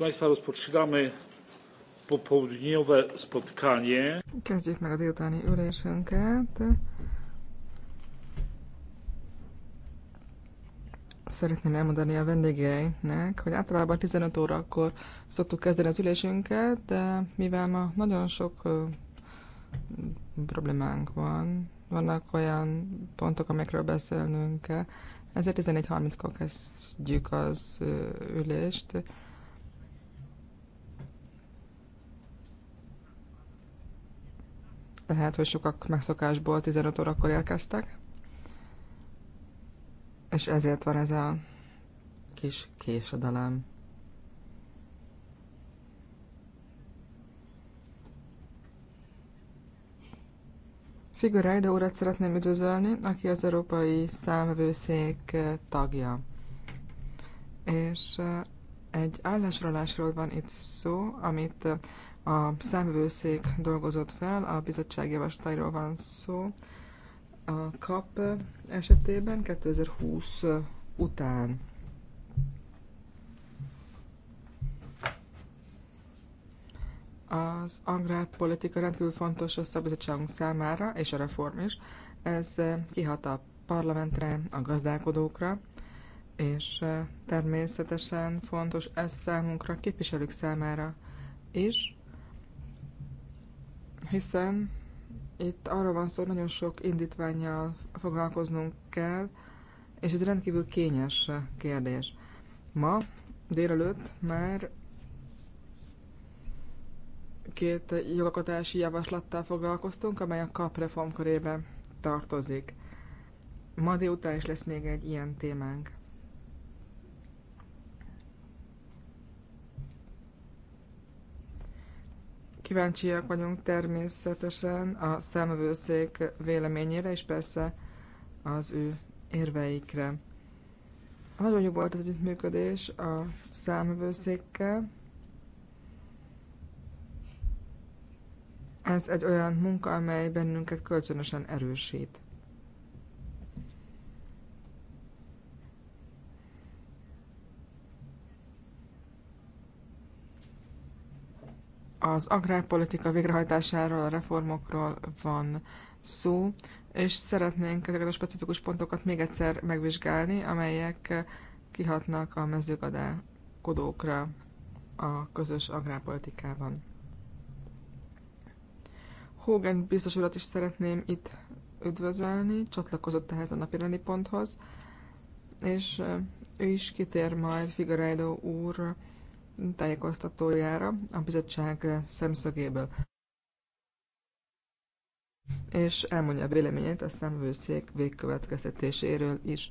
Państwa, rozpoczynamy popołudniowe spotkanie. Kezdjük meg a délutáni ülésünket. Szeretném elmondani a vendégeinknek, hogy általában 15 órakor szoktuk kezdeni az ülésünket, de mivel ma nagyon sok problémánk van, vannak olyan pontok, amikről beszélnünk kell, ezért 11.30-kor kezdjük az ülést. Lehet, hogy sokak megszokásból 15 órakor érkeztek, és ezért van ez a kis késedelem. Figurájda urat szeretném üdvözölni, aki az Európai Számvevőszék eh, tagja. És eh, egy állásrólásról van itt szó, amit eh, a számvevőszék dolgozott fel, a bizottság javaslatairól van szó a KAP esetében 2020 után. Az agrárpolitika rendkívül fontos a szabadságunk számára, és a reform is. Ez kihat a parlamentre, a gazdálkodókra, és természetesen fontos ez számunkra, képviselők számára is, hiszen itt arról van szó, hogy nagyon sok indítványjal foglalkoznunk kell, és ez rendkívül kényes kérdés. Ma délelőtt már két jogakotási javaslattal foglalkoztunk, amely a KAP reform körébe tartozik. Ma délután is lesz még egy ilyen témánk. Kíváncsiak vagyunk természetesen a számövőszék véleményére, és persze az ő érveikre. Nagyon jó volt az együttműködés a számövőszékkel. Ez egy olyan munka, amely bennünket kölcsönösen erősít. az agrárpolitika végrehajtásáról, a reformokról van szó, és szeretnénk ezeket a specifikus pontokat még egyszer megvizsgálni, amelyek kihatnak a mezőgazdálkodókra a közös agrárpolitikában. Hogan biztos urat is szeretném itt üdvözölni, csatlakozott tehát a napirendi ponthoz, és ő is kitér majd Figueiredo úr tájékoztatójára a bizottság szemszögéből. És elmondja a véleményét a szemvőszék végkövetkeztetéséről is.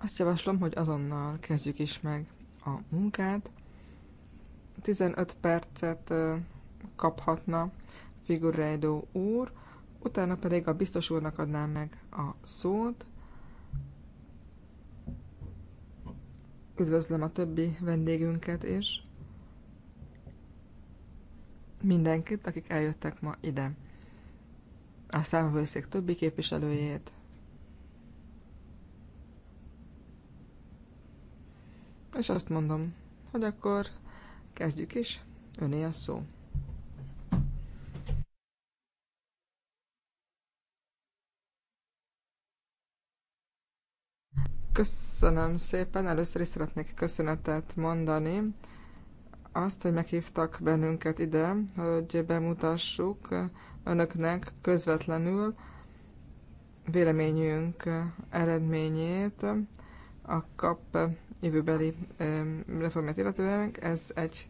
Azt javaslom, hogy azonnal kezdjük is meg a munkát. 15 percet kaphatna Figureido úr, utána pedig a biztos úrnak adnám meg a szót, Üdvözlöm a többi vendégünket is. Mindenkit, akik eljöttek ma ide. A számvevőszék többi képviselőjét. És azt mondom, hogy akkor kezdjük is. Öné a szó. Köszönöm szépen. Először is szeretnék köszönetet mondani. Azt, hogy meghívtak bennünket ide, hogy bemutassuk önöknek közvetlenül véleményünk eredményét a kap jövőbeli reformját illetően. Ez egy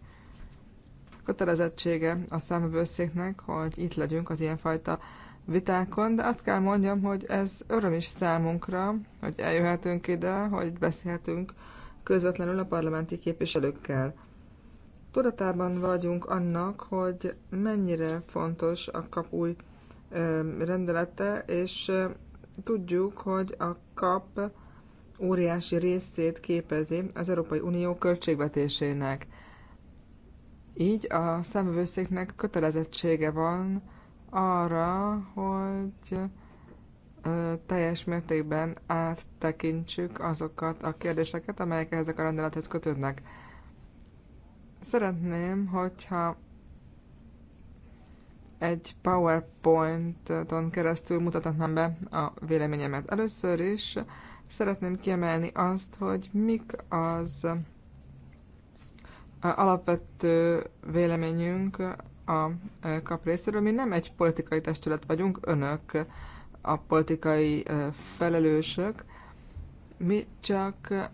kötelezettsége a számvevőszéknek, hogy itt legyünk az ilyenfajta fajta vitákon, de azt kell mondjam, hogy ez öröm is számunkra, hogy eljöhetünk ide, hogy beszélhetünk közvetlenül a parlamenti képviselőkkel. Tudatában vagyunk annak, hogy mennyire fontos a kap új rendelete, és tudjuk, hogy a kap óriási részét képezi az Európai Unió költségvetésének. Így a szemvőszéknek kötelezettsége van arra, hogy teljes mértékben áttekintsük azokat a kérdéseket, amelyek ezek a rendelethez kötődnek. Szeretném, hogyha egy PowerPoint-on keresztül mutatnám be a véleményemet. Először is szeretném kiemelni azt, hogy mik az alapvető véleményünk a kap részéről. Mi nem egy politikai testület vagyunk, önök a politikai felelősök. Mi csak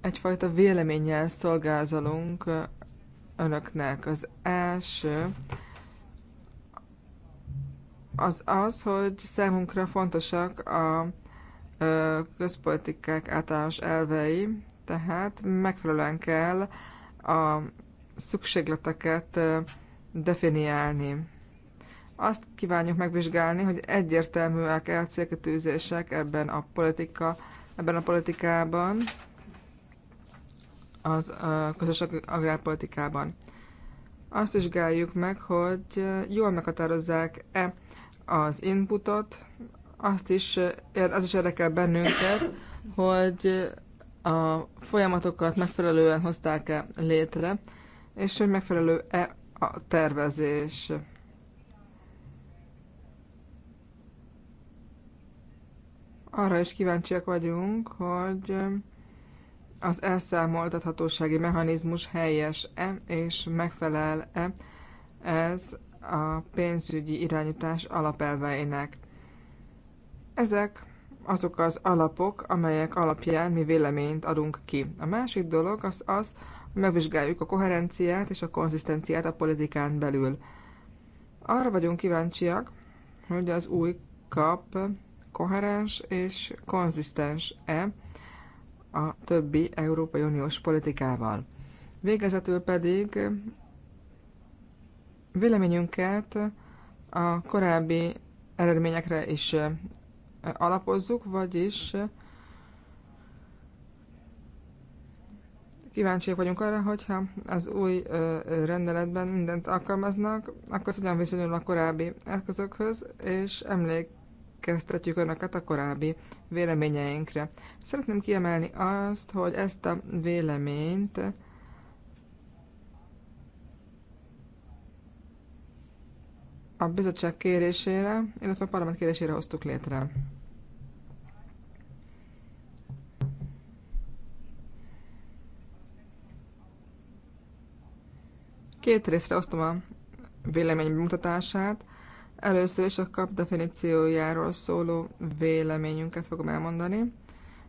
egyfajta véleménnyel szolgázolunk önöknek. Az első az az, hogy számunkra fontosak a közpolitikák általános elvei, tehát megfelelően kell a szükségleteket definiálni. Azt kívánjuk megvizsgálni, hogy egyértelműek-e a célkötőzések ebben a, politika, ebben a politikában, az a közös agrárpolitikában. Azt vizsgáljuk meg, hogy jól meghatározzák-e az inputot, azt is, az is érdekel bennünket, hogy a folyamatokat megfelelően hozták-e létre, és hogy megfelelő-e a tervezés. Arra is kíváncsiak vagyunk, hogy az elszámoltathatósági mechanizmus helyes-e és megfelel-e ez a pénzügyi irányítás alapelveinek. Ezek azok az alapok, amelyek alapján mi véleményt adunk ki. A másik dolog az az, megvizsgáljuk a koherenciát és a konzisztenciát a politikán belül. Arra vagyunk kíváncsiak, hogy az új kap koherens és konzisztens-e a többi Európai Uniós politikával. Végezetül pedig véleményünket a korábbi eredményekre is alapozzuk, vagyis Kíváncsiak vagyunk arra, hogyha az új rendeletben mindent alkalmaznak, akkor ez hogyan viszonyul a korábbi eszközökhöz, és emlékeztetjük önöket a korábbi véleményeinkre. Szeretném kiemelni azt, hogy ezt a véleményt a bizottság kérésére, illetve a parlament kérésére hoztuk létre. Két részre osztom a vélemény bemutatását. Először is a kap definíciójáról szóló véleményünket fogom elmondani,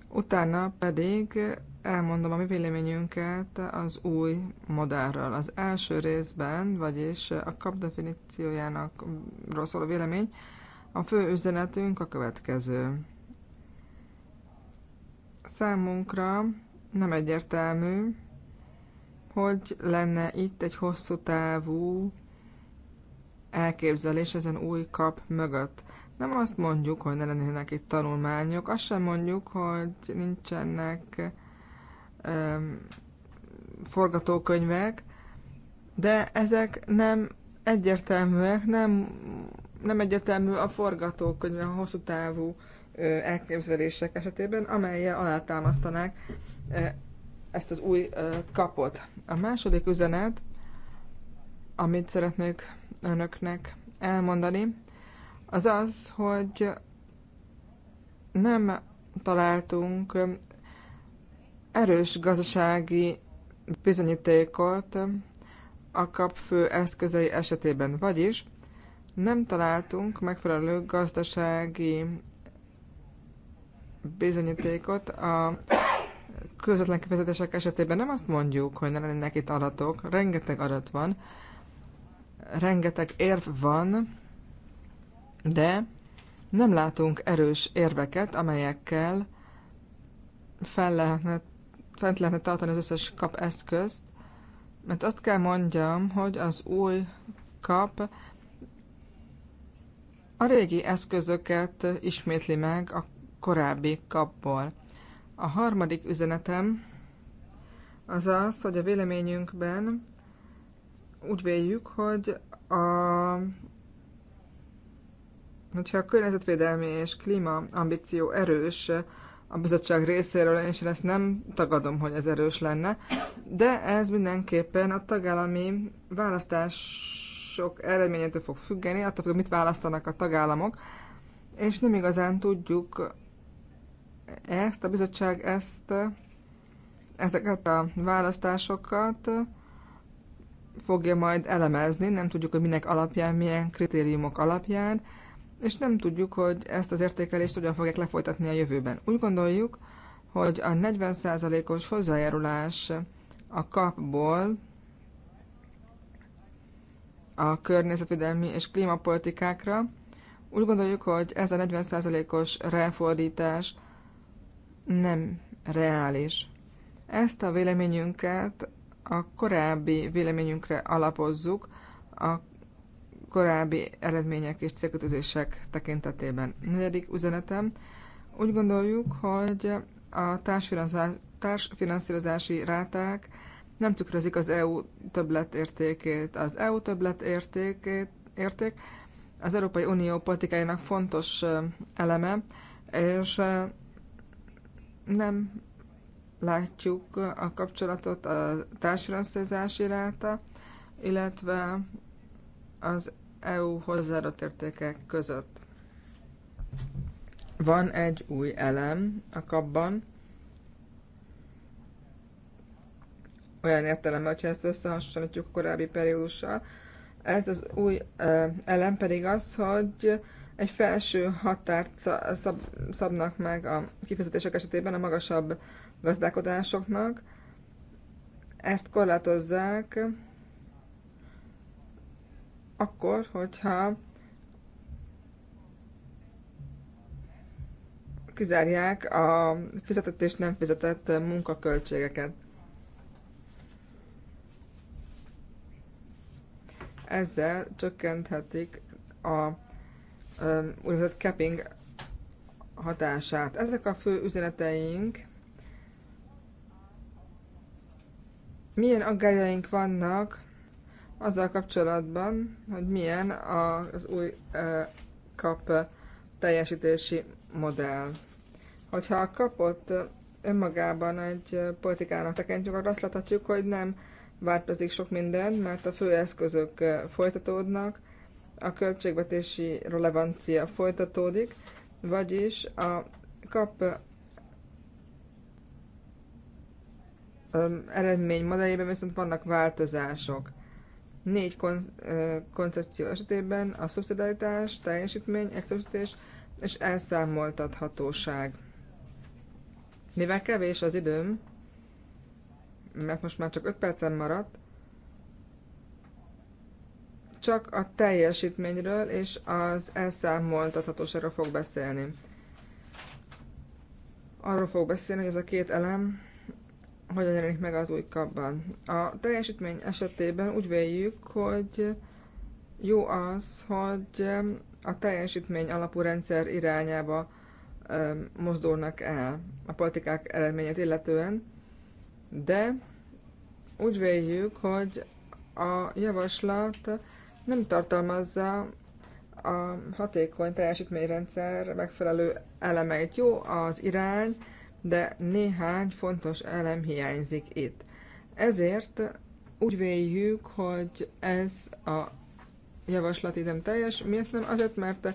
utána pedig elmondom a mi véleményünket az új modellről. Az első részben, vagyis a kap definíciójának szóló vélemény, a fő üzenetünk a következő. Számunkra nem egyértelmű, hogy lenne itt egy hosszú távú elképzelés ezen új kap mögött. Nem azt mondjuk, hogy ne lennének itt tanulmányok, azt sem mondjuk, hogy nincsenek um, forgatókönyvek, de ezek nem egyértelműek, nem, nem egyértelmű a forgatókönyv a hosszú távú elképzelések esetében, amelyel alátámasztanák ezt az új kapot. A második üzenet, amit szeretnék önöknek elmondani, az az, hogy nem találtunk erős gazdasági bizonyítékot a kap fő eszközei esetében, vagyis nem találtunk megfelelő gazdasági bizonyítékot a közvetlen kifizetések esetében nem azt mondjuk, hogy ne lennének itt adatok, rengeteg adat van, rengeteg érv van, de nem látunk erős érveket, amelyekkel fel lehetne, fent lehetne tartani az összes kap eszközt, mert azt kell mondjam, hogy az új kap a régi eszközöket ismétli meg a korábbi kapból. A harmadik üzenetem az az, hogy a véleményünkben úgy véljük, hogy a, hogyha a környezetvédelmi és klíma ambíció erős a bizottság részéről, és én ezt nem tagadom, hogy ez erős lenne, de ez mindenképpen a tagállami választások eredményétől fog függeni, attól függ, mit választanak a tagállamok, és nem igazán tudjuk ezt, a bizottság ezt, ezeket a választásokat fogja majd elemezni, nem tudjuk, hogy minek alapján, milyen kritériumok alapján, és nem tudjuk, hogy ezt az értékelést hogyan fogják lefolytatni a jövőben. Úgy gondoljuk, hogy a 40%-os hozzájárulás a kapból a környezetvédelmi és klímapolitikákra. Úgy gondoljuk, hogy ez a 40%-os ráfordítás nem reális. Ezt a véleményünket a korábbi véleményünkre alapozzuk, a korábbi eredmények és célkötözések tekintetében. Negyedik üzenetem. Úgy gondoljuk, hogy a társfinanszírozási ráták nem tükrözik az EU értékét, Az EU értékét érték az Európai Unió politikájának fontos eleme, és nem látjuk a kapcsolatot a társadalmi ráta, illetve az EU hozzáadott értékek között. Van egy új elem a kapban, olyan értelemben, hogyha ezt összehasonlítjuk korábbi periódussal. Ez az új elem pedig az, hogy egy felső határt szab, szabnak meg a kifizetések esetében a magasabb gazdálkodásoknak. Ezt korlátozzák akkor, hogyha kizárják a fizetett és nem fizetett munkaköltségeket. Ezzel csökkenthetik a úgynevezett capping hatását. Ezek a fő üzeneteink. Milyen aggájaink vannak azzal kapcsolatban, hogy milyen az új kap teljesítési modell. Hogyha a kapot önmagában egy politikának tekintjük, akkor azt láthatjuk, hogy nem változik sok minden, mert a fő eszközök folytatódnak, a költségvetési relevancia folytatódik, vagyis a kap eredmény modelljében viszont vannak változások. Négy kon- koncepció esetében a szubszidaritás, teljesítmény, egyszerűsítés és elszámoltathatóság. Mivel kevés az időm, mert most már csak 5 percen maradt, csak a teljesítményről és az elszámoltathatóságról fog beszélni. Arról fog beszélni, hogy ez a két elem hogyan jelenik meg az új kapban. A teljesítmény esetében úgy véljük, hogy jó az, hogy a teljesítmény alapú rendszer irányába mozdulnak el a politikák eredményét illetően, de úgy véljük, hogy a javaslat nem tartalmazza a hatékony teljesítményrendszer megfelelő elemeit. Jó az irány, de néhány fontos elem hiányzik itt. Ezért úgy véljük, hogy ez a javaslat nem teljes. Miért nem? Azért, mert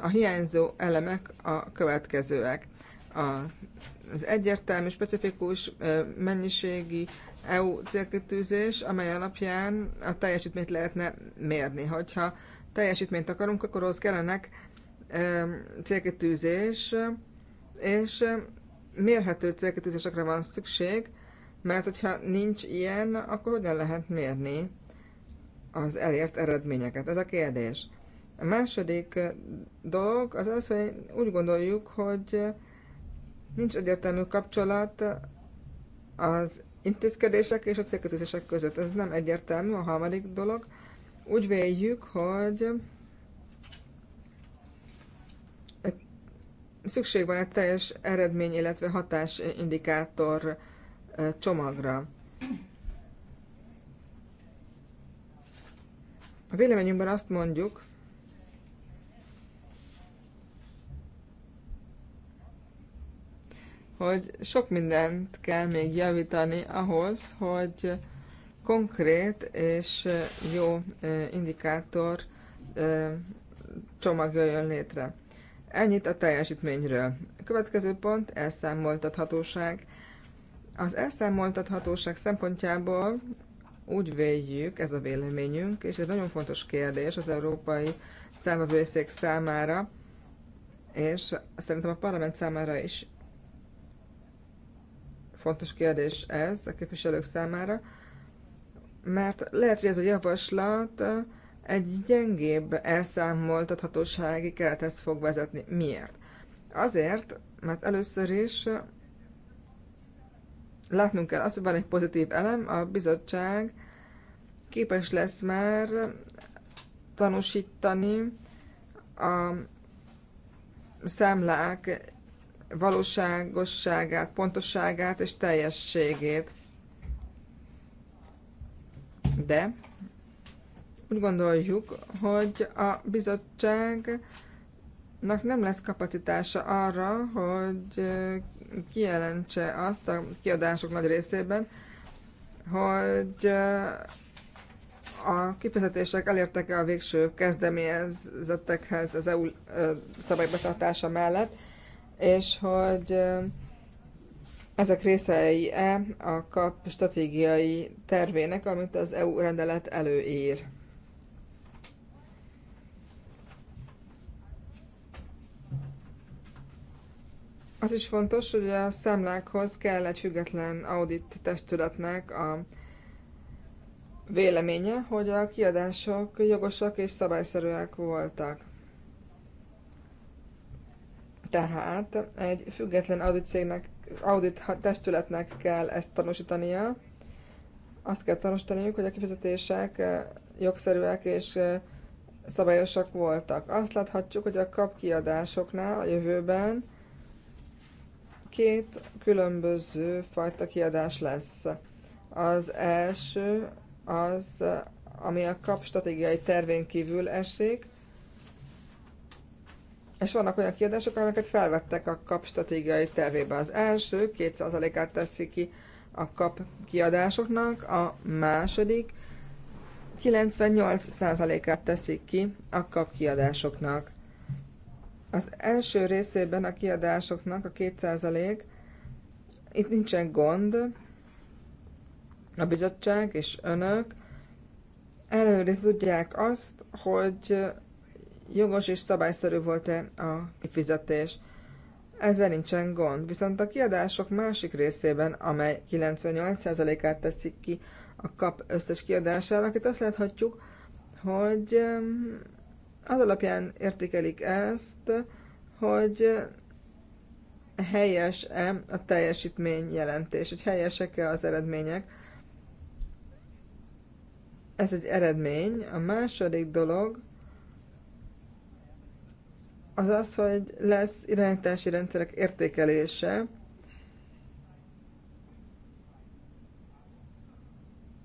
a hiányzó elemek a következőek. A, az egyértelmű, specifikus mennyiségi EU célkitűzés, amely alapján a teljesítményt lehetne mérni. Hogyha teljesítményt akarunk, akkor ahhoz kellenek célkitűzés, és mérhető célkitűzésekre van szükség, mert hogyha nincs ilyen, akkor hogyan lehet mérni az elért eredményeket? Ez a kérdés. A második eh, dolog az az, hogy úgy gondoljuk, hogy eh, nincs egyértelmű kapcsolat az intézkedések és a célkötőzések között. Ez nem egyértelmű, a harmadik dolog. Úgy véljük, hogy szükség van egy teljes eredmény, illetve hatásindikátor csomagra. A véleményünkben azt mondjuk, hogy sok mindent kell még javítani ahhoz, hogy konkrét és jó indikátor csomag jöjjön létre. Ennyit a teljesítményről. A következő pont elszámoltathatóság. Az elszámoltathatóság szempontjából úgy véljük, ez a véleményünk, és ez nagyon fontos kérdés az európai számvevőszék számára, és szerintem a parlament számára is fontos kérdés ez a képviselők számára, mert lehet, hogy ez a javaslat egy gyengébb elszámoltathatósági kerethez fog vezetni. Miért? Azért, mert először is látnunk kell azt, hogy van egy pozitív elem, a bizottság képes lesz már tanúsítani a számlák valóságosságát, pontosságát és teljességét. De úgy gondoljuk, hogy a bizottságnak nem lesz kapacitása arra, hogy kijelentse azt a kiadások nagy részében, hogy a kifizetések elértek-e a végső kezdeményezettekhez az EU szabálybetartása mellett, és hogy ezek részei-e a KAP stratégiai tervének, amit az EU rendelet előír. Az is fontos, hogy a számlákhoz kell egy független audit testületnek a véleménye, hogy a kiadások jogosak és szabályszerűek voltak. Tehát egy független audit cégnek, audit testületnek kell ezt tanúsítania. Azt kell tanúsítaniuk, hogy a kifizetések eh, jogszerűek és eh, szabályosak voltak. Azt láthatjuk, hogy a kap kiadásoknál a jövőben két különböző fajta kiadás lesz. Az első az, eh, ami a kap stratégiai tervén kívül esik, és vannak olyan kiadások, amelyeket felvettek a kap stratégiai tervébe. Az első 2%-át teszi ki a kap kiadásoknak, a második 98%-át teszik ki a kap kiadásoknak. Az első részében a kiadásoknak a 2% itt nincsen gond, a bizottság és önök ellenőrizni tudják azt, hogy jogos és szabályszerű volt-e a kifizetés. Ezzel nincsen gond, viszont a kiadások másik részében, amely 98%-át teszik ki a kap összes kiadásának, itt azt láthatjuk, hogy az alapján értékelik ezt, hogy helyes-e a teljesítmény jelentés, hogy helyesek-e az eredmények. Ez egy eredmény. A második dolog, az az, hogy lesz irányítási rendszerek értékelése.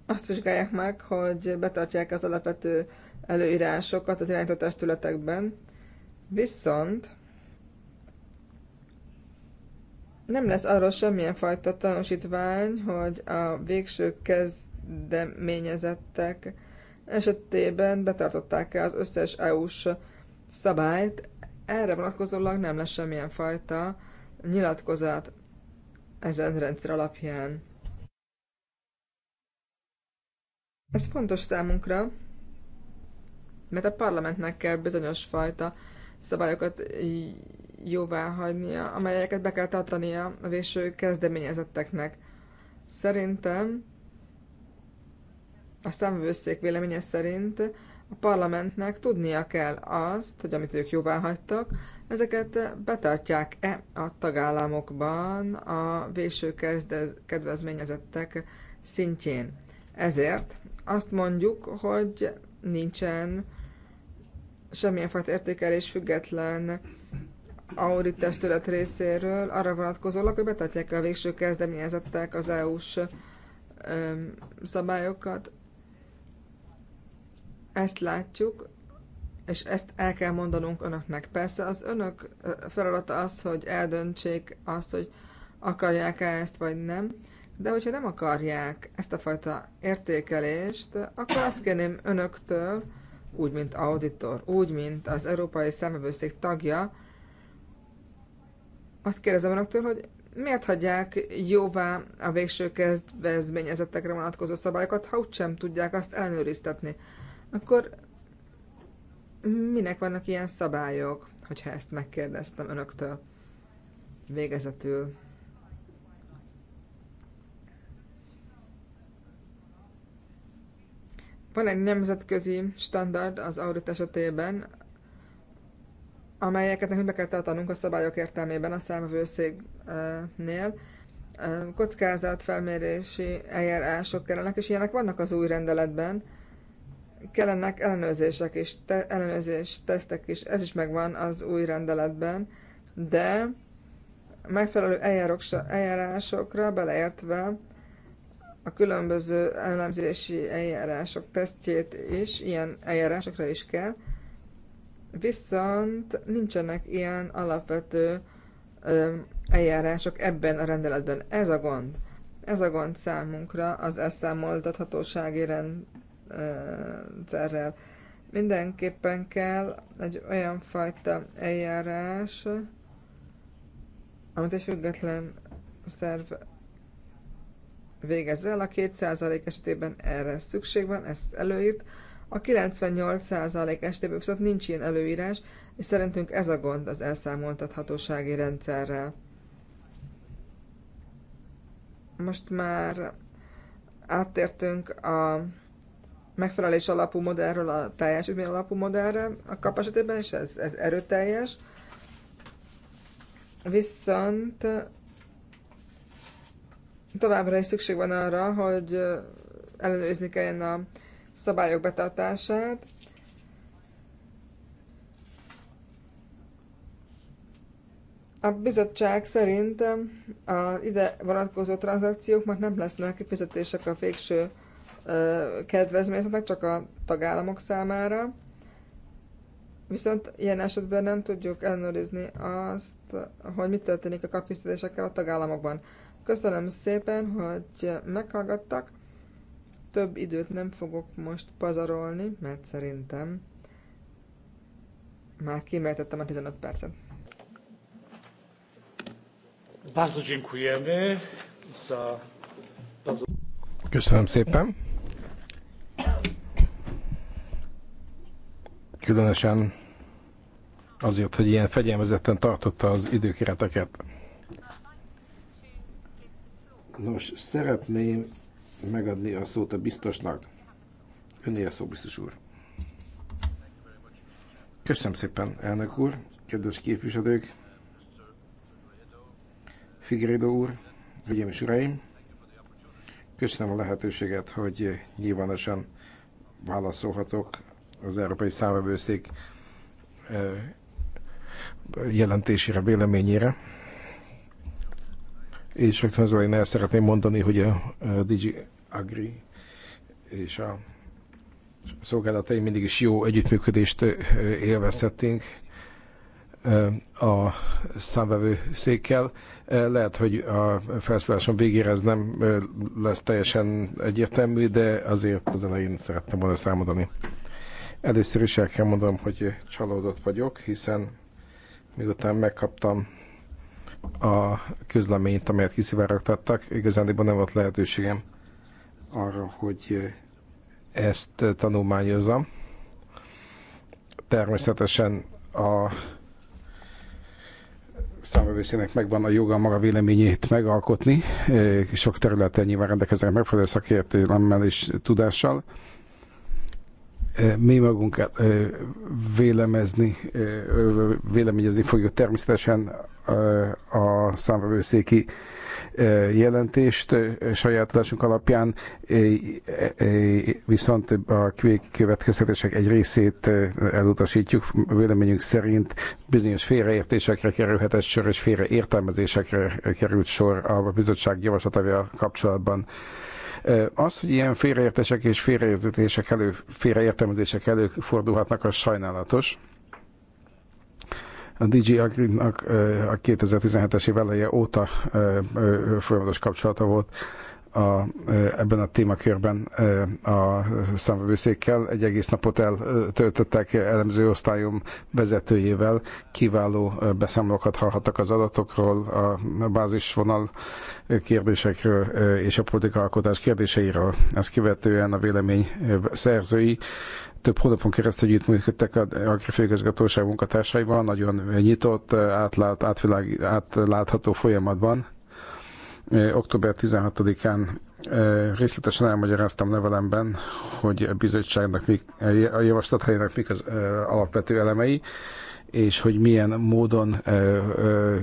Azt vizsgálják meg, hogy betartják az alapvető előírásokat az irányító tületekben, viszont nem lesz arról semmilyen fajta tanúsítvány, hogy a végső kezdeményezettek esetében betartották-e az összes EU-s szabályt, erre vonatkozólag nem lesz semmilyen fajta nyilatkozat ezen rendszer alapján. Ez fontos számunkra, mert a parlamentnek kell bizonyos fajta szabályokat jóvá hagynia, amelyeket be kell tartania a véső kezdeményezetteknek. Szerintem a számvőszék véleménye szerint a parlamentnek tudnia kell azt, hogy amit ők jóvá hagytak, ezeket betartják-e a tagállamokban a véső kedvezményezettek szintjén. Ezért azt mondjuk, hogy nincsen semmilyen fajta értékelés független audit testület részéről arra vonatkozólag, hogy betartják a végső kezdeményezettek az EU-s szabályokat. Ezt látjuk, és ezt el kell mondanunk önöknek. Persze az önök feladata az, hogy eldöntsék azt, hogy akarják-e ezt, vagy nem. De hogyha nem akarják ezt a fajta értékelést, akkor azt kérném önöktől, úgy, mint auditor, úgy, mint az Európai Számvevőszék tagja, azt kérdezem önöktől, hogy miért hagyják jóvá a végső kezdvezményezettekre vonatkozó szabályokat, ha úgysem tudják azt ellenőriztetni akkor minek vannak ilyen szabályok, hogyha ezt megkérdeztem önöktől végezetül? Van egy nemzetközi standard az audit esetében, amelyeket nekünk be kell tartanunk a szabályok értelmében a számvevőszéknél. Kockázatfelmérési eljárások kellenek, és ilyenek vannak az új rendeletben, kellenek ellenőrzések is, te, ellenőrzés tesztek is, ez is megvan az új rendeletben, de megfelelő eljárásokra beleértve a különböző ellenőrzési eljárások tesztjét is, ilyen eljárásokra is kell, viszont nincsenek ilyen alapvető ö, eljárások ebben a rendeletben. Ez a gond. Ez a gond számunkra az elszámoltathatósági rend rendszerrel. Mindenképpen kell egy olyan fajta eljárás, amit egy független szerv végez el. A 2% esetében erre szükség van, ezt előírt. A 98% esetében viszont nincs ilyen előírás, és szerintünk ez a gond az elszámoltathatósági rendszerrel. Most már áttértünk a megfelelés alapú modellről a teljesítmény alapú modellre a kap esetében, és ez, ez erőteljes. Viszont továbbra is szükség van arra, hogy ellenőrizni kelljen a szabályok betartását, A bizottság szerint a ide vonatkozó tranzakciók már nem lesznek fizetések a végső kedvezményeznek csak a tagállamok számára. Viszont ilyen esetben nem tudjuk ellenőrizni azt, hogy mi történik a kapviszedésekkel a tagállamokban. Köszönöm szépen, hogy meghallgattak. Több időt nem fogok most pazarolni, mert szerintem már kimertettem a 15 percet. Bardzo dziękujemy za Köszönöm szépen. különösen azért, hogy ilyen fegyelmezetten tartotta az időkereteket. Nos, szeretném megadni a szót a biztosnak. Önné a szó, biztos úr. Köszönöm szépen, elnök úr, kedves képviselők, Figueredo úr, hölgyeim és uraim. Köszönöm a lehetőséget, hogy nyilvánosan válaszolhatok az Európai Számvevőszék jelentésére, véleményére. És rögtön az elején el szeretném mondani, hogy a Digi Agri és a szolgálatai mindig is jó együttműködést élvezhettünk a számvevő székkel. Lehet, hogy a felszólásom végére ez nem lesz teljesen egyértelmű, de azért az elején szerettem volna számodani. Először is el kell mondanom, hogy csalódott vagyok, hiszen miután megkaptam a közleményt, amelyet kiszivárogtattak, igazándiból nem volt lehetőségem arra, hogy ezt tanulmányozzam. Természetesen a számövészének megvan a joga maga véleményét megalkotni, sok területen nyilván rendelkeznek megfelelő szakértőlemmel és tudással, mi magunk vélemezni, véleményezni fogjuk természetesen a számvevőszéki jelentést saját alapján, viszont a következtetések egy részét elutasítjuk. Véleményünk szerint bizonyos félreértésekre kerülhetett sor, és félreértelmezésekre került sor a bizottság javaslatával kapcsolatban. Az, hogy ilyen félreértések és félreértések elő, félreértelmezések előfordulhatnak, az sajnálatos. A DJ Agri-nak a 2017-es év eleje óta folyamatos kapcsolata volt a, ebben a témakörben a számvevőszékkel. Egy egész napot eltöltöttek elemző osztályom vezetőjével. Kiváló beszámolókat hallhattak az adatokról, a bázisvonal kérdésekről és a alkotás kérdéseiről. Ezt követően a vélemény szerzői több hónapon keresztül együttműködtek a agrifőgazgatóság munkatársaival, nagyon nyitott, átlát, átvilág, átlátható folyamatban Október 16-án részletesen elmagyaráztam levelemben, hogy a bizottságnak, mik, a javaslat helyének mik az alapvető elemei, és hogy milyen módon ö, ö,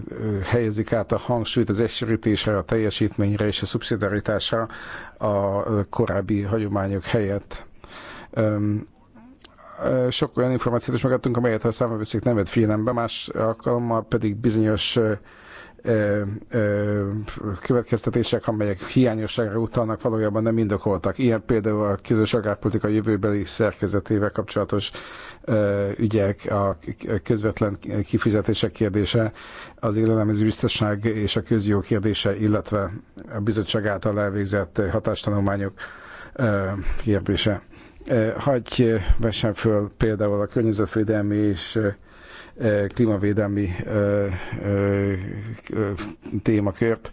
helyezik át a hangsúlyt az egysérítésre, a teljesítményre és a szubszidaritásra a korábbi hagyományok helyett. Ö, sok olyan információt is megadtunk, amelyet a számvevőszék nem vett figyelembe, más alkalommal pedig bizonyos ö, ö, következtetések, amelyek hiányosságra utalnak, valójában nem indokoltak. Ilyen például a közös agrárpolitika jövőbeli szerkezetével kapcsolatos ö, ügyek, a közvetlen kifizetések kérdése, az élelemező biztonság és a közjó kérdése, illetve a bizottság által elvégzett hatástanulmányok ö, kérdése. Hagyj vessem föl például a környezetvédelmi és klímavédelmi témakört.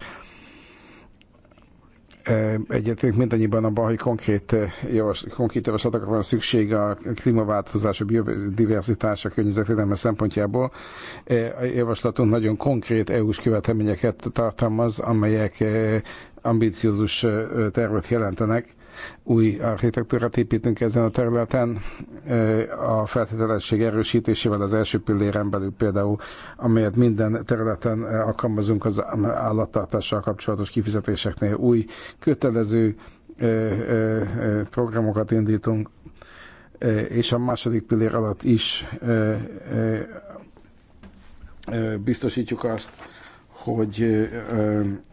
Egyetértünk mindannyiban abban, hogy konkrét, javas, konkrét javaslatokra van szükség a klímaváltozás, a biodiverzitás, a környezetvédelme szempontjából. A javaslatunk nagyon konkrét EU-s követelményeket tartalmaz, amelyek ambiciózus tervet jelentenek új architektúrát építünk ezen a területen, a feltételesség erősítésével az első pilléren belül például, amelyet minden területen alkalmazunk az állattartással kapcsolatos kifizetéseknél új kötelező programokat indítunk, és a második pillér alatt is biztosítjuk azt, hogy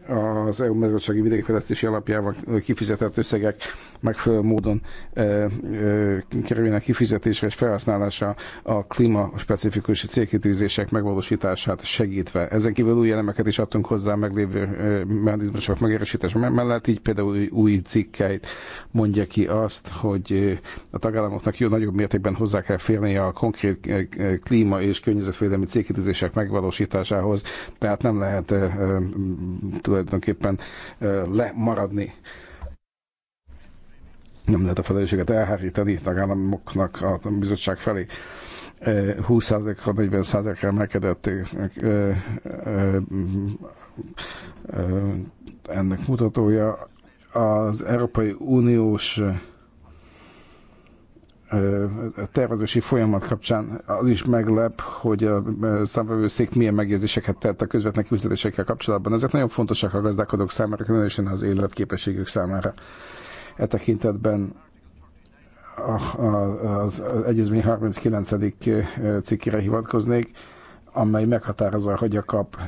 az EU mezőgazdasági fejlesztési alapjával kifizetett összegek megfelelő módon e, ö, kerüljenek kifizetésre és felhasználásra a klíma specifikus célkitűzések megvalósítását segítve. Ezen kívül új elemeket is adtunk hozzá meglévő mechanizmusok megerősítése mellett, így például új cikkeit mondja ki azt, hogy a tagállamoknak jó nagyobb mértékben hozzá kell férni a konkrét klíma és környezetvédelmi célkitűzések megvalósításához, tehát nem lehet tulajdonképpen lemaradni nem lehet a felelősséget elhárítani tagállamoknak a bizottság felé. 20%-ra, e, 40%-ra emelkedett e, e, ennek mutatója. Az Európai Uniós tervezési folyamat kapcsán az is meglep, hogy a számvevőszék milyen megjegyzéseket tett a közvetlen kifizetésekkel kapcsolatban. Ezek nagyon fontosak a gazdálkodók számára, különösen az életképességük számára. E tekintetben az egyezmény 39. cikkére hivatkoznék, amely meghatározza, hogy a kap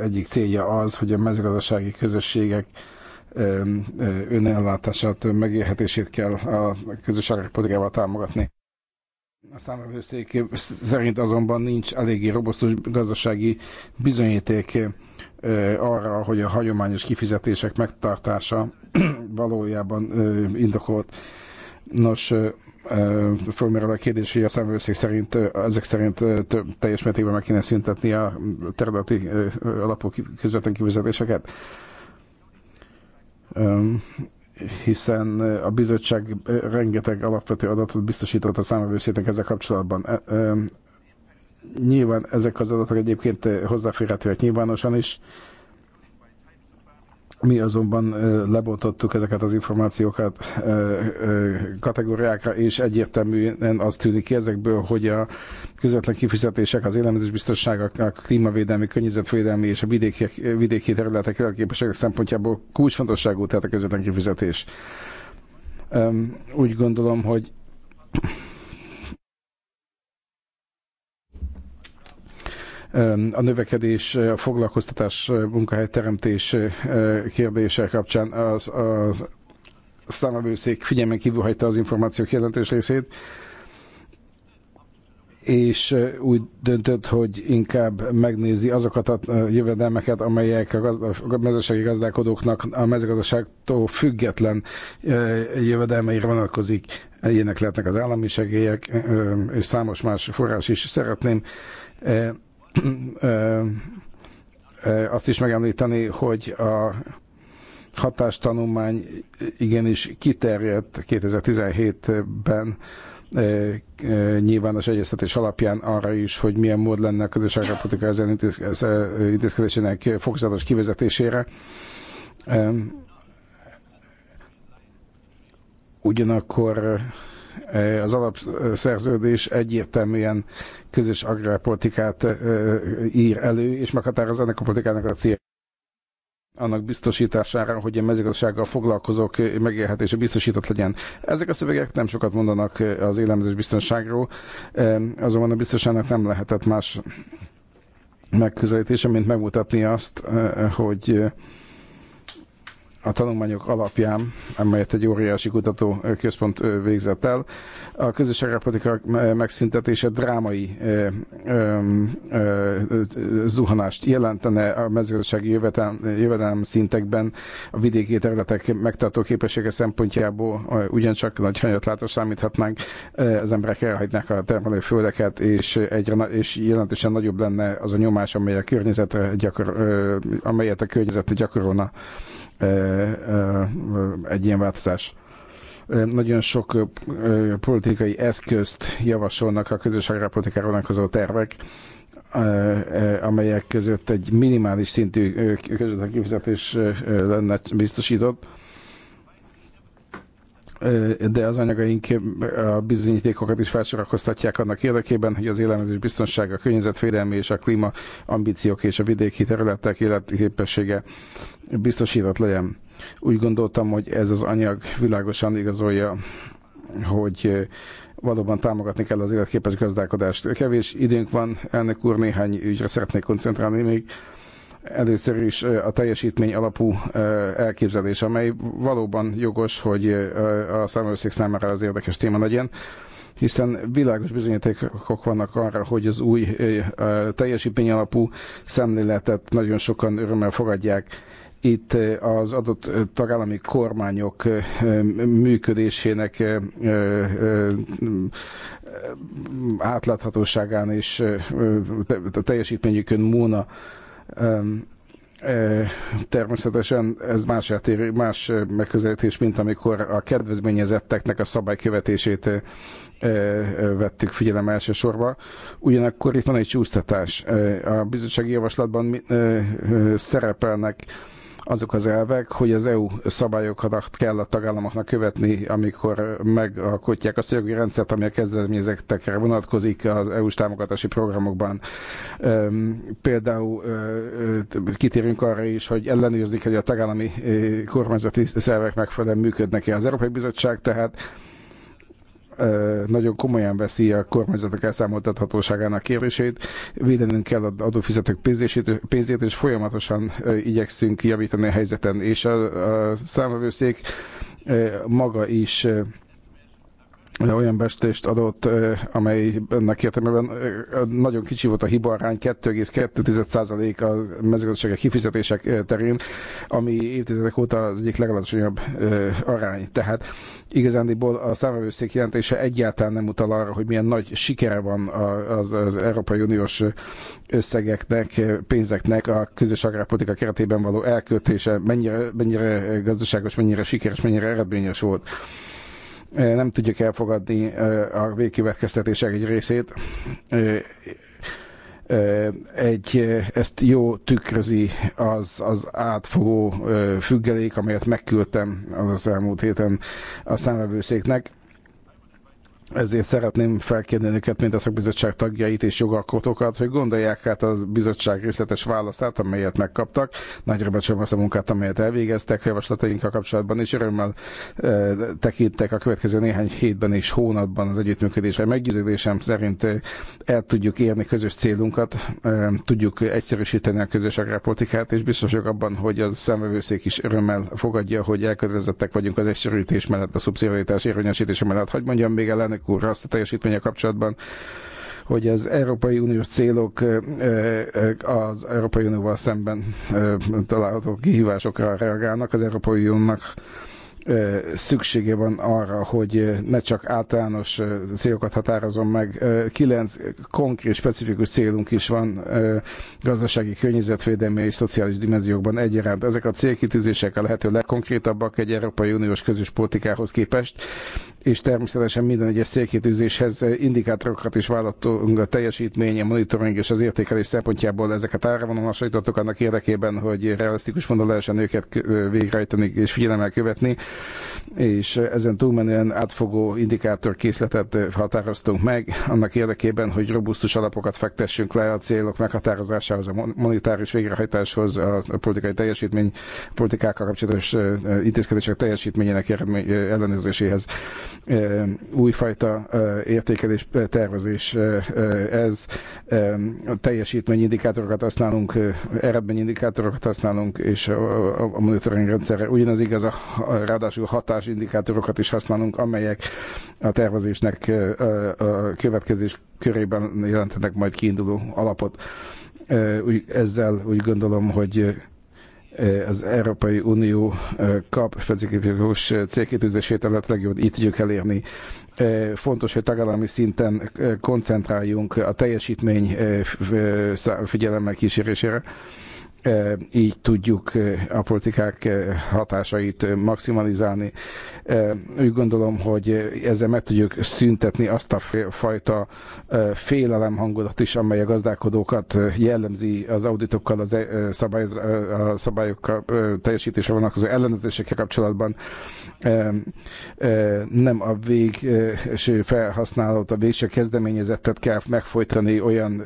egyik célja az, hogy a mezőgazdasági közösségek önellátását, megélhetését kell a közösségek politikával támogatni. A számvevőszék szerint azonban nincs eléggé robosztus gazdasági bizonyíték arra, hogy a hagyományos kifizetések megtartása valójában indokolt. Nos, fölmerül a kérdés, hogy a szemvőszék szerint, ezek szerint több, teljes mértékben meg kéne szüntetni a területi alapú közvetlen kivizetéseket. hiszen a bizottság rengeteg alapvető adatot biztosított a számvevőszéknek ezzel kapcsolatban. Nyilván ezek az adatok egyébként hozzáférhetőek nyilvánosan is, mi azonban lebontottuk ezeket az információkat kategóriákra, és egyértelműen az tűnik ki ezekből, hogy a közvetlen kifizetések, az élelmezésbiztonság, a klímavédelmi, környezetvédelmi és a vidéki, vidéki területek előképesek szempontjából kulcsfontosságú, tehát a közvetlen kifizetés. Úgy gondolom, hogy a növekedés, a foglalkoztatás, munkahelyteremtés kérdése kapcsán az, az számlavőszék figyelmen kívül hagyta az információk jelentős részét, és úgy döntött, hogy inkább megnézi azokat a jövedelmeket, amelyek a, gazda, a mezőségi gazdálkodóknak a mezőgazdaságtól független jövedelmeire vonatkozik. Ilyenek lehetnek az állami segélyek, és számos más forrás is. Szeretném azt is megemlíteni, hogy a hatástanulmány igenis kiterjedt 2017-ben nyilvános egyeztetés alapján arra is, hogy milyen mód lenne a közös agrárpolitika ezen intézkedésének fokozatos kivezetésére. Ugyanakkor az alapszerződés egyértelműen közös agrárpolitikát ír elő, és meghatároz ennek a politikának a cél annak biztosítására, hogy a mezőgazdasággal foglalkozók megélhetése biztosított legyen. Ezek a szövegek nem sokat mondanak az élelmezés biztonságról, azonban a biztonságnak nem lehetett más megközelítése, mint megmutatni azt, hogy a tanulmányok alapján, amelyet egy óriási kutató központ végzett el, a közös agrárpolitika megszüntetése drámai ö, ö, ö, zuhanást jelentene a mezőgazdasági jövedelem, jövedelem szintekben a vidéki területek megtartó képessége szempontjából ugyancsak nagy hanyatlátra számíthatnánk, az emberek elhagynák a termelőföldeket, és, egyre, és jelentősen nagyobb lenne az a nyomás, amely a környezetre gyakor, amelyet a környezetre gyakorolna egy ilyen változás. Nagyon sok politikai eszközt javasolnak a közös agrárpolitikára vonatkozó tervek, amelyek között egy minimális szintű közvetlen kifizetés lenne biztosított de az anyagaink a bizonyítékokat is felsorakoztatják annak érdekében, hogy az élelmezés biztonsága, a környezetvédelmi és a klíma ambíciók és a vidéki területek életképessége biztosított legyen. Úgy gondoltam, hogy ez az anyag világosan igazolja, hogy valóban támogatni kell az életképes gazdálkodást. Kevés időnk van, elnök úr, néhány ügyre szeretnék koncentrálni még. Először is a teljesítmény alapú elképzelés, amely valóban jogos, hogy a számolószék számára az érdekes téma legyen, hiszen világos bizonyítékok vannak arra, hogy az új teljesítmény alapú szemléletet nagyon sokan örömmel fogadják, itt az adott tagállami kormányok működésének átláthatóságán és teljesítményükön múlna Természetesen ez más, eltér, más megközelítés, mint amikor a kedvezményezetteknek a szabálykövetését vettük figyelem elsősorba. Ugyanakkor itt van egy csúsztatás. A bizottsági javaslatban szerepelnek azok az elvek, hogy az EU szabályokat kell a tagállamoknak követni, amikor megalkotják azt a jogi rendszert, ami a kezdeményezettekre vonatkozik az EU-s támogatási programokban. Például kitérünk arra is, hogy ellenőrzik, hogy a tagállami kormányzati szervek megfelelően működnek-e. Az Európai Bizottság tehát nagyon komolyan veszi a kormányzatok elszámoltathatóságának kérését, védenünk kell az adófizetők pénzését, pénzét, és folyamatosan igyekszünk javítani a helyzeten, és a, a számvevőszék maga is olyan bestést adott, amely ennek értelmében nagyon kicsi volt a hibarány, 2,2% a mezőgazdasági kifizetések terén, ami évtizedek óta az egyik legalacsonyabb arány. Tehát igazándiból a számvevőszék jelentése egyáltalán nem utal arra, hogy milyen nagy sikere van az, az Európai Uniós összegeknek, pénzeknek a közös agrárpolitika keretében való elköltése, mennyire, mennyire gazdaságos, mennyire sikeres, mennyire eredményes volt nem tudjuk elfogadni a végkövetkeztetések egy részét. Egy, ezt jó tükrözi az, az átfogó függelék, amelyet megküldtem az, az elmúlt héten a számvevőszéknek ezért szeretném felkérni őket, mint a szakbizottság tagjait és jogalkotókat, hogy gondolják át a bizottság részletes választát, amelyet megkaptak. Nagyra becsülöm azt a munkát, amelyet elvégeztek javaslatainkkal kapcsolatban, és örömmel e, tekintek a következő néhány hétben és hónapban az együttműködésre. Meggyőződésem szerint eh, el tudjuk érni közös célunkat, e, tudjuk egyszerűsíteni a közös agrárpolitikát, és biztos vagyok abban, hogy a szemvevőszék is örömmel fogadja, hogy elkötelezettek vagyunk az egyszerűsítés mellett, a szubszidiaritás érvényesítése mellett. Hogy mondjam még ellenek elnök úr azt a teljesítménye kapcsolatban, hogy az Európai Uniós célok az Európai Unióval szemben található kihívásokra reagálnak. Az Európai Uniónak szüksége van arra, hogy ne csak általános célokat határozom meg. Kilenc konkrét, specifikus célunk is van gazdasági, környezetvédelmi és szociális dimenziókban egyaránt. Ezek a célkitűzések a lehető legkonkrétabbak egy Európai Uniós közös politikához képest, és természetesen minden egyes célkitűzéshez indikátorokat is vállaltunk a teljesítmény, a monitoring és az értékelés szempontjából ezeket áravonalmasítottuk annak érdekében, hogy realisztikus módon lehessen őket végrehajtani és figyelemmel követni, és ezen túlmenően átfogó indikátor készletet határoztunk meg annak érdekében, hogy robusztus alapokat fektessünk le a célok meghatározásához, a monetáris végrehajtáshoz, a politikai teljesítmény, politikákkal kapcsolatos intézkedések teljesítményének ellenőrzéséhez újfajta értékelés, tervezés ez. Teljesítményindikátorokat használunk, eredményindikátorokat használunk, és a monitoring rendszerre ugyanaz igaz, a, ráadásul hatásindikátorokat is használunk, amelyek a tervezésnek a következés körében jelentenek majd kiinduló alapot. Ezzel úgy gondolom, hogy az Európai Unió kap specifikus célkitűzését tehát legjobb itt tudjuk elérni. Fontos, hogy tagállami szinten koncentráljunk a teljesítmény figyelemmel kísérésére így tudjuk a politikák hatásait maximalizálni. Úgy gondolom, hogy ezzel meg tudjuk szüntetni azt a fajta félelem hangodat is, amely a gazdálkodókat jellemzi az auditokkal, az szabály, a szabályokkal teljesítése vonatkozó ellenőrzésekkel kapcsolatban. Nem a végső felhasználót, a végső kezdeményezettet kell megfojtani olyan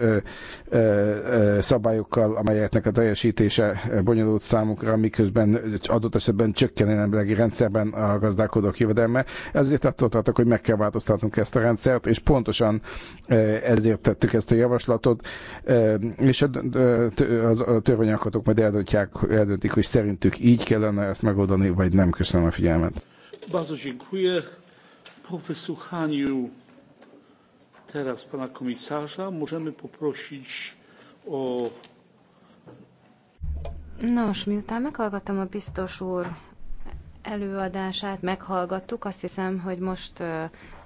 szabályokkal, amelyeknek a teljesítése érvényesítése bonyolult számukra, miközben adott esetben csökken a jelenlegi rendszerben a gazdálkodók jövedelme. Ezért attól tartok, hogy meg kell változtatnunk ezt a rendszert, és pontosan e, ezért tettük ezt a javaslatot, e, és a, e, a törvényalkotók majd eldöntják, eldöntik, hogy szerintük így kellene ezt megoldani, vagy nem. Köszönöm a figyelmet. Bardzo dziękuję. Po wysłuchaniu teraz pana komisarza możemy poprosić o Nos, miután meghallgattam a biztos úr előadását, meghallgattuk, azt hiszem, hogy most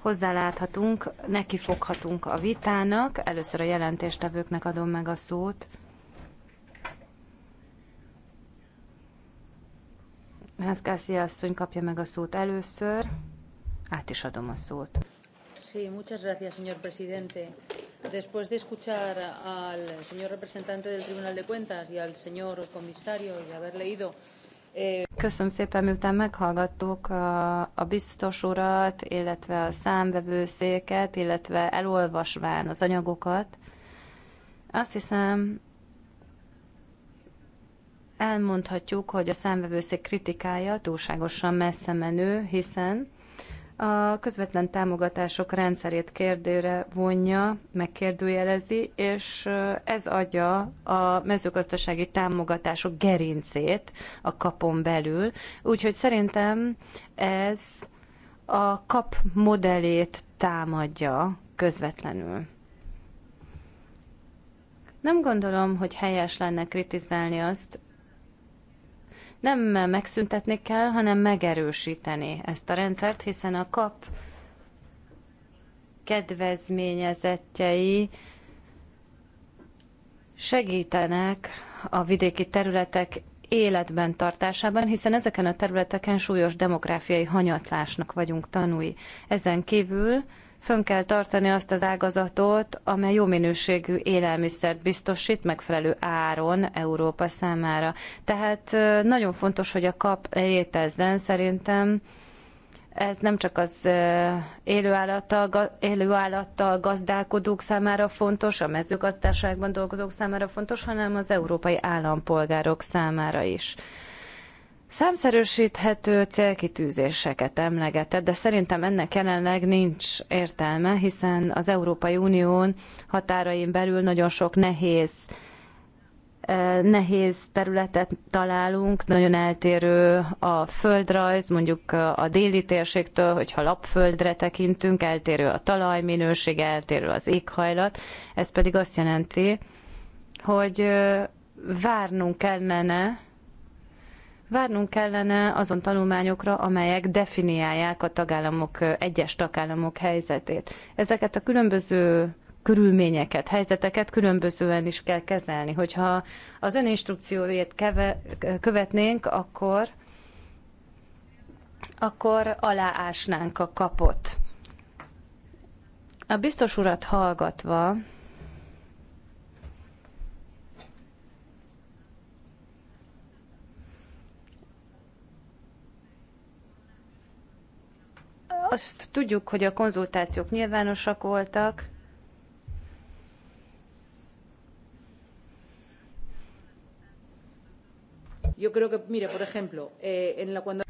hozzáláthatunk, neki foghatunk a vitának. Először a jelentéstevőknek adom meg a szót. Házkászi asszony kapja meg a szót először, át is adom a szót. Sí, muchas gracias, señor presidente. Después de escuchar al señor representante del Tribunal de Cuentas y al señor comisario y de haber leído eh, Köszönöm szépen, miután meghallgattuk a, uh, a biztos urat, illetve a számvevőszéket, illetve elolvasván az anyagokat. Azt hiszem, elmondhatjuk, hogy a számvevőszék kritikája túlságosan messze menő, hiszen a közvetlen támogatások rendszerét kérdőre vonja, megkérdőjelezi, és ez adja a mezőgazdasági támogatások gerincét a kapon belül. Úgyhogy szerintem ez a kap modellét támadja közvetlenül. Nem gondolom, hogy helyes lenne kritizálni azt, nem megszüntetni kell, hanem megerősíteni ezt a rendszert, hiszen a kap kedvezményezettjei segítenek a vidéki területek életben tartásában, hiszen ezeken a területeken súlyos demográfiai hanyatlásnak vagyunk tanúi. Ezen kívül fönn kell tartani azt az ágazatot, amely jó minőségű élelmiszert biztosít megfelelő áron Európa számára. Tehát nagyon fontos, hogy a kap létezzen szerintem. Ez nem csak az élőállattal, élőállattal gazdálkodók számára fontos, a mezőgazdaságban dolgozók számára fontos, hanem az európai állampolgárok számára is. Számszerűsíthető célkitűzéseket emlegetett, de szerintem ennek jelenleg nincs értelme, hiszen az Európai Unión határain belül nagyon sok nehéz eh, nehéz területet találunk, nagyon eltérő a földrajz, mondjuk a déli térségtől, hogyha lapföldre tekintünk, eltérő a talajminőség, eltérő az éghajlat. Ez pedig azt jelenti, hogy eh, várnunk kellene Várnunk kellene azon tanulmányokra, amelyek definiálják a tagállamok, egyes tagállamok helyzetét. Ezeket a különböző körülményeket, helyzeteket különbözően is kell kezelni. Hogyha az ön instrukcióját követnénk, akkor, akkor aláásnánk a kapot. A biztos urat hallgatva, Azt tudjuk, hogy a konzultációk nyilvánosak voltak,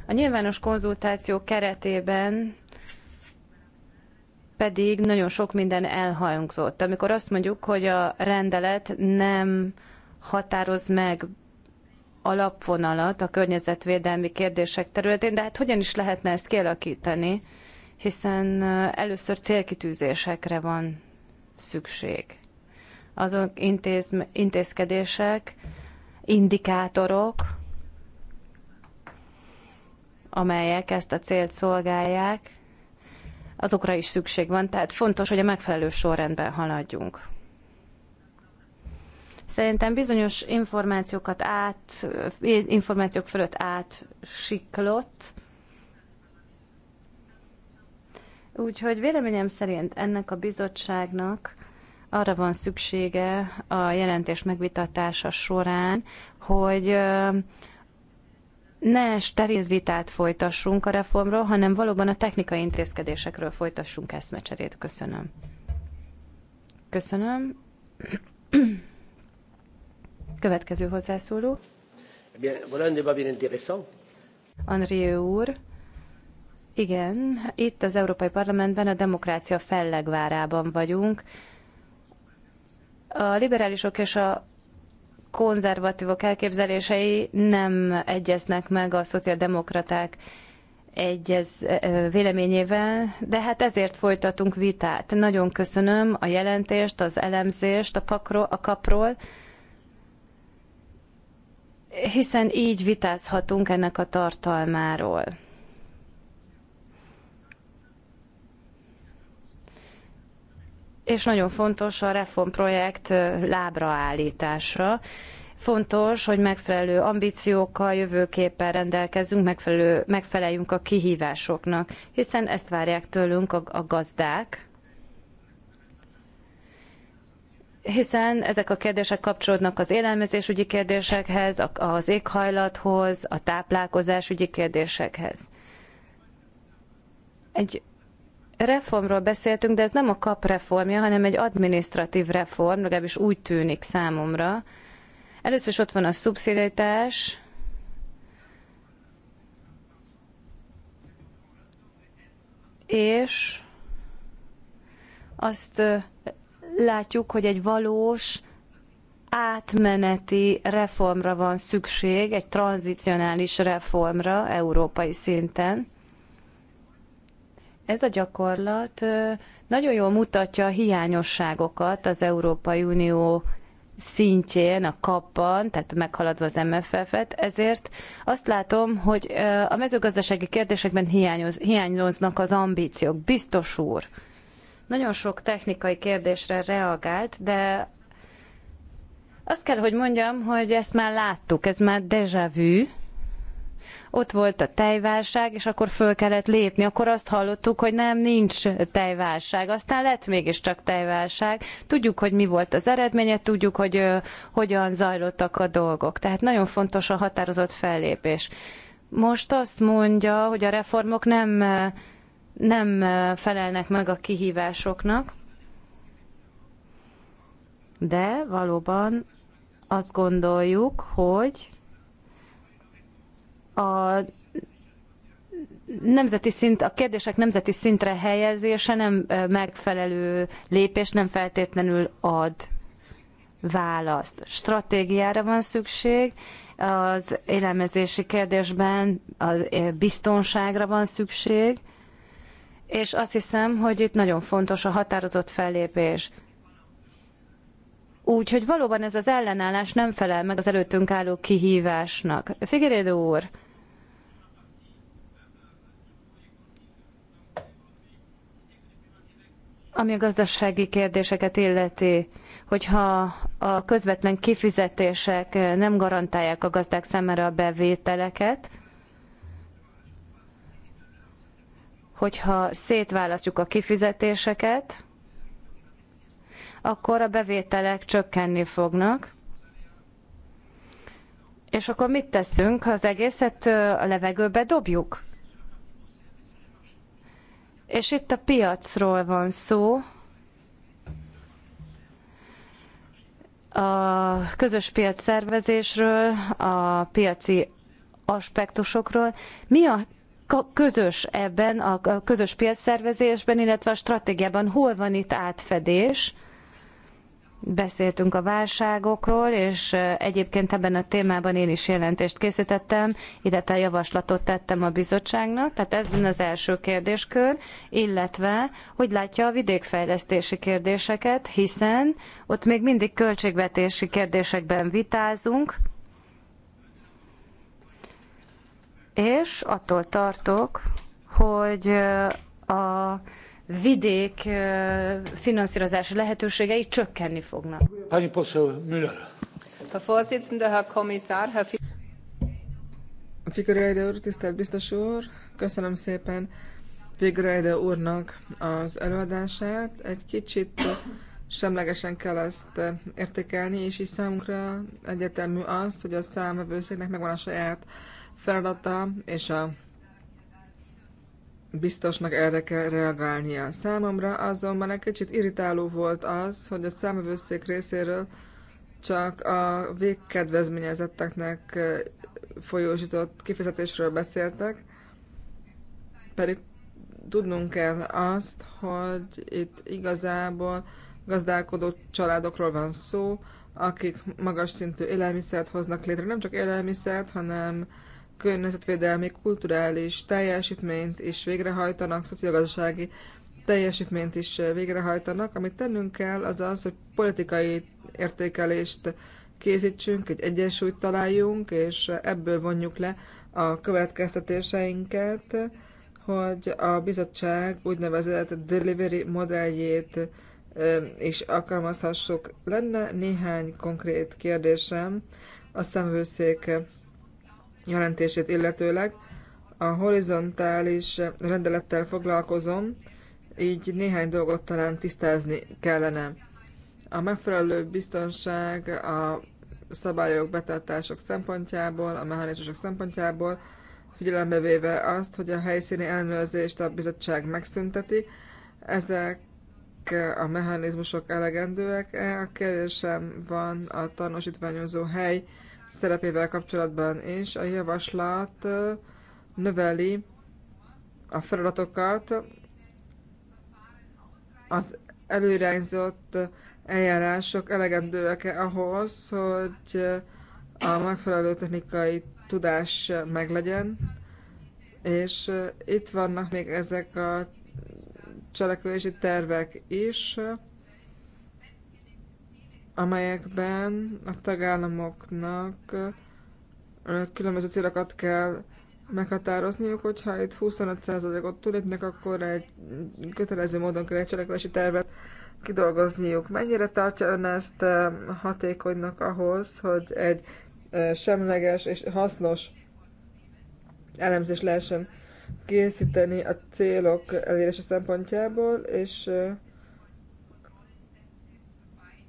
A nyilvános konzultáció keretében pedig nagyon sok minden elhangzott. Amikor azt mondjuk, hogy a rendelet nem határoz meg alapvonalat a környezetvédelmi kérdések területén, de hát hogyan is lehetne ezt kialakítani? hiszen először célkitűzésekre van szükség. Azok intéz, intézkedések, indikátorok, amelyek ezt a célt szolgálják, azokra is szükség van, tehát fontos, hogy a megfelelő sorrendben haladjunk. Szerintem bizonyos információkat át, információk fölött átsiklott, Úgyhogy véleményem szerint ennek a bizottságnak arra van szüksége a jelentés megvitatása során, hogy ne steril vitát folytassunk a reformról, hanem valóban a technikai intézkedésekről folytassunk eszmecserét. Köszönöm. Köszönöm. Következő hozzászóló. Eh André úr. Igen, itt az Európai Parlamentben a demokrácia fellegvárában vagyunk. A liberálisok és a konzervatívok elképzelései nem egyeznek meg a szociáldemokraták egyez véleményével, de hát ezért folytatunk vitát. Nagyon köszönöm a jelentést, az elemzést a, pakról, a kapról, hiszen így vitázhatunk ennek a tartalmáról. és nagyon fontos a reformprojekt lábraállítása. Fontos, hogy megfelelő ambíciókkal, jövőképpel rendelkezünk, megfelelő, megfeleljünk a kihívásoknak, hiszen ezt várják tőlünk a, a gazdák, hiszen ezek a kérdések kapcsolódnak az élelmezésügyi kérdésekhez, az éghajlathoz, a táplálkozásügyi kérdésekhez. Egy reformról beszéltünk, de ez nem a kap reformja, hanem egy administratív reform, legalábbis úgy tűnik számomra. Először is ott van a szubszidiaritás, és azt látjuk, hogy egy valós átmeneti reformra van szükség, egy tranzicionális reformra európai szinten. Ez a gyakorlat nagyon jól mutatja a hiányosságokat az Európai Unió szintjén, a kapban, tehát meghaladva az MFF-et, ezért azt látom, hogy a mezőgazdasági kérdésekben hiányoz, hiányoznak az ambíciók. Biztos úr, nagyon sok technikai kérdésre reagált, de azt kell, hogy mondjam, hogy ezt már láttuk, ez már déjà vu, ott volt a tejválság, és akkor föl kellett lépni. Akkor azt hallottuk, hogy nem, nincs tejválság. Aztán lett mégiscsak tejválság. Tudjuk, hogy mi volt az eredménye, tudjuk, hogy ö, hogyan zajlottak a dolgok. Tehát nagyon fontos a határozott fellépés. Most azt mondja, hogy a reformok nem, nem felelnek meg a kihívásoknak, de valóban azt gondoljuk, hogy a nemzeti szint, a kérdések nemzeti szintre helyezése nem megfelelő lépés, nem feltétlenül ad választ. Stratégiára van szükség, az élelmezési kérdésben a biztonságra van szükség, és azt hiszem, hogy itt nagyon fontos a határozott fellépés. Úgyhogy valóban ez az ellenállás nem felel meg az előttünk álló kihívásnak. Figyeléd úr, Ami a gazdasági kérdéseket illeti, hogyha a közvetlen kifizetések nem garantálják a gazdák számára a bevételeket, hogyha szétválasztjuk a kifizetéseket, akkor a bevételek csökkenni fognak. És akkor mit teszünk? Ha az egészet a levegőbe dobjuk? És itt a piacról van szó, a közös piac szervezésről, a piaci aspektusokról. Mi a közös ebben, a közös piac szervezésben illetve a stratégiában? Hol van itt átfedés? beszéltünk a válságokról, és egyébként ebben a témában én is jelentést készítettem, illetve javaslatot tettem a bizottságnak, tehát ez az első kérdéskör, illetve hogy látja a vidékfejlesztési kérdéseket, hiszen ott még mindig költségvetési kérdésekben vitázunk, és attól tartok, hogy a vidék finanszírozási lehetőségei csökkenni fognak. Hány úr, tisztelt biztos úr, köszönöm szépen Figueiredo úrnak az előadását. Egy kicsit semlegesen kell ezt értékelni, és így számunkra egyetemű az, hogy a számvevőszéknek megvan a saját feladata és a biztosnak erre kell reagálnia. Számomra azonban egy kicsit irritáló volt az, hogy a számövőszék részéről csak a végkedvezményezetteknek folyósított kifizetésről beszéltek, pedig tudnunk kell azt, hogy itt igazából gazdálkodó családokról van szó, akik magas szintű élelmiszert hoznak létre, nem csak élelmiszert, hanem környezetvédelmi, kulturális teljesítményt is végrehajtanak, szociogazdasági teljesítményt is végrehajtanak. Amit tennünk kell, az az, hogy politikai értékelést készítsünk, egy egyensúlyt találjunk, és ebből vonjuk le a következtetéseinket, hogy a bizottság úgynevezett delivery modelljét és alkalmazhassuk. Lenne néhány konkrét kérdésem a szemvőszék jelentését illetőleg. A horizontális rendelettel foglalkozom, így néhány dolgot talán tisztázni kellene. A megfelelő biztonság a szabályok betartások szempontjából, a mechanizmusok szempontjából, figyelembe véve azt, hogy a helyszíni ellenőrzést a bizottság megszünteti. Ezek a mechanizmusok elegendőek-e? A kérdésem van a tanúsítványozó hely szerepével kapcsolatban is. A javaslat növeli a feladatokat az előirányzott eljárások elegendőek-e ahhoz, hogy a megfelelő technikai tudás meglegyen, és itt vannak még ezek a cselekvési tervek is, amelyekben a tagállamoknak különböző célokat kell meghatározniuk, hogyha itt 25%-ot túlépnek, akkor egy kötelező módon kell egy cselekvési tervet kidolgozniuk. Mennyire tartja ön ezt hatékonynak ahhoz, hogy egy semleges és hasznos elemzés lehessen készíteni a célok elérése szempontjából, és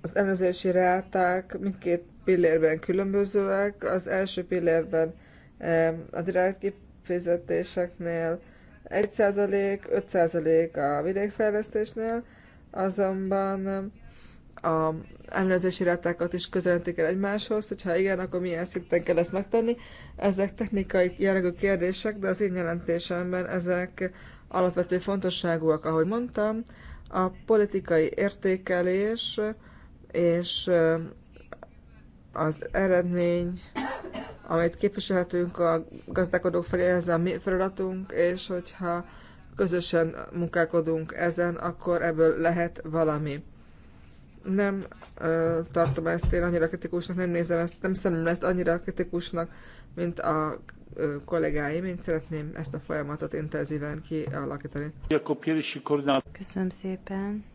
az előzési ráták mindkét pillérben különbözőek. Az első pillérben a direkt kifizetéseknél 1%, 5% a vidékfejlesztésnél, azonban a ellenőrzési rátákat is közelítik el egymáshoz, hogyha igen, akkor milyen szinten kell ezt megtenni. Ezek technikai jellegű kérdések, de az én jelentésemben ezek alapvető fontosságúak, ahogy mondtam. A politikai értékelés és az eredmény, amit képviselhetünk a gazdálkodók felé, ez a mi feladatunk, és hogyha közösen munkálkodunk ezen, akkor ebből lehet valami. Nem ö, tartom ezt én annyira kritikusnak, nem nézem ezt, nem szemem ezt annyira kritikusnak, mint a ö, kollégáim. Én szeretném ezt a folyamatot intenzíven kialakítani. Köszönöm szépen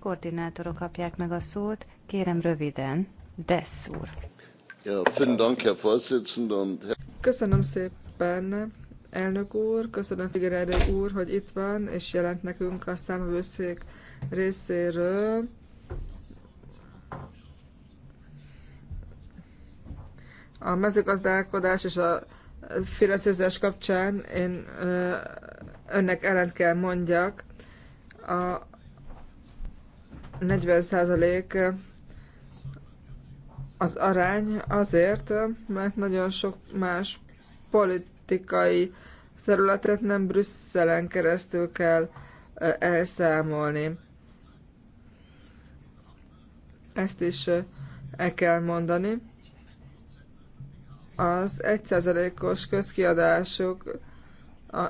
koordinátorok kapják meg a szót. Kérem röviden. Dessz úr. Köszönöm szépen, elnök úr, köszönöm Figueredo úr, hogy itt van, és jelent nekünk a számvőszék részéről. A mezőgazdálkodás és a finanszírozás kapcsán én önnek ellent kell mondjak. A 40% az arány azért, mert nagyon sok más politikai területet nem Brüsszelen keresztül kell elszámolni. Ezt is el kell mondani. Az 1%-os közkiadások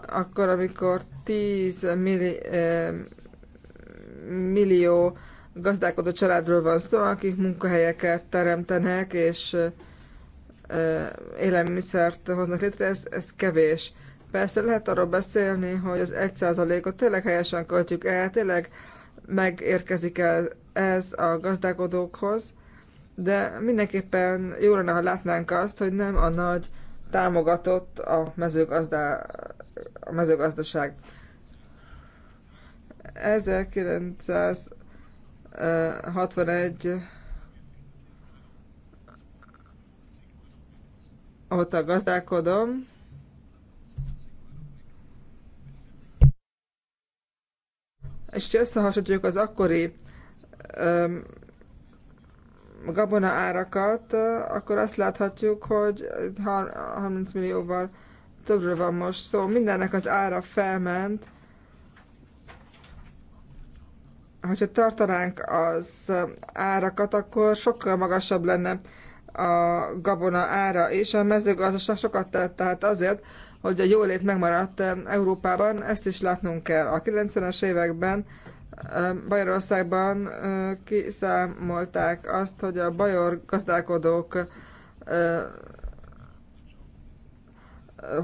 akkor, amikor 10 milli, millió gazdálkodó családról van szó, akik munkahelyeket teremtenek, és élelmiszert hoznak létre, ez, ez kevés. Persze lehet arról beszélni, hogy az 1%-ot tényleg helyesen költjük el, tényleg megérkezik el ez a gazdálkodókhoz, de mindenképpen jó lenne, ha látnánk azt, hogy nem a nagy támogatott a, mezőgazdá, a mezőgazdaság. 1900 61 óta a gazdálkodom. És összehasonlítjuk az akkori öm, gabona árakat, akkor azt láthatjuk, hogy 30 millióval többről van most szó. Szóval mindennek az ára felment, hogyha tartanánk az árakat, akkor sokkal magasabb lenne a gabona ára, és a mezőgazdaság sokat tett, tehát azért, hogy a jólét megmaradt Európában, ezt is látnunk kell. A 90-es években Bajorországban kiszámolták azt, hogy a bajor gazdálkodók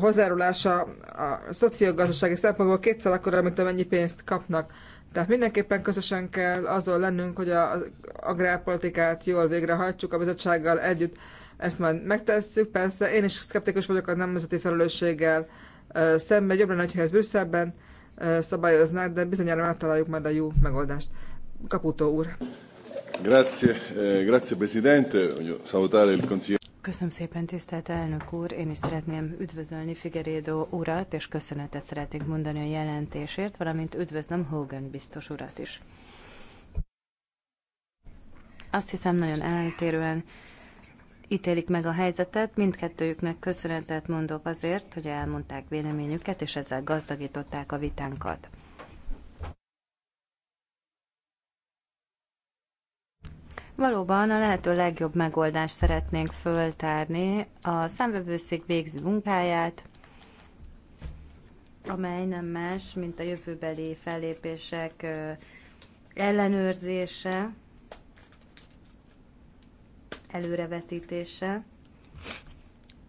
hozzárulása a szociogazdasági szempontból kétszer akkora, mint amennyi pénzt kapnak. Tehát mindenképpen közösen kell azon lennünk, hogy a agrárpolitikát jól végrehajtsuk a bizottsággal együtt. Ezt majd megtesszük, persze. Én is szkeptikus vagyok a nemzeti felelősséggel szemben. Jobb lenne, hogyha ez Brüsszelben szabályoznák, de bizonyára megtaláljuk majd a jó megoldást. Caputo úr. Grazie, eh, grazie Presidente. Salutare il Consiglio. Köszönöm szépen, tisztelt elnök úr! Én is szeretném üdvözölni Figueredo urat, és köszönetet szeretnék mondani a jelentésért, valamint üdvözlöm Hogan biztos urat is. Azt hiszem, nagyon eltérően ítélik meg a helyzetet. Mindkettőjüknek köszönetet mondok azért, hogy elmondták véleményüket, és ezzel gazdagították a vitánkat. Valóban a lehető legjobb megoldást szeretnénk föltárni a számvevőszék végzi munkáját, amely nem más, mint a jövőbeli fellépések ellenőrzése, előrevetítése,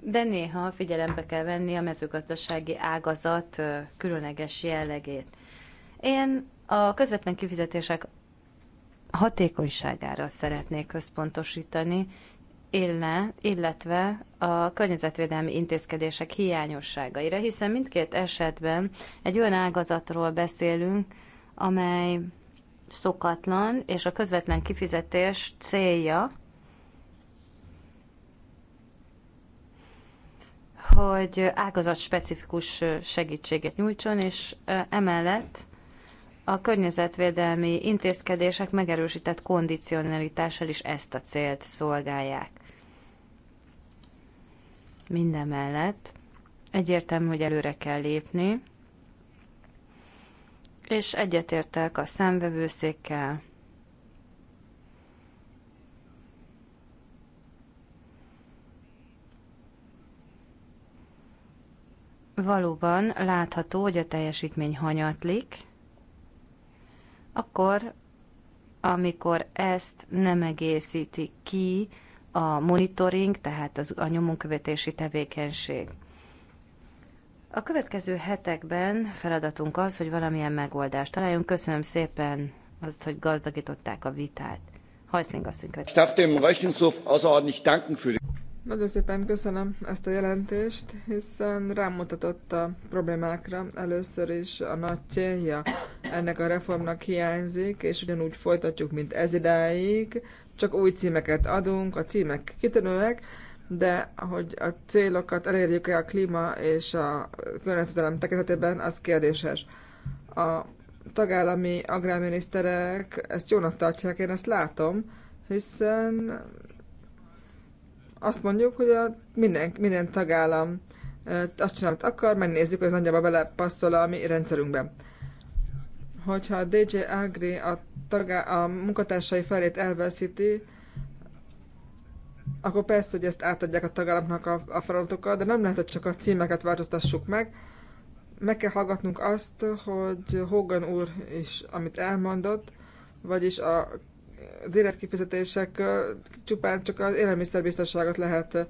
de néha figyelembe kell venni a mezőgazdasági ágazat különleges jellegét. Én a közvetlen kifizetések hatékonyságára szeretnék központosítani, illetve a környezetvédelmi intézkedések hiányosságaira, hiszen mindkét esetben egy olyan ágazatról beszélünk, amely szokatlan, és a közvetlen kifizetés célja, hogy ágazat specifikus segítséget nyújtson, és emellett a környezetvédelmi intézkedések megerősített kondicionalitással is ezt a célt szolgálják. Minden mellett egyértelmű, hogy előre kell lépni, és egyetértek a számvevőszékkel, Valóban látható, hogy a teljesítmény hanyatlik, akkor, amikor ezt nem egészíti ki a monitoring, tehát az, a nyomonkövetési tevékenység. A következő hetekben feladatunk az, hogy valamilyen megoldást találjunk. Köszönöm szépen azt, hogy gazdagították a vitát. Hajszling asszony következik. Nagyon szépen köszönöm ezt a jelentést, hiszen rámutatott a problémákra. Először is a nagy célja ennek a reformnak hiányzik, és ugyanúgy folytatjuk, mint ez idáig, csak új címeket adunk, a címek kitűnőek, de hogy a célokat elérjük-e a klíma és a környezetelem tekintetében, az kérdéses. A tagállami agrárminiszterek ezt jónak tartják, én ezt látom, hiszen azt mondjuk, hogy a minden, minden tagállam azt csinál, amit akar, megnézzük, hogy ez nagyjából belepasszol a mi rendszerünkbe. Hogyha a DJ Agri a, tagá- a munkatársai felét elveszíti, akkor persze, hogy ezt átadják a tagállamnak a, a feladatokat, de nem lehet, hogy csak a címeket változtassuk meg. Meg kell hallgatnunk azt, hogy Hogan úr is, amit elmondott, vagyis a direkt kifizetések csupán csak az élelmiszerbiztonságot lehet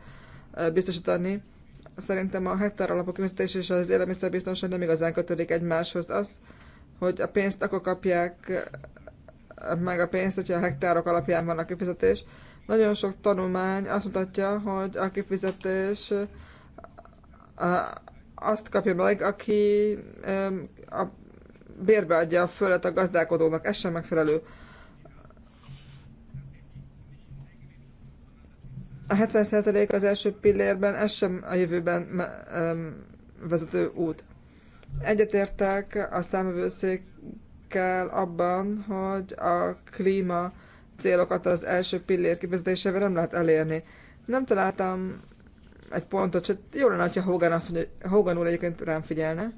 biztosítani. Szerintem a hektár alapú kifizetés és az élelmiszerbiztonság nem igazán kötődik egymáshoz. Az, hogy a pénzt akkor kapják meg a pénzt, hogyha a hektárok alapján van a kifizetés. Nagyon sok tanulmány azt mutatja, hogy a kifizetés azt kapja meg, aki a bérbe adja a földet a gazdálkodónak. Ez sem megfelelő A 70% az első pillérben, ez sem a jövőben vezető út. Egyetértek a számövőszékkel abban, hogy a klíma célokat az első pillér kifizetésével nem lehet elérni. Nem találtam egy pontot, csak jó lenne, ha Hogan, azt mondja, Hogan úr egyébként rám figyelne.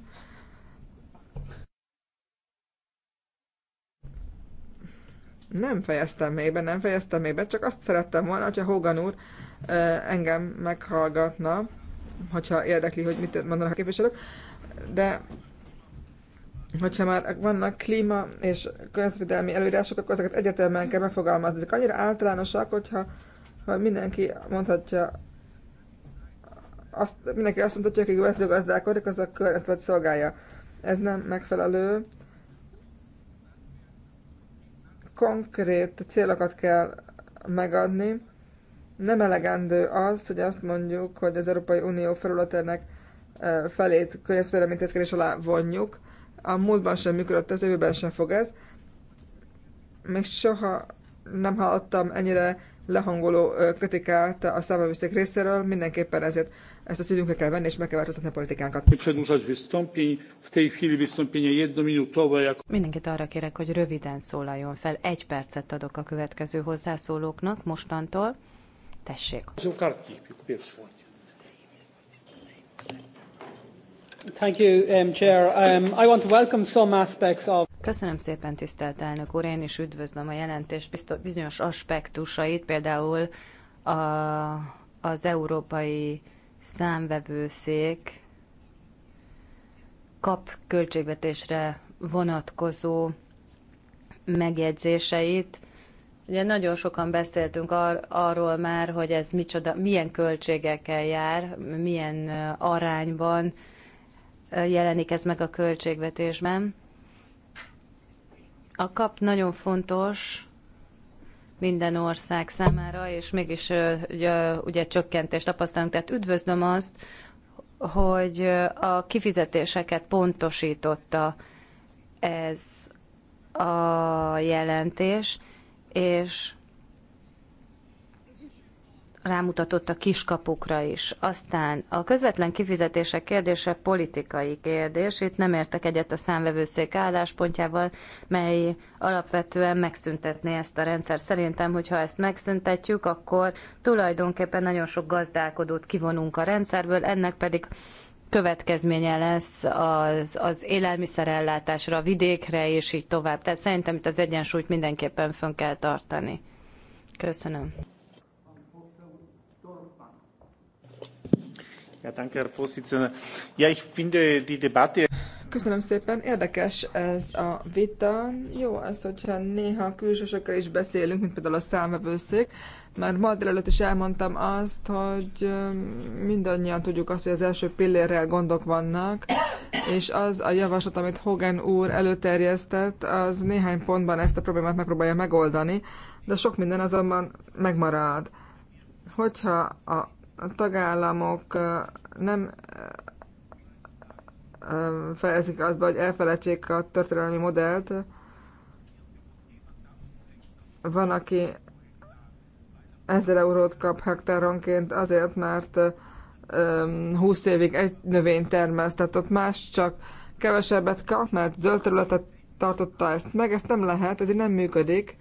Nem fejeztem még be, nem fejeztem még be, csak azt szerettem volna, hogyha Hogan úr engem meghallgatna, hogyha érdekli, hogy mit mondanak a képviselők, de hogyha már vannak klíma és közvédelmi előírások, akkor ezeket egyetemben kell megfogalmazni. Ezek annyira általánosak, hogyha ha mindenki mondhatja, azt, mindenki azt mondhatja, a gazdálkodik, az a környezetet szolgálja. Ez nem megfelelő, konkrét célokat kell megadni. Nem elegendő az, hogy azt mondjuk, hogy az Európai Unió felületének felét környezetvédelmi intézkedés alá vonjuk. A múltban sem működött az jövőben sem fog ez. Még soha nem hallottam ennyire lehangoló kritikát a számvevőszék részéről, mindenképpen ezért ezt a szívünkre kell venni, és meg kell változtatni a politikánkat. Mindenkit arra kérek, hogy röviden szólaljon fel. Egy percet adok a következő hozzászólóknak mostantól. Tessék. Thank you, um, Chair. Um, I want to welcome some aspects of Köszönöm szépen, tisztelt elnök úr, én is üdvözlöm a jelentés bizonyos aspektusait, például a, az európai számvevőszék kap költségvetésre vonatkozó megjegyzéseit. Ugye nagyon sokan beszéltünk ar- arról már, hogy ez micsoda, milyen költségekkel jár, milyen arányban jelenik ez meg a költségvetésben. A kap nagyon fontos, minden ország számára, és mégis ugye, ugye csökkentést tapasztalunk. Tehát üdvözlöm azt, hogy a kifizetéseket pontosította ez a jelentés, és rámutatott a kiskapukra is. Aztán a közvetlen kifizetések kérdése politikai kérdés. Itt nem értek egyet a számvevőszék álláspontjával, mely alapvetően megszüntetné ezt a rendszer. Szerintem, hogyha ezt megszüntetjük, akkor tulajdonképpen nagyon sok gazdálkodót kivonunk a rendszerből, ennek pedig következménye lesz az, az élelmiszerellátásra, a vidékre, és így tovább. Tehát szerintem itt az egyensúlyt mindenképpen fönn kell tartani. Köszönöm. Ja, danke, Herr Vorsitzender. Ja, ich finde die Debatte... Köszönöm szépen, érdekes ez a vita. Jó az, hogyha néha külsősökkel is beszélünk, mint például a számvevőszék, mert ma délelőtt is elmondtam azt, hogy mindannyian tudjuk azt, hogy az első pillérrel gondok vannak, és az a javaslat, amit Hogan úr előterjesztett, az néhány pontban ezt a problémát megpróbálja megoldani, de sok minden azonban megmarad. Hogyha a a tagállamok nem fejezik azt be, hogy elfelejtsék a történelmi modellt. Van, aki 1000 eurót kap hektáronként azért, mert 20 évig egy növény termesztett, ott más csak kevesebbet kap, mert zöld területet tartotta ezt meg, ezt nem lehet, ez így nem működik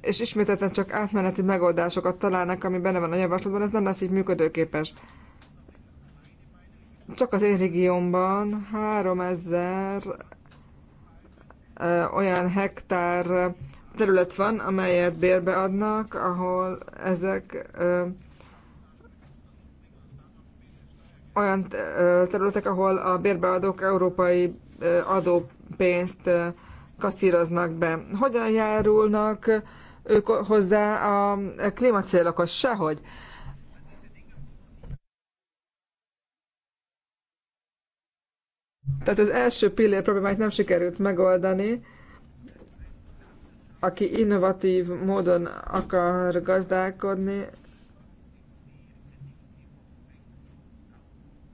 és ismételten csak átmeneti megoldásokat találnak, ami benne van a javaslatban, ez nem lesz így működőképes. Csak az én régiómban 3000 olyan hektár terület van, amelyet bérbe adnak, ahol ezek olyan területek, ahol a bérbeadók európai adópénzt kaszíroznak be. Hogyan járulnak ők hozzá a klímacélokhoz sehogy. Tehát az első pillér problémát nem sikerült megoldani. Aki innovatív módon akar gazdálkodni,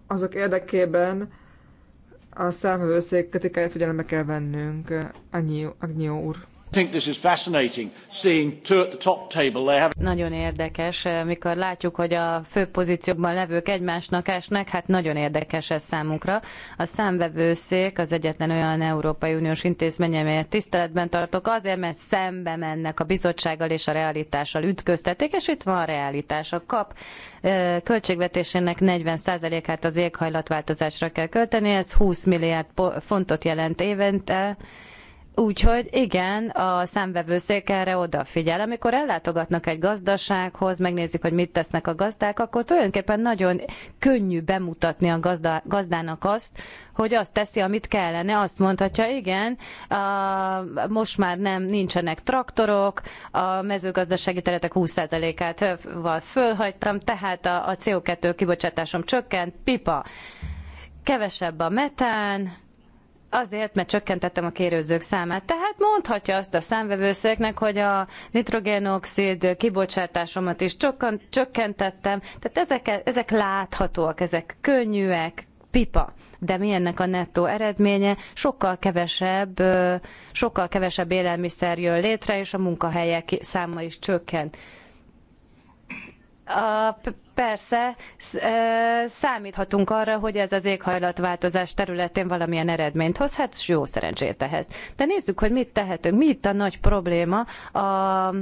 azok érdekében a számvevőszék kritikai figyelembe kell vennünk. Annyi, Agnyó úr. Nagyon érdekes, eh, mikor látjuk, hogy a fő pozíciókban levők egymásnak esnek, hát nagyon érdekes ez számunkra. A számvevőszék az egyetlen olyan Európai Uniós intézmény, amelyet tiszteletben tartok, azért, mert szembe mennek a bizottsággal és a realitással ütköztetik, és itt van a realitás. A kap eh, költségvetésének 40%-át az éghajlatváltozásra kell költeni, ez 20 milliárd fontot jelent évente, Úgyhogy igen, a számvevőszék erre odafigyel. Amikor ellátogatnak egy gazdasághoz, megnézik, hogy mit tesznek a gazdák, akkor tulajdonképpen nagyon könnyű bemutatni a gazda, gazdának azt, hogy azt teszi, amit kellene. Azt mondhatja, igen, a, most már nem nincsenek traktorok, a mezőgazdasági területek 20%-át fölhagytam, tehát a, a CO2 kibocsátásom csökkent, pipa, kevesebb a metán, azért, mert csökkentettem a kérőzők számát. Tehát mondhatja azt a számvevőszéknek, hogy a nitrogénoxid kibocsátásomat is csökkentettem. Tehát ezek, ezek láthatóak, ezek könnyűek, pipa. De mi ennek a nettó eredménye? Sokkal kevesebb, sokkal kevesebb élelmiszer jön létre, és a munkahelyek száma is csökken. A persze számíthatunk arra, hogy ez az éghajlatváltozás területén valamilyen eredményt hoz, hát jó szerencsét ehhez. De nézzük, hogy mit tehetünk, mi itt a nagy probléma. A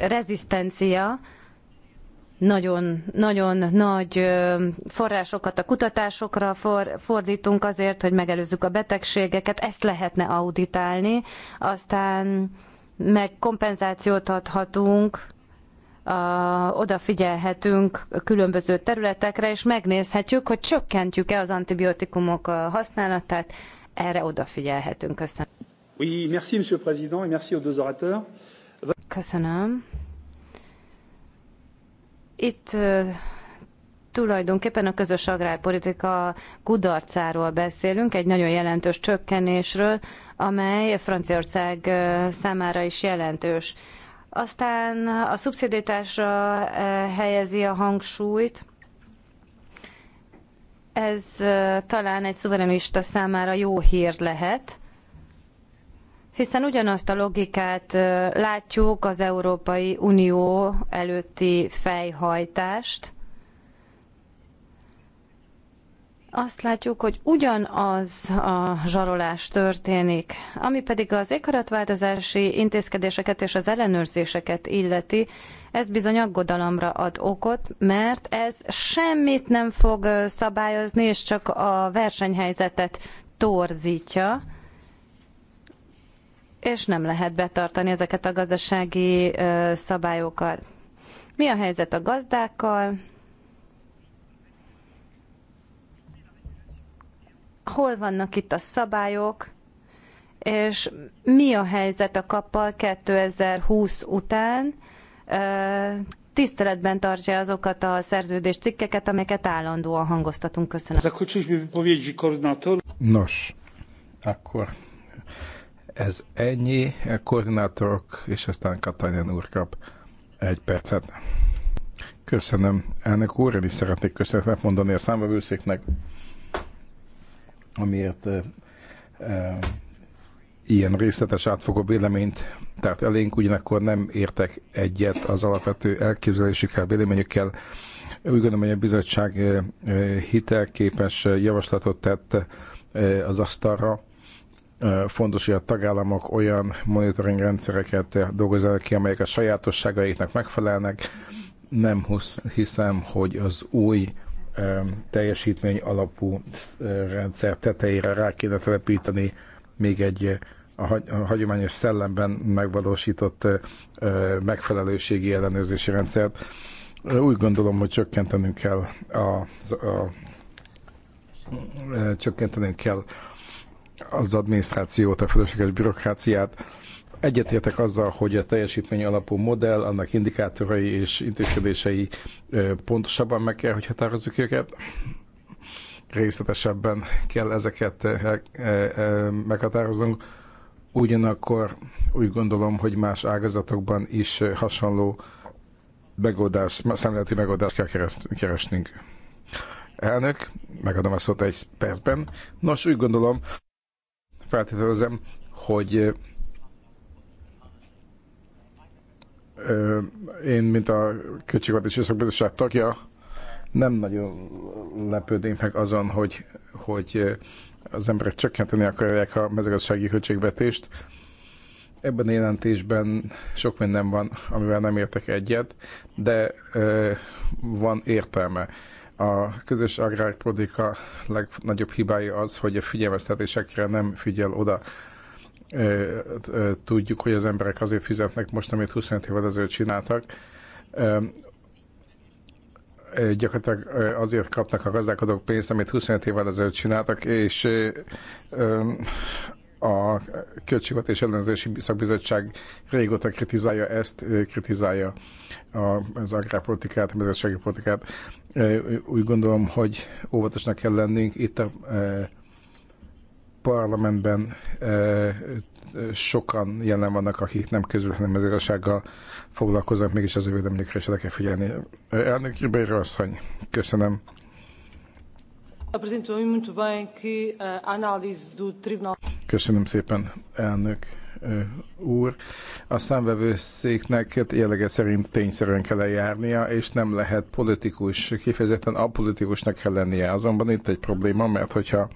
rezisztencia, nagyon, nagyon nagy forrásokat a kutatásokra for, fordítunk azért, hogy megelőzzük a betegségeket, ezt lehetne auditálni, aztán meg kompenzációt adhatunk, a, odafigyelhetünk a különböző területekre, és megnézhetjük, hogy csökkentjük-e az antibiotikumok használatát. Erre odafigyelhetünk. Köszönöm. Oui, merci, monsieur le président, et merci aux deux orateurs. Köszönöm. Itt tulajdonképpen a közös agrárpolitika kudarcáról beszélünk, egy nagyon jelentős csökkenésről, amely Franciaország számára is jelentős. Aztán a szubszidításra helyezi a hangsúlyt, ez talán egy szuverenista számára jó hír lehet, hiszen ugyanazt a logikát látjuk az Európai Unió előtti fejhajtást, azt látjuk, hogy ugyanaz a zsarolás történik, ami pedig az éghajlatváltozási intézkedéseket és az ellenőrzéseket illeti, ez bizony aggodalomra ad okot, mert ez semmit nem fog szabályozni, és csak a versenyhelyzetet torzítja, és nem lehet betartani ezeket a gazdasági szabályokat. Mi a helyzet a gazdákkal? hol vannak itt a szabályok, és mi a helyzet a kappal 2020 után, tiszteletben tartja azokat a szerződés cikkeket, amelyeket állandóan hangoztatunk. Köszönöm. Zakończyliśmy wypowiedzi koordinátor Nos, akkor ez ennyi. A koordinátorok, és aztán Katalin úr kap egy percet. Köszönöm. Elnök úr, én is szeretnék köszönetet mondani a számbevőszéknek amiért ilyen részletes átfogó véleményt tehát elénk, ugyanakkor nem értek egyet az alapvető elképzelésükkel, véleményükkel. Úgy gondolom, hogy a bizottság hitelképes javaslatot tett az asztalra. Fontos, hogy a tagállamok olyan monitoring rendszereket dolgozzanak ki, amelyek a sajátosságaiknak megfelelnek. Nem hiszem, hogy az új teljesítmény alapú rendszer tetejére rá kéne telepíteni még egy eh, a hagyományos szellemben megvalósított eh, eh, megfelelőségi ellenőrzési rendszert. Úgy gondolom, hogy csökkentenünk kell a, a csökkentenünk kell az adminisztrációt, a fölösleges bürokráciát, Egyetértek azzal, hogy a teljesítmény alapú modell, annak indikátorai és intézkedései pontosabban meg kell, hogy határozzuk őket. Részletesebben kell ezeket meghatároznunk. Ugyanakkor úgy gondolom, hogy más ágazatokban is hasonló megoldás, szemléleti megoldást kell keresnünk. Elnök, megadom a szót egy percben. Nos, úgy gondolom, feltételezem, hogy én, mint a és Összakbizottság tagja, nem nagyon lepődnék meg azon, hogy, hogy az emberek csökkenteni akarják a mezőgazdasági költségvetést. Ebben a jelentésben sok minden van, amivel nem értek egyet, de van értelme. A közös agrárpolitika legnagyobb hibája az, hogy a figyelmeztetésekre nem figyel oda tudjuk, hogy az emberek azért fizetnek most, amit 25 évvel ezelőtt csináltak, gyakorlatilag azért kapnak a gazdálkodók pénzt, amit 25 évvel ezelőtt csináltak, és a és Ellenzési Szakbizottság régóta kritizálja ezt, kritizálja az agrárpolitikát, a mezőgazdasági politikát. Úgy gondolom, hogy óvatosnak kell lennünk itt a parlamentben sokan jelen vannak, akik nem közvetlenül mezőgazdasággal foglalkoznak, mégis az ő véleményükre is kell figyelni. Elnök Ribeiro asszony, köszönöm. Eh, köszönöm szépen, elnök úr. A számvevőszéknek jellege szerint tényszerűen kell eljárnia, és nem lehet politikus, kifejezetten apolitikusnak kell lennie. Azonban itt egy probléma, mert hogyha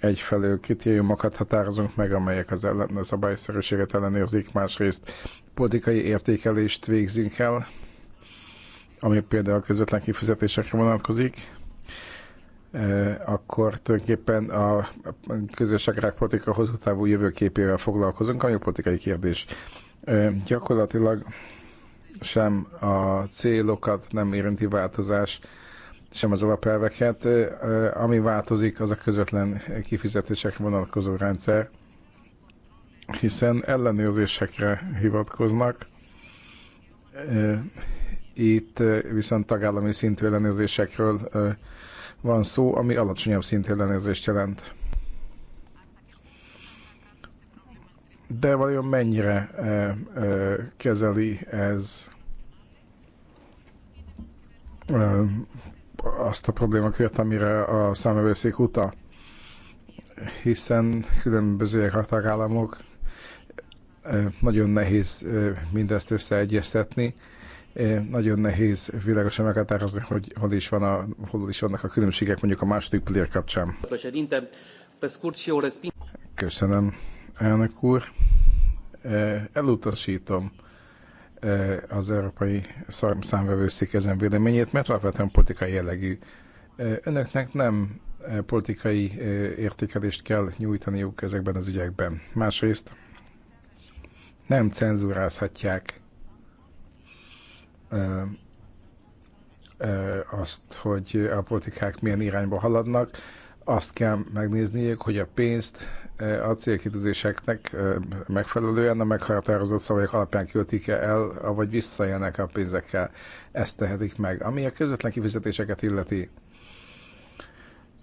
egyfelől kritériumokat határozunk meg, amelyek az ellen, a szabályszerűséget ellenőrzik, másrészt politikai értékelést végzünk el, ami például a közvetlen kifizetésekre vonatkozik, e, akkor tulajdonképpen a közös agrárpolitika hosszú távú jövőképével foglalkozunk, ami politikai kérdés. E, gyakorlatilag sem a célokat nem érinti változás, sem az alapelveket. Ami változik, az a közvetlen kifizetésekre vonatkozó rendszer, hiszen ellenőrzésekre hivatkoznak. Itt viszont tagállami szintű ellenőrzésekről van szó, ami alacsonyabb szintű ellenőrzést jelent. De vajon mennyire kezeli ez azt a problémakört, amire a számövőszék utal, hiszen különbözőek a tagállamok, eh, nagyon nehéz eh, mindezt összeegyeztetni, eh, nagyon nehéz világosan meghatározni, hogy hol is, van a, hol is vannak a különbségek mondjuk a második pillér kapcsán. Köszönöm, elnök úr. Elutasítom az Európai Számvevőszék ezen véleményét, mert alapvetően politikai jellegű. Önöknek nem politikai értékelést kell nyújtaniuk ezekben az ügyekben. Másrészt nem cenzúrázhatják azt, hogy a politikák milyen irányba haladnak, azt kell megnézniük, hogy a pénzt E, a célkitűzéseknek e, megfelelően a meghatározott szabályok alapján költik -e el, vagy visszajönnek a pénzekkel. Ezt tehetik meg. Ami a közvetlen kifizetéseket illeti,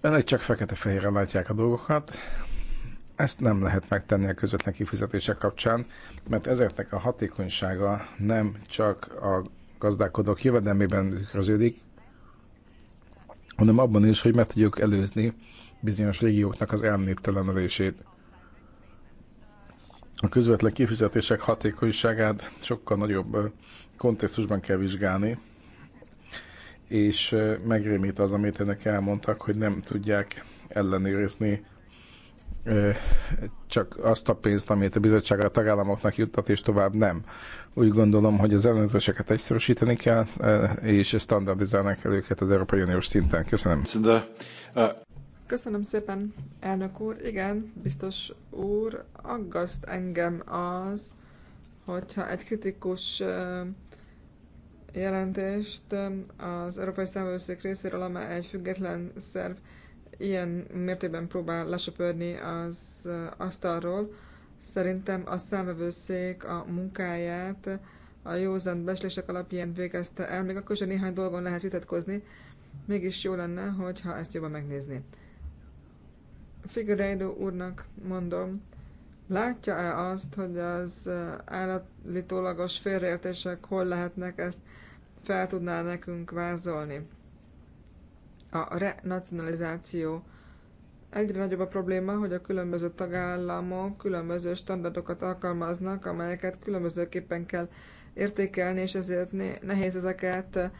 önök csak fekete-fehérre látják a dolgokat, ezt nem lehet megtenni a közvetlen kifizetések kapcsán, mert ezeknek a hatékonysága nem csak a gazdálkodók jövedelmében tükröződik, hanem abban is, hogy meg tudjuk előzni bizonyos régióknak az elnéptelenedését. A közvetlen kifizetések hatékonyságát sokkal nagyobb kontextusban kell vizsgálni, és megrémít az, amit ennek elmondtak, hogy nem tudják ellenőrizni csak azt a pénzt, amit a bizottság a tagállamoknak juttat, és tovább nem. Úgy gondolom, hogy az ellenőrzéseket egyszerűsíteni kell, és standardizálni kell őket az Európai Uniós szinten. Köszönöm. Köszönöm szépen, elnök úr. Igen, biztos úr, aggaszt engem az, hogyha egy kritikus jelentést az Európai Számvevőszék részéről, amely egy független szerv ilyen mértékben próbál lesöpörni az asztalról. Szerintem a számvevőszék a munkáját a józan beslések alapján végezte el, még akkor is, néhány dolgon lehet vitatkozni, mégis jó lenne, hogyha ezt jobban megnézni. Figueiredo úrnak mondom, látja-e azt, hogy az eh, állítólagos félreértések hol lehetnek, ezt fel tudná nekünk vázolni? A renacionalizáció. Egyre nagyobb a probléma, hogy a különböző tagállamok különböző standardokat alkalmaznak, amelyeket különbözőképpen kell értékelni, és ezért nehéz ezeket eh,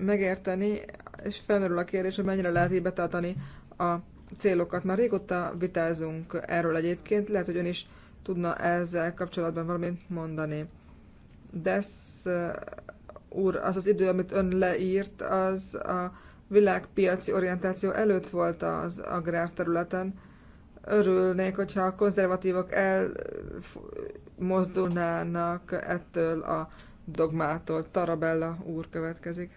megérteni, és felmerül a kérdés, hogy mennyire lehet így betartani a célokat. Már régóta vitázunk erről egyébként, lehet, hogy ön is tudna ezzel kapcsolatban valamit mondani. Desz eh, úr, az az idő, amit ön leírt, az a világpiaci orientáció előtt volt az agrárterületen. Örülnék, hogyha a konzervatívok elmozdulnának ettől a dogmától. Tarabella úr következik.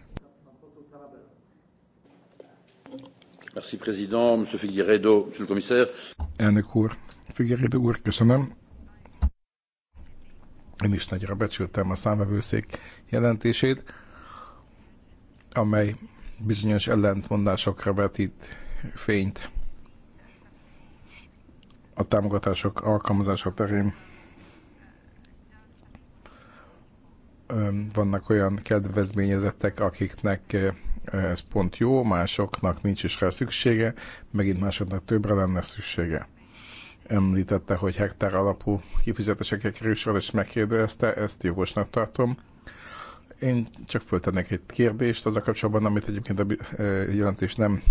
Merci, président, monsieur Figueredo, monsieur le commissaire. Elnök úr, Figueredo úr, köszönöm. Én is nagyra becsültem a számvevőszék jelentését, amely bizonyos ellentmondásokra vetít fényt a támogatások alkalmazása terén. Vannak olyan kedvezményezettek, akiknek ez pont jó, másoknak nincs is rá szüksége, megint másoknak többre lenne szüksége. Említette, hogy hektár alapú kifizetésekre kerül sor, és megkérdezte, ezt jogosnak tartom. Én csak föltennék egy kérdést az a kapcsolatban, amit egyébként a jelentés nem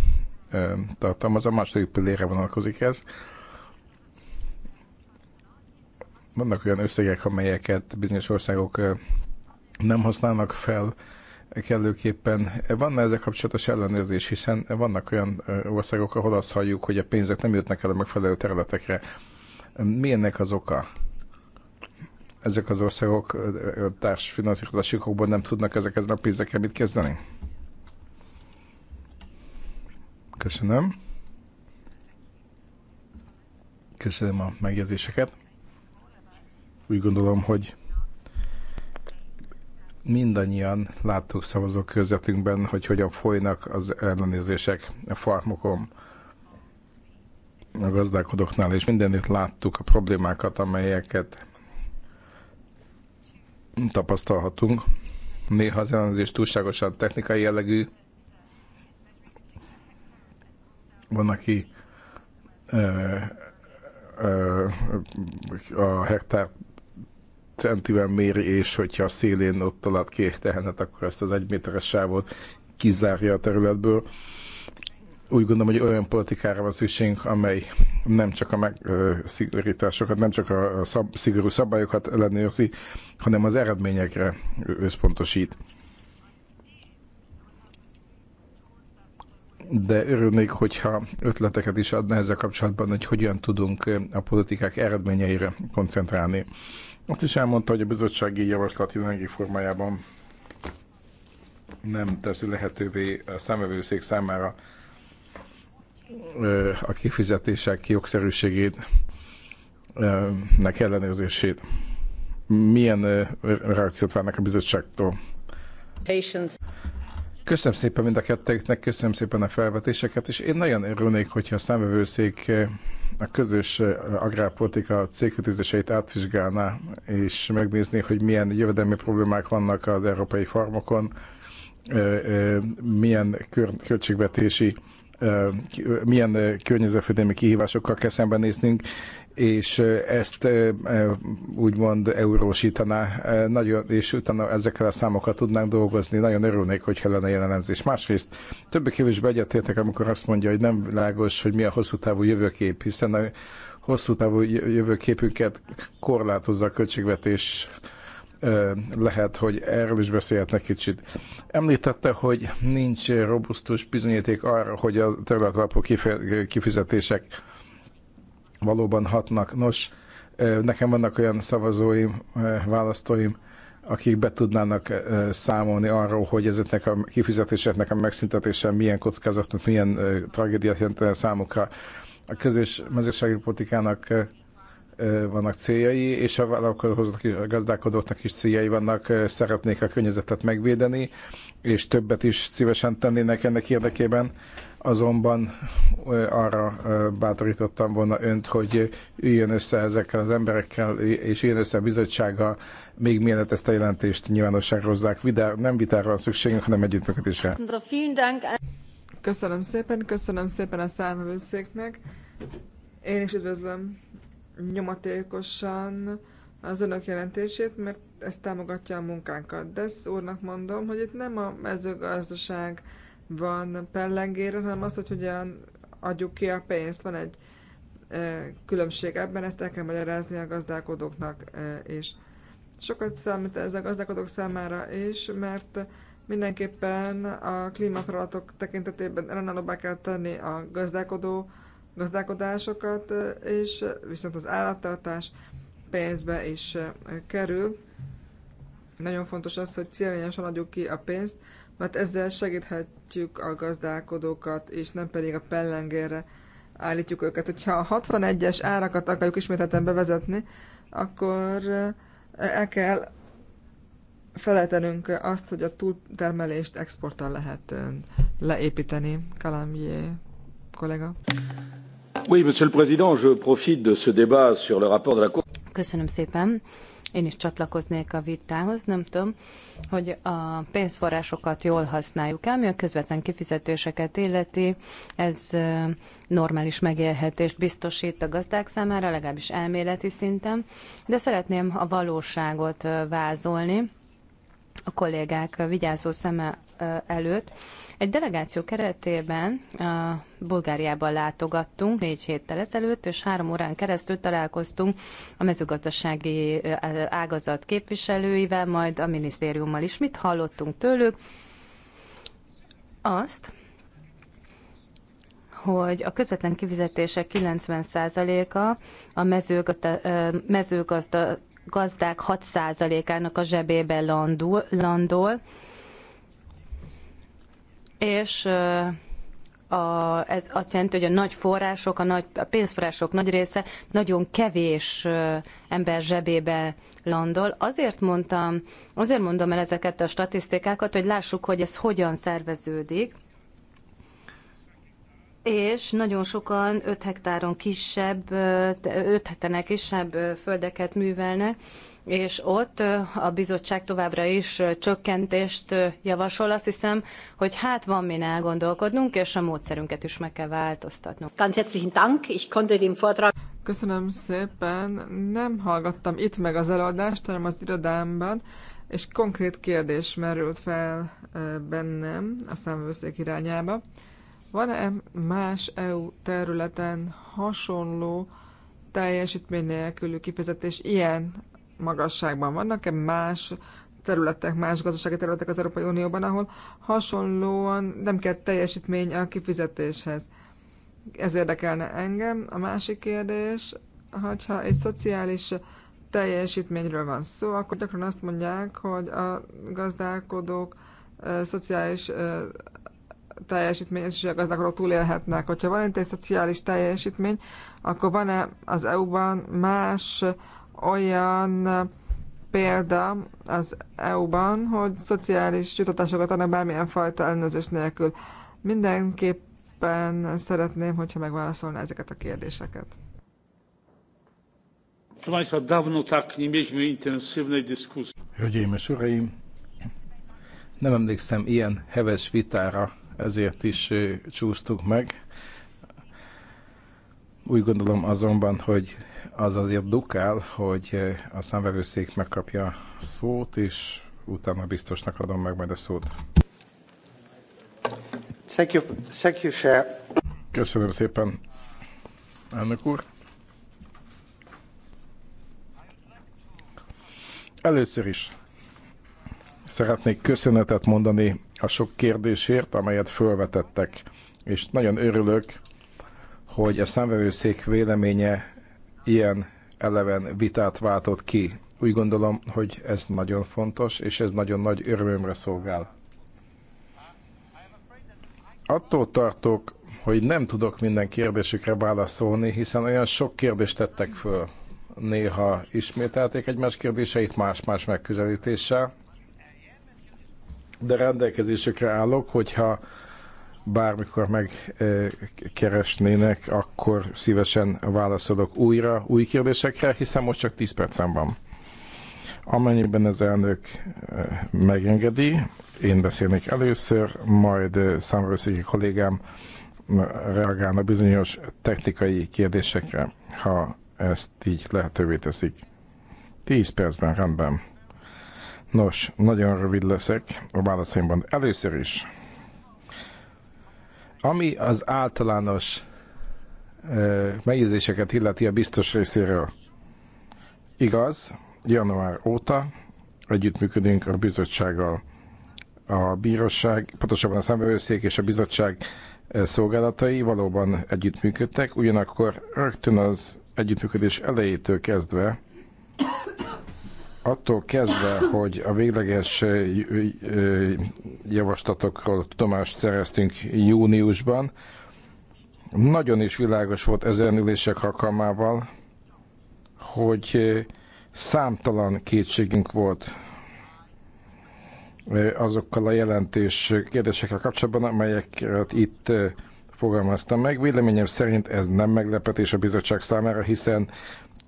tartalmaz, a második pillére vonalkozik ez vannak olyan összegek, amelyeket bizonyos országok nem használnak fel kellőképpen. Van ezzel kapcsolatos ellenőrzés, hiszen vannak olyan országok, ahol azt halljuk, hogy a pénzek nem jutnak el a megfelelő területekre. Mi ennek az oka? Ezek az országok társfinanszírozási okokból nem tudnak ezekhez a pénzekkel mit kezdeni? Köszönöm. Köszönöm a megjegyzéseket. Úgy gondolom, hogy mindannyian láttuk szavazók közvetünkben, hogy hogyan folynak az ellenőrzések a farmokon, a gazdálkodóknál, és mindenütt láttuk a problémákat, amelyeket tapasztalhatunk. Néha az ellenőrzés túlságosan technikai jellegű. Van, aki ö, ö, a hektár centivel méri, és hogyha a szélén ott talált ki tehenet, akkor ezt az egyméteres sávot kizárja a területből. Úgy gondolom, hogy olyan politikára van szükségünk, amely nem csak a megszigorításokat, nem csak a szab, szigorú szabályokat ellenőrzi, hanem az eredményekre összpontosít. de örülnék, hogyha ötleteket is adna ezzel kapcsolatban, hogy hogyan tudunk a politikák eredményeire koncentrálni. Azt is elmondta, hogy a bizottsági javaslat jelenlegi formájában nem teszi lehetővé a számövőszék számára a kifizetések jogszerűségét, nek ellenőrzését. Milyen reakciót várnak a bizottságtól? Patience. Köszönöm szépen mind a kettőknek, köszönöm szépen a felvetéseket, és én nagyon örülnék, hogyha a számövőszék a közös eh, agrárpolitika célkötőzéseit átvizsgálná, és megnézni, hogy milyen jövedelmi problémák vannak az európai farmokon, eh, eh, milyen költségvetési milyen környezetvédelmi kihívásokkal kell szembenéznünk, és ezt úgymond eurósítaná, nagyon, és utána ezekkel a számokkal tudnánk dolgozni. Nagyon örülnék, hogyha lenne jelenemzés. Másrészt többé-kevésbé egyetértek, amikor azt mondja, hogy nem világos, hogy mi a hosszú távú jövőkép, hiszen a hosszú távú jövőképünket korlátozza a költségvetés lehet, hogy erről is beszélhetnek kicsit. Említette, hogy nincs robusztus bizonyíték arra, hogy a területalapú kifizetések valóban hatnak. Nos, nekem vannak olyan szavazóim, választóim, akik be tudnának számolni arról, hogy ezeknek a kifizetéseknek a megszüntetése milyen kockázatot, milyen tragédiát jelent számukra. A közös mezőségi politikának vannak céljai, és a vállalkozóknak és a gazdálkodóknak is céljai vannak, szeretnék a környezetet megvédeni, és többet is szívesen tennének ennek érdekében azonban arra bátorítottam volna önt, hogy üljön össze ezekkel az emberekkel, és üljön össze a bizottsággal, még mielőtt ezt a jelentést nyilvánosságra hozzák. Vidár, nem vitára van szükségünk, hanem együttműködésre. Köszönöm szépen, köszönöm szépen a számvevőszéknek. Én is üdvözlöm nyomatékosan az önök jelentését, mert ez támogatja a munkánkat. De ezt úrnak mondom, hogy itt nem a mezőgazdaság van pellengére, hanem az, hogy hogyan adjuk ki a pénzt. Van egy különbség ebben, ezt el kell magyarázni a gazdálkodóknak és Sokat számít ez a gazdálkodók számára is, mert mindenképpen a klímafeladatok tekintetében ellenállóbbá kell tenni a gazdálkodó gazdálkodásokat, és viszont az állattartás pénzbe is kerül. Nagyon fontos az, hogy célnyosan adjuk ki a pénzt, mert ezzel segíthetjük a gazdálkodókat, és nem pedig a pellengérre állítjuk őket. Hogyha a 61-es árakat akarjuk ismételten bevezetni, akkor eh, el kell feletenünk azt, hogy a túltermelést exporttal lehet eh, leépíteni. Kalamjé kollega. Oui, monsieur le président, je profite de ce débat sur le rapport de la Cour. Köszönöm szépen. Én is csatlakoznék a vitához, nem tudom, hogy a pénzforrásokat jól használjuk el, ami a közvetlen kifizetéseket illeti, ez normális megélhetést biztosít a gazdák számára, legalábbis elméleti szinten, de szeretném a valóságot vázolni a kollégák vigyázó szeme előtt, egy delegáció keretében a Bulgáriában látogattunk négy héttel ezelőtt, és három órán keresztül találkoztunk a mezőgazdasági e, ágazat képviselőivel, majd a minisztériummal is. Mit hallottunk tőlük? Azt, hogy a közvetlen kifizetések 90%-a a mezőgazda, e, mezőgazda gazdák 6%-ának a zsebébe landul, landol és a, ez azt jelenti, hogy a nagy források, a, nagy, a pénzforrások nagy része nagyon kevés ember zsebébe landol. Azért mondtam, azért mondom el ezeket a statisztikákat, hogy lássuk, hogy ez hogyan szerveződik. És nagyon sokan 5 hektáron kisebb, 5 hektárnál kisebb földeket művelnek, és ott a bizottság továbbra is csökkentést javasol. Azt hiszem, hogy hát van min elgondolkodnunk, és a módszerünket is meg kell változtatnunk. Ganz herzlichen Dank, ich konnte den Vortrag... Köszönöm szépen. Nem hallgattam itt meg az előadást, hanem az irodámban, és konkrét kérdés merült fel bennem a számvőszék irányába. Van-e más EU területen hasonló teljesítmény nélkülű kifizetés ilyen magasságban vannak-e más területek, más gazdasági területek az Európai Unióban, ahol hasonlóan nem kell teljesítmény a kifizetéshez. Ez érdekelne engem. A másik kérdés, hogyha egy szociális teljesítményről van szó, akkor gyakran azt mondják, hogy a gazdálkodók szociális e, teljesítmény, és a gazdálkodók túlélhetnek. Hogyha van egy szociális teljesítmény, akkor van-e az EU-ban más olyan példa az EU-ban, hogy szociális juttatásokat adnak bármilyen fajta ellenőrzés nélkül. Mindenképpen szeretném, hogyha megválaszolná ezeket a kérdéseket. Hölgyeim és uraim, nem emlékszem ilyen heves vitára, ezért is csúsztuk meg. Úgy gondolom azonban, hogy az azért dukál, hogy eh, a számvevőszék megkapja szót, és utána biztosnak adom meg majd a szót. Thank you, thank you, sir. Köszönöm szépen, elnök úr. Először is szeretnék köszönetet mondani a sok kérdésért, amelyet felvetettek, és nagyon örülök, hogy a számvevőszék véleménye ilyen eleven vitát váltott ki. Úgy gondolom, hogy ez nagyon fontos, és ez nagyon nagy örömömre szolgál. Attól tartok, hogy nem tudok minden kérdésükre válaszolni, hiszen olyan sok kérdést tettek föl. Néha ismételték egymás kérdéseit más-más megközelítéssel, de rendelkezésükre állok, hogyha bármikor megkeresnének, akkor szívesen válaszolok újra új kérdésekre, hiszen most csak 10 percem van. Amennyiben az elnök megengedi, én beszélnék először, majd számvőszéki kollégám reagálna bizonyos technikai kérdésekre, ha ezt így lehetővé teszik. 10 percben rendben. Nos, nagyon rövid leszek a válaszaimban. Először is ami az általános megjegyzéseket illeti a biztos részéről. Igaz, január óta együttműködünk a bizottsággal. A bíróság, pontosabban a számvevőszék és a bizottság szolgálatai valóban együttműködtek, ugyanakkor rögtön az együttműködés elejétől kezdve attól kezdve, hogy a végleges javaslatokról tudomást szereztünk júniusban, nagyon is világos volt ezen ülések alkalmával, hogy számtalan kétségünk volt azokkal a jelentés kérdésekkel kapcsolatban, amelyeket itt fogalmaztam meg. Véleményem szerint ez nem meglepetés a bizottság számára, hiszen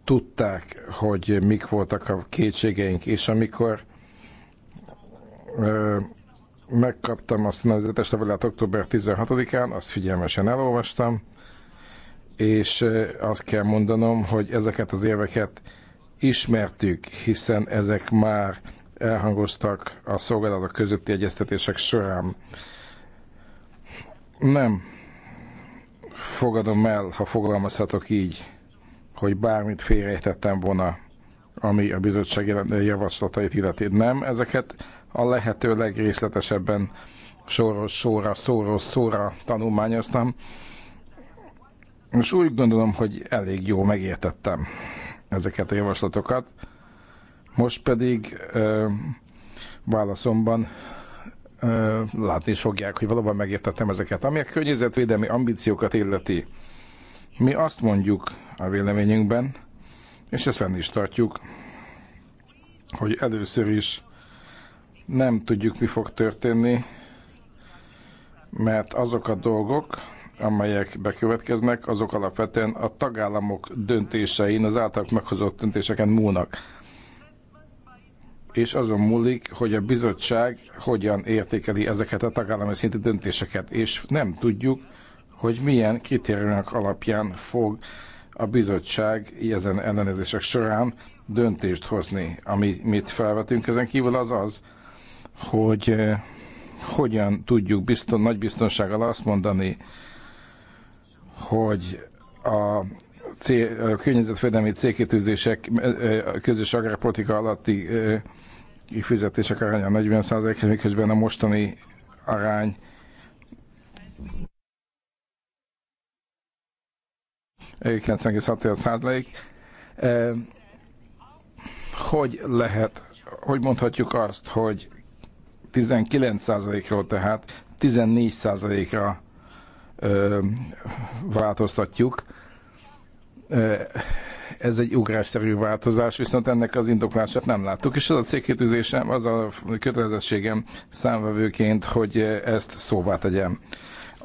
tudták, hogy mik voltak a kétségeink, és amikor ö, megkaptam azt a nevezetes levelet október 16-án, azt figyelmesen elolvastam, és azt kell mondanom, hogy ezeket az érveket ismertük, hiszen ezek már elhangoztak a szolgálatok közötti egyeztetések során. Nem fogadom el, ha fogalmazhatok így, hogy bármit félrejtettem volna, ami a bizottság javaslatait illeti. Nem, ezeket a lehető legrészletesebben soros sorra, szóros szóra tanulmányoztam, és úgy gondolom, hogy elég jó megértettem ezeket a javaslatokat. Most pedig ö, válaszomban ö, látni is fogják, hogy valóban megértettem ezeket. Ami a környezetvédelmi ambíciókat illeti, mi azt mondjuk a véleményünkben, és ezt fenn is tartjuk, hogy először is nem tudjuk, mi fog történni, mert azok a dolgok, amelyek bekövetkeznek, azok alapvetően a tagállamok döntésein, az általuk meghozott döntéseken múlnak. És azon múlik, hogy a bizottság hogyan értékeli ezeket a tagállami szintű döntéseket, és nem tudjuk, hogy milyen kritériumok alapján fog a bizottság ezen ellenőrzések során döntést hozni. amit mi felvetünk ezen kívül az az, hogy eh, hogyan tudjuk bizton, nagy biztonsággal azt mondani, hogy a, cél, a környezetvédelmi célkitűzések eh, eh, közös agrárpolitika alatti kifizetések aránya 40 miközben a mostani arány 96,6%. Hogy lehet, hogy mondhatjuk azt, hogy 19%-ról tehát 14%-ra változtatjuk. Ez egy ugrásszerű változás, viszont ennek az indoklását nem láttuk, és az a cégkétűzésem, az a kötelezettségem számvevőként, hogy ezt szóvá tegyem.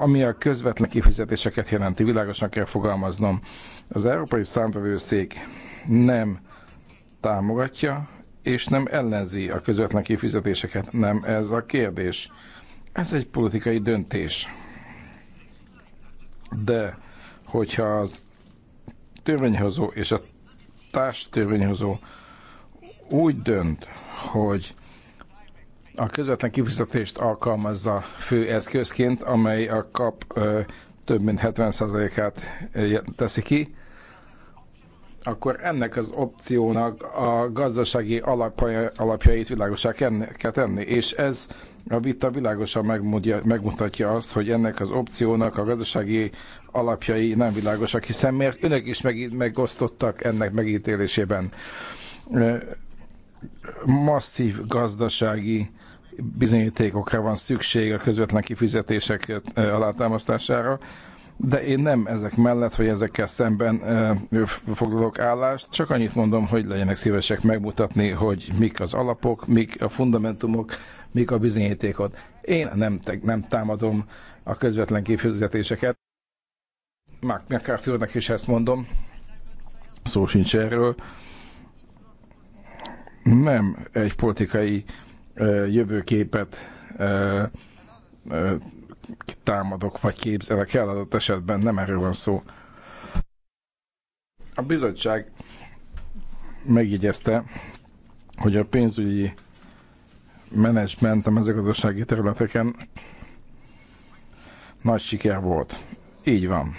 Ami a közvetlen kifizetéseket jelenti, világosan kell fogalmaznom. Az Európai Számvevőszék nem támogatja és nem ellenzi a közvetlen kifizetéseket. Nem ez a kérdés. Ez egy politikai döntés. De hogyha az törvényhozó és a társ törvényhozó úgy dönt, hogy a közvetlen kifizetést alkalmazza fő eszközként, amely a kap ö, több mint 70%-át teszi ki, akkor ennek az opciónak a gazdasági alapja, alapjait világosá kell tenni. És ez a vita világosan megmutatja azt, hogy ennek az opciónak a gazdasági alapjai nem világosak, hiszen miért önök is meg, megosztottak ennek megítélésében masszív gazdasági bizonyítékokra van szükség a közvetlen kifizetések alátámasztására, de én nem ezek mellett, vagy ezekkel szemben foglalok állást, csak annyit mondom, hogy legyenek szívesek megmutatni, hogy mik az alapok, mik a fundamentumok, mik a bizonyítékot. Én nem, nem támadom a közvetlen kifizetéseket. Mark McCarthy is ezt mondom, szó sincs erről nem egy politikai jövőképet támadok, vagy képzelek el adott esetben, nem erről van szó. A bizottság megjegyezte, hogy a pénzügyi menedzsment a mezőgazdasági területeken nagy siker volt. Így van.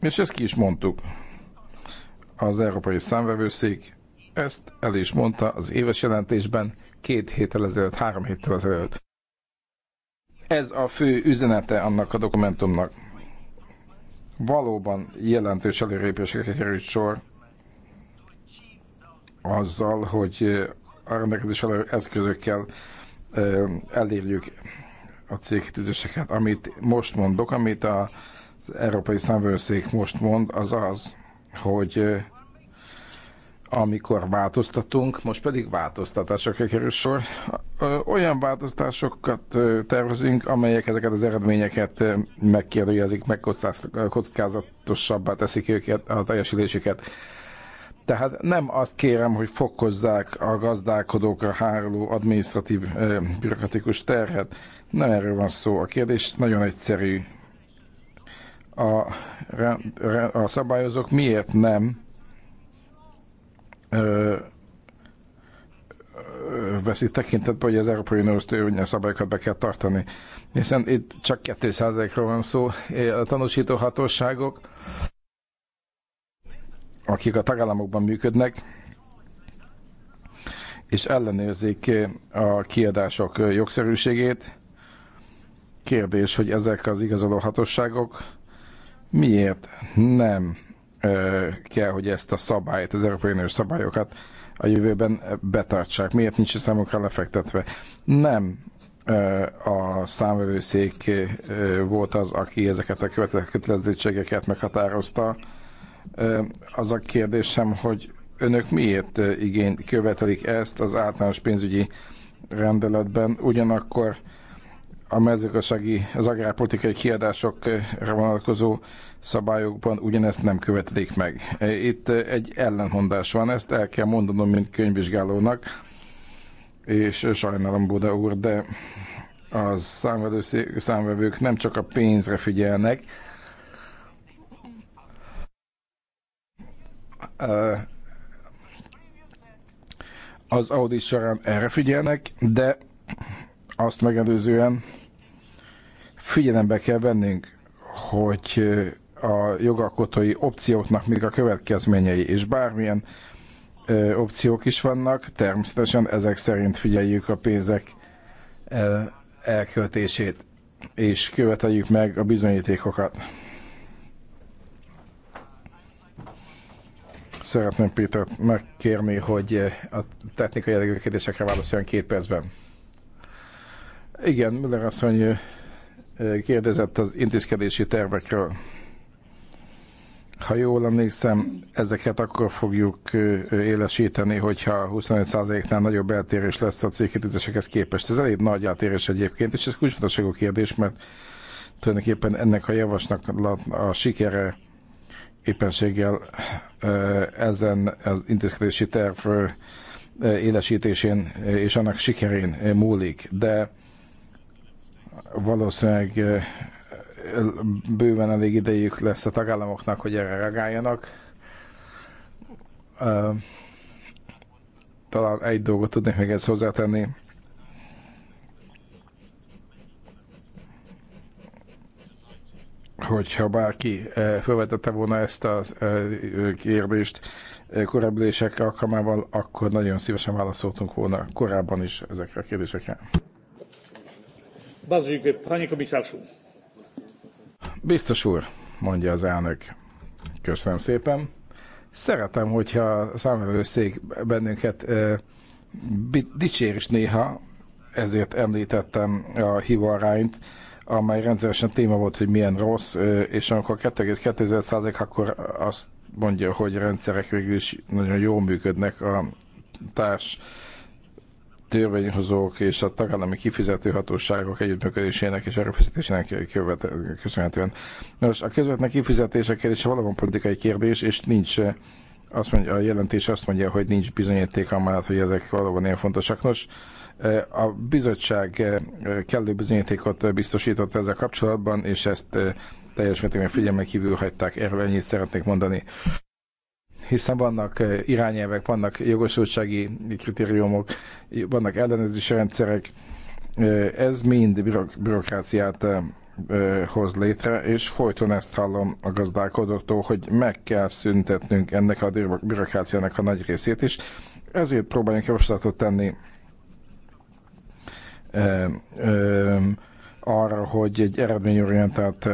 És ezt ki is mondtuk. Az Európai Számvevőszék ezt el is mondta az éves jelentésben két héttel ezelőtt, három héttel ezelőtt. Ez a fő üzenete annak a dokumentumnak. Valóban jelentős előrépésekre került sor azzal, hogy a rendelkezés eszközökkel elérjük a cégkitűzéseket. Amit most mondok, amit az Európai Számvőszék most mond, az az, hogy amikor változtatunk, most pedig változtatásokra kerül sor. Olyan változtatásokat tervezünk, amelyek ezeket az eredményeket megkérdőjezik, megkockázatosabbá teszik őket, a teljesülésüket. Tehát nem azt kérem, hogy fokozzák a gazdálkodókra háruló administratív bürokratikus terhet. Nem erről van szó. A kérdés nagyon egyszerű. A, a szabályozók miért nem veszi tekintetbe, hogy az Európai Uniós szabályokat be kell tartani. Hiszen itt csak 2 ról van szó. A tanúsító hatóságok, akik a tagállamokban működnek, és ellenőrzik a kiadások jogszerűségét. Kérdés, hogy ezek az igazoló hatóságok miért nem kell, hogy ezt a szabályt, az Európai Uniós szabályokat a jövőben betartsák. Miért nincs a számukra lefektetve? Nem a számvevőszék volt az, aki ezeket a kötelezettségeket meghatározta. Az a kérdésem, hogy önök miért igény követelik ezt az általános pénzügyi rendeletben, ugyanakkor a mezőgazdasági, az agrárpolitikai kiadásokra vonatkozó szabályokban ugyanezt nem követelik meg. Itt egy ellenmondás van, ezt el kell mondanom, mint könyvvizsgálónak, és sajnálom Buda úr, de a számvevők nem csak a pénzre figyelnek, az audit során erre figyelnek, de azt megelőzően figyelembe kell vennünk, hogy a jogalkotói opcióknak még a következményei, és bármilyen ö, opciók is vannak, természetesen ezek szerint figyeljük a pénzek ö, elköltését, és követeljük meg a bizonyítékokat. Szeretném Péter, megkérni, hogy a technikai jellegű kérdésekre válaszoljon két percben. Igen, Müller asszony kérdezett az intézkedési tervekről. Ha jól emlékszem, ezeket akkor fogjuk élesíteni, hogyha 25%-nál nagyobb eltérés lesz a célkitűzésekhez képest. Ez elég nagy eltérés egyébként, és ez kulcsfontosságú kérdés, mert tulajdonképpen ennek a javasnak a sikere éppenséggel ezen az intézkedési terv élesítésén és annak sikerén múlik. De valószínűleg bőven elég idejük lesz a tagállamoknak, hogy erre reagáljanak. Talán egy dolgot tudnék még ezt hozzátenni. Hogyha bárki felvetette volna ezt a kérdést korábbi lések alkalmával, akkor nagyon szívesen válaszoltunk volna korábban is ezekre a kérdésekre. Bardzo dziękuję. Panie komisarzu. Biztos úr, mondja az elnök. Köszönöm szépen. Szeretem, hogyha a számvevőszék bennünket dicsér is néha, ezért említettem a hivarányt, amely rendszeresen téma volt, hogy milyen rossz, és amikor 2,2% akkor azt mondja, hogy rendszerek végül is nagyon jól működnek a társ törvényhozók és a tagállami hatóságok együttműködésének és erőfeszítésének köszönhetően. Nos, a közvetlen kifizetése kérdése valóban politikai kérdés, és nincs eh, azt mondja, a jelentés azt mondja, hogy nincs bizonyíték amellett, hogy ezek valóban ilyen fontosak. Nos, eh, a bizottság eh, kellő bizonyítékot biztosított ezzel kapcsolatban, és ezt teljes mértékben figyelmen kívül hagyták. Erről ennyit szeretnék mondani hiszen vannak eh, irányelvek, vannak jogosultsági kritériumok, vannak ellenőrzési rendszerek, eh, ez mind bürok, bürokráciát eh, hoz létre, és folyton ezt hallom a gazdálkodóktól, hogy meg kell szüntetnünk ennek a bürokráciának a nagy részét is. Ezért próbáljunk javaslatot tenni ö, ö, arra, hogy egy eredményorientált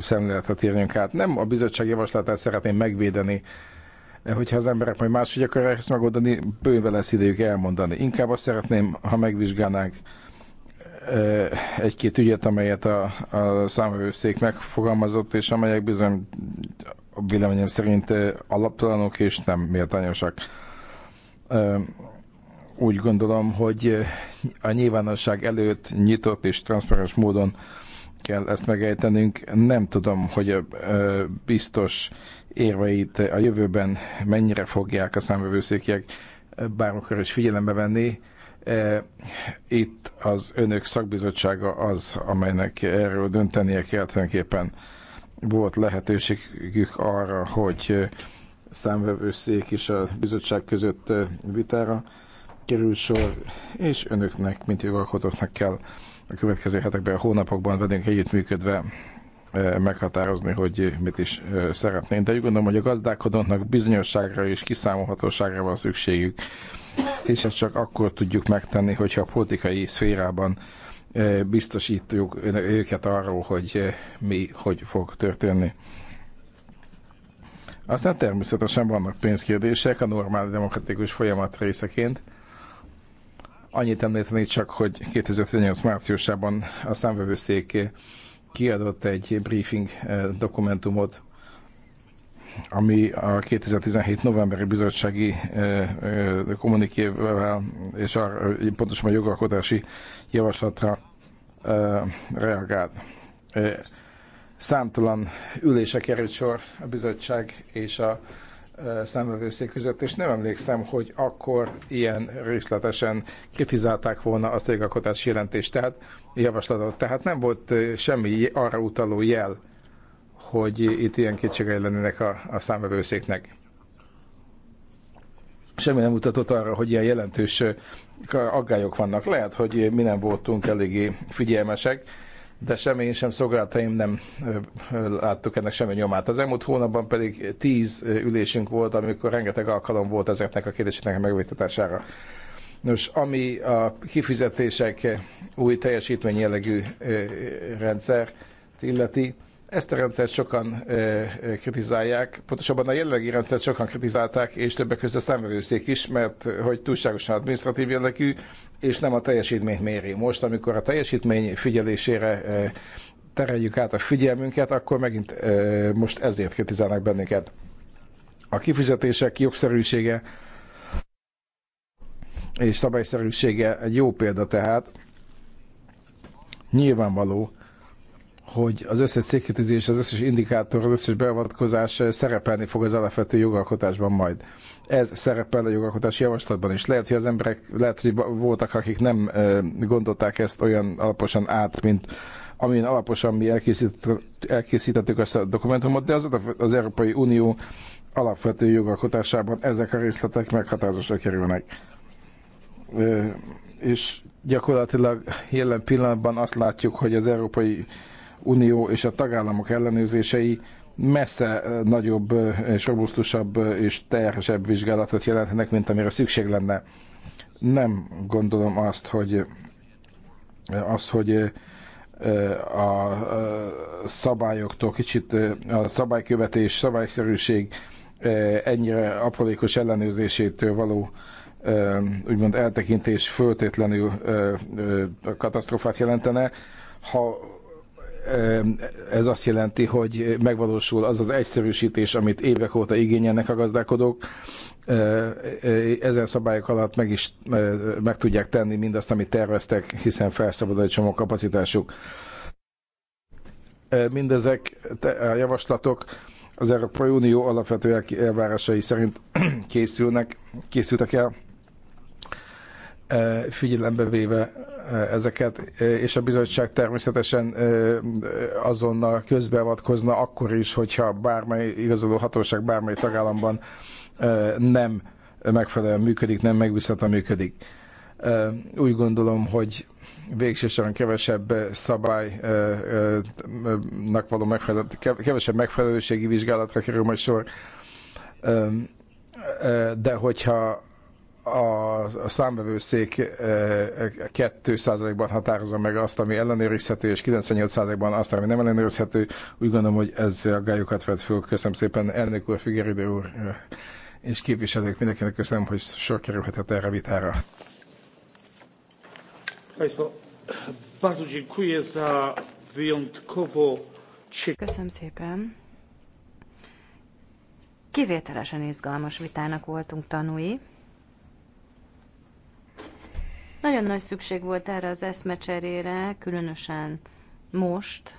szemléletet írjunk át. Nem a bizottság javaslatát szeretném megvédeni, hogyha az emberek majd máshogy akarják ezt megoldani, bőve lesz idejük elmondani. Inkább azt szeretném, ha megvizsgálnánk egy-két ügyet, amelyet a, a számvevőszék megfogalmazott, és amelyek bizony véleményem szerint alaptalanok és nem méltányosak úgy gondolom, hogy eh, a nyilvánosság előtt nyitott és transzparens módon kell ezt megejtenünk. Nem tudom, hogy a eh, biztos érveit a jövőben mennyire fogják a számvevőszékiek bármikor is figyelembe venni. Eh, itt az önök szakbizottsága az, amelynek erről döntenie kell tulajdonképpen volt lehetőségük arra, hogy számvevőszék és a bizottság között vitára kerül sor, és önöknek, mint jogalkotóknak kell a következő hetekben, a hónapokban velünk együttműködve e, meghatározni, hogy mit is e, szeretnénk. De úgy gondolom, hogy a gazdálkodónak bizonyosságra és kiszámolhatóságra van szükségük, és ezt csak akkor tudjuk megtenni, hogyha a politikai szférában e, biztosítjuk őket arról, hogy mi, hogy fog történni. Aztán természetesen vannak pénzkérdések a normál demokratikus folyamat részeként, Annyit említenék csak, hogy 2018 márciusában a számvevőszék kiadott egy briefing eh, dokumentumot, ami a 2017 novemberi bizottsági eh, eh, kommunikével és a, pontosan a jogalkotási javaslatra reagált. Számtalan ülése került sor a bizottság és a számövőszék között, és nem emlékszem, hogy akkor ilyen részletesen kritizálták volna a szégalkotás jelentést, tehát javaslatot. Tehát nem volt semmi arra utaló jel, hogy itt ilyen kétségei lennének a, a számövőszéknek. Semmi nem mutatott arra, hogy ilyen jelentős aggályok vannak. Lehet, hogy mi nem voltunk eléggé figyelmesek, de sem én sem szolgálataim nem láttuk ennek semmi nyomát. Az elmúlt hónapban pedig tíz ülésünk volt, amikor rengeteg alkalom volt ezeknek a kérdéseknek a megvétetására. Nos, ami a kifizetések új teljesítmény jellegű rendszer illeti, ezt a rendszert sokan ö, kritizálják, pontosabban a jelenlegi rendszert sokan kritizálták, és többek között a számvevőszék is, mert hogy túlságosan administratív jellegű, és nem a teljesítményt méri. Most, amikor a teljesítmény figyelésére ö, tereljük át a figyelmünket, akkor megint ö, most ezért kritizálnak bennünket. A kifizetések jogszerűsége és szabályszerűsége egy jó példa tehát. Nyilvánvaló, hogy az összes cégkétizés, az összes indikátor, az összes beavatkozás eh, szerepelni fog az alapvető jogalkotásban majd. Ez szerepel a jogalkotási javaslatban is. Lehet, hogy az emberek, lehet, hogy voltak, akik nem eh, gondolták ezt olyan alaposan át, mint amin alaposan mi elkészítettük ezt a dokumentumot, de az, az Európai Unió alapvető jogalkotásában ezek a részletek meghatározásra kerülnek. Eh, és gyakorlatilag jelen pillanatban azt látjuk, hogy az Európai Unió és a tagállamok ellenőrzései messze eh, nagyobb eh, és robusztusabb eh, és teljesebb vizsgálatot jelentenek, mint amire szükség lenne. Nem gondolom azt, hogy az, hogy a szabályoktól kicsit a szabálykövetés, szabályszerűség ennyire apalékos ellenőrzésétől való úgymond eltekintés föltétlenül katasztrofát jelentene. Ha ez azt jelenti, hogy megvalósul az az egyszerűsítés, amit évek óta igényelnek a gazdálkodók, ezen szabályok alatt meg is meg tudják tenni mindazt, amit terveztek, hiszen felszabad egy csomó kapacitásuk. Mindezek a javaslatok az Európai Unió alapvető elvárásai szerint készülnek, készültek el, figyelembe véve ezeket, és a bizottság természetesen azonnal közbeavatkozna akkor is, hogyha bármely igazoló hatóság bármely tagállamban nem megfelelően működik, nem megbízhatóan működik. Úgy gondolom, hogy végsősorban kevesebb szabálynak való megfelelő, kevesebb megfelelőségi vizsgálatra kerül majd sor, de hogyha a, a számvevőszék 2%-ban eh, határozza meg azt, ami ellenőrizhető, és 98%-ban azt, ami nem ellenőrizhető. Úgy gondolom, hogy ez a gályokat vett föl. Köszönöm szépen, elnök úr, Figeridő úr eh, és képviselők. Mindenkinek köszönöm, hogy sor kerülhetett erre a vitára. Köszönöm szépen. Kivételesen izgalmas vitának voltunk tanúi. Nagyon nagy szükség volt erre az eszmecserére, különösen most,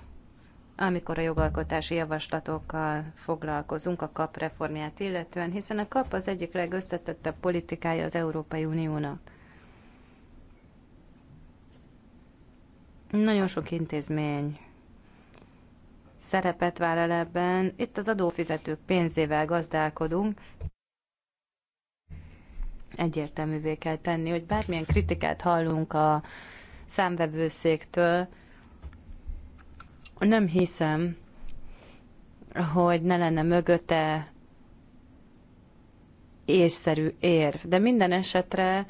amikor a jogalkotási javaslatokkal foglalkozunk a KAP reformját illetően, hiszen a KAP az egyik legösszetettebb politikája az Európai Uniónak. Nagyon sok intézmény szerepet vállal ebben. Itt az adófizetők pénzével gazdálkodunk, egyértelművé kell tenni, hogy bármilyen kritikát hallunk a számvevőszéktől, nem hiszem, hogy ne lenne mögötte észszerű érv. De minden esetre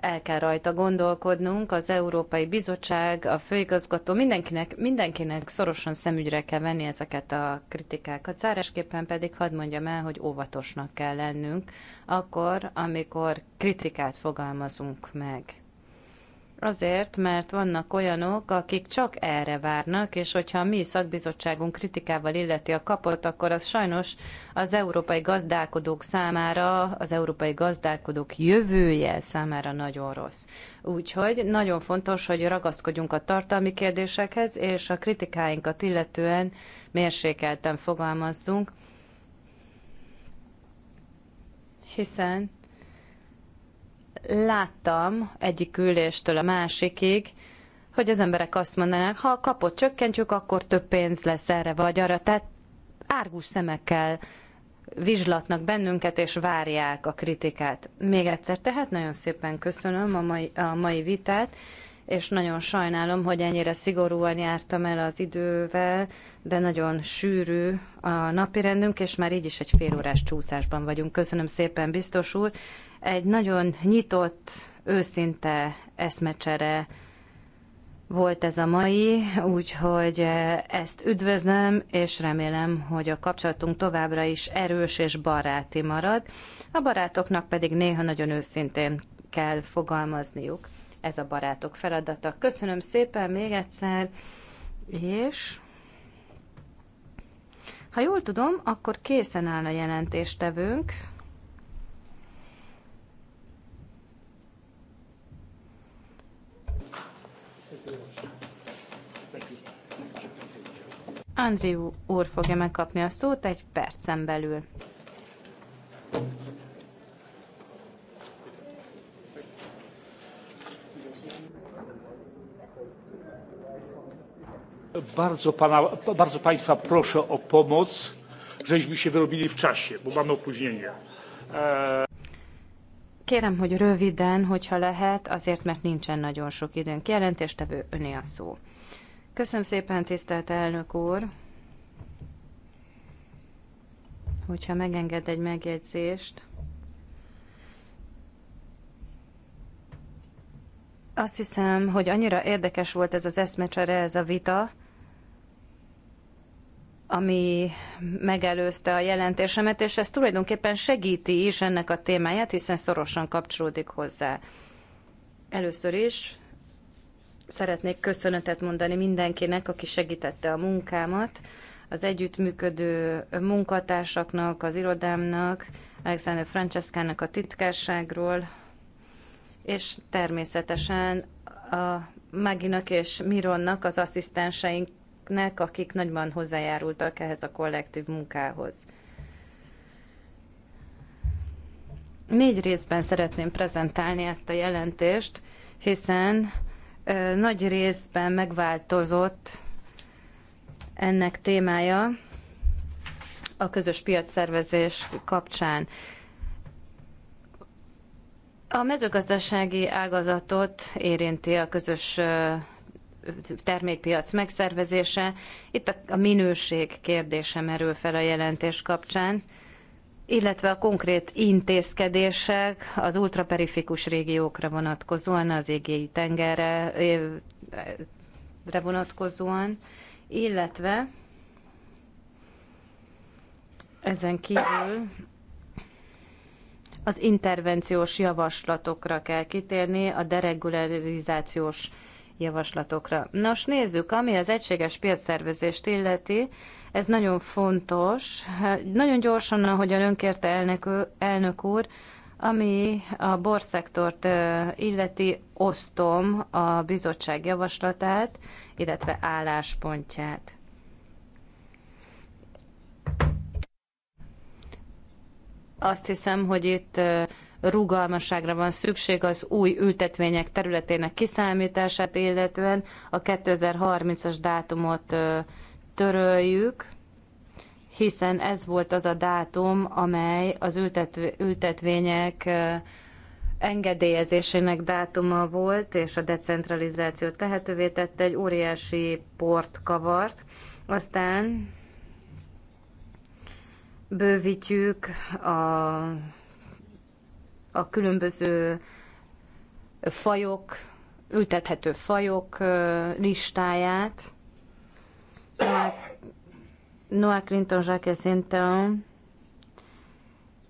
el kell rajta gondolkodnunk, az Európai Bizottság, a főigazgató, mindenkinek, mindenkinek szorosan szemügyre kell venni ezeket a kritikákat. Zárásképpen pedig hadd mondjam el, hogy óvatosnak kell lennünk, akkor, amikor kritikát fogalmazunk meg. Azért, mert vannak olyanok, akik csak erre várnak, és hogyha a mi szakbizottságunk kritikával illeti a kapot, akkor az sajnos az európai gazdálkodók számára, az európai gazdálkodók jövője számára nagyon rossz. Úgyhogy nagyon fontos, hogy ragaszkodjunk a tartalmi kérdésekhez, és a kritikáinkat illetően mérsékelten fogalmazzunk, hiszen láttam egyik üléstől a másikig, hogy az emberek azt mondanák, ha a kapot csökkentjük, akkor több pénz lesz erre vagy arra. Tehát árgus szemekkel vizslatnak bennünket, és várják a kritikát. Még egyszer, tehát nagyon szépen köszönöm a mai, a mai vitát, és nagyon sajnálom, hogy ennyire szigorúan jártam el az idővel, de nagyon sűrű a napirendünk, és már így is egy fél órás csúszásban vagyunk. Köszönöm szépen, biztos úr, egy nagyon nyitott, őszinte eszmecsere volt ez a mai, úgyhogy eh, ezt üdvözlöm, és remélem, hogy a kapcsolatunk továbbra is erős és baráti marad. A barátoknak pedig néha nagyon őszintén kell fogalmazniuk. Ez a barátok feladata. Köszönöm szépen még egyszer, és ha jól tudom, akkor készen áll a jelentéstevőnk. Andrew úr fogja megkapni a szót egy percen belül. Bardzo, pana, bardzo Państwa proszę o pomoc, żeśmy się wyrobili w czasie, bo mamy opóźnienie. E, Kérem, hogy röviden, hogyha lehet, azért, mert nincsen nagyon sok időnk. Jelentéstevő öné a szó. Köszönöm szépen, tisztelt elnök úr! Hogyha megenged egy megjegyzést, Azt hiszem, hogy annyira érdekes volt ez az eszmecsere, ez a vita, ami megelőzte a jelentésemet, és ez tulajdonképpen segíti is ennek a témáját, hiszen szorosan kapcsolódik hozzá. Először is Szeretnék köszönetet mondani mindenkinek, aki segítette a munkámat, az együttműködő munkatársaknak, az irodámnak, Alexander Franceskának a titkárságról, és természetesen a Maginak és Mironnak, az asszisztenseinknek, akik nagyban hozzájárultak ehhez a kollektív munkához. Négy részben szeretném prezentálni ezt a jelentést, hiszen nagy részben megváltozott ennek témája a közös piacszervezés kapcsán. A mezőgazdasági ágazatot érinti a közös termékpiac megszervezése. Itt a minőség kérdése merül fel a jelentés kapcsán illetve a konkrét intézkedések az ultraperifikus régiókra vonatkozóan, az égéi tengerre vonatkozóan, illetve ezen kívül az intervenciós javaslatokra kell kitérni, a deregularizációs javaslatokra. Nos, nézzük, ami az egységes piacszervezést illeti, ez nagyon fontos. Nagyon gyorsan, a önkérte elnök, elnök úr, ami a borszektort illeti, osztom a bizottság javaslatát, illetve álláspontját. Azt hiszem, hogy itt rugalmasságra van szükség az új ültetvények területének kiszámítását, illetően a 2030-as dátumot töröljük, hiszen ez volt az a dátum, amely az ültetv- ültetvények engedélyezésének dátuma volt, és a decentralizációt lehetővé tette, egy óriási port kavart. Aztán bővítjük a, a különböző fajok, ültethető fajok listáját, Noah Clinton Jacques Sinton,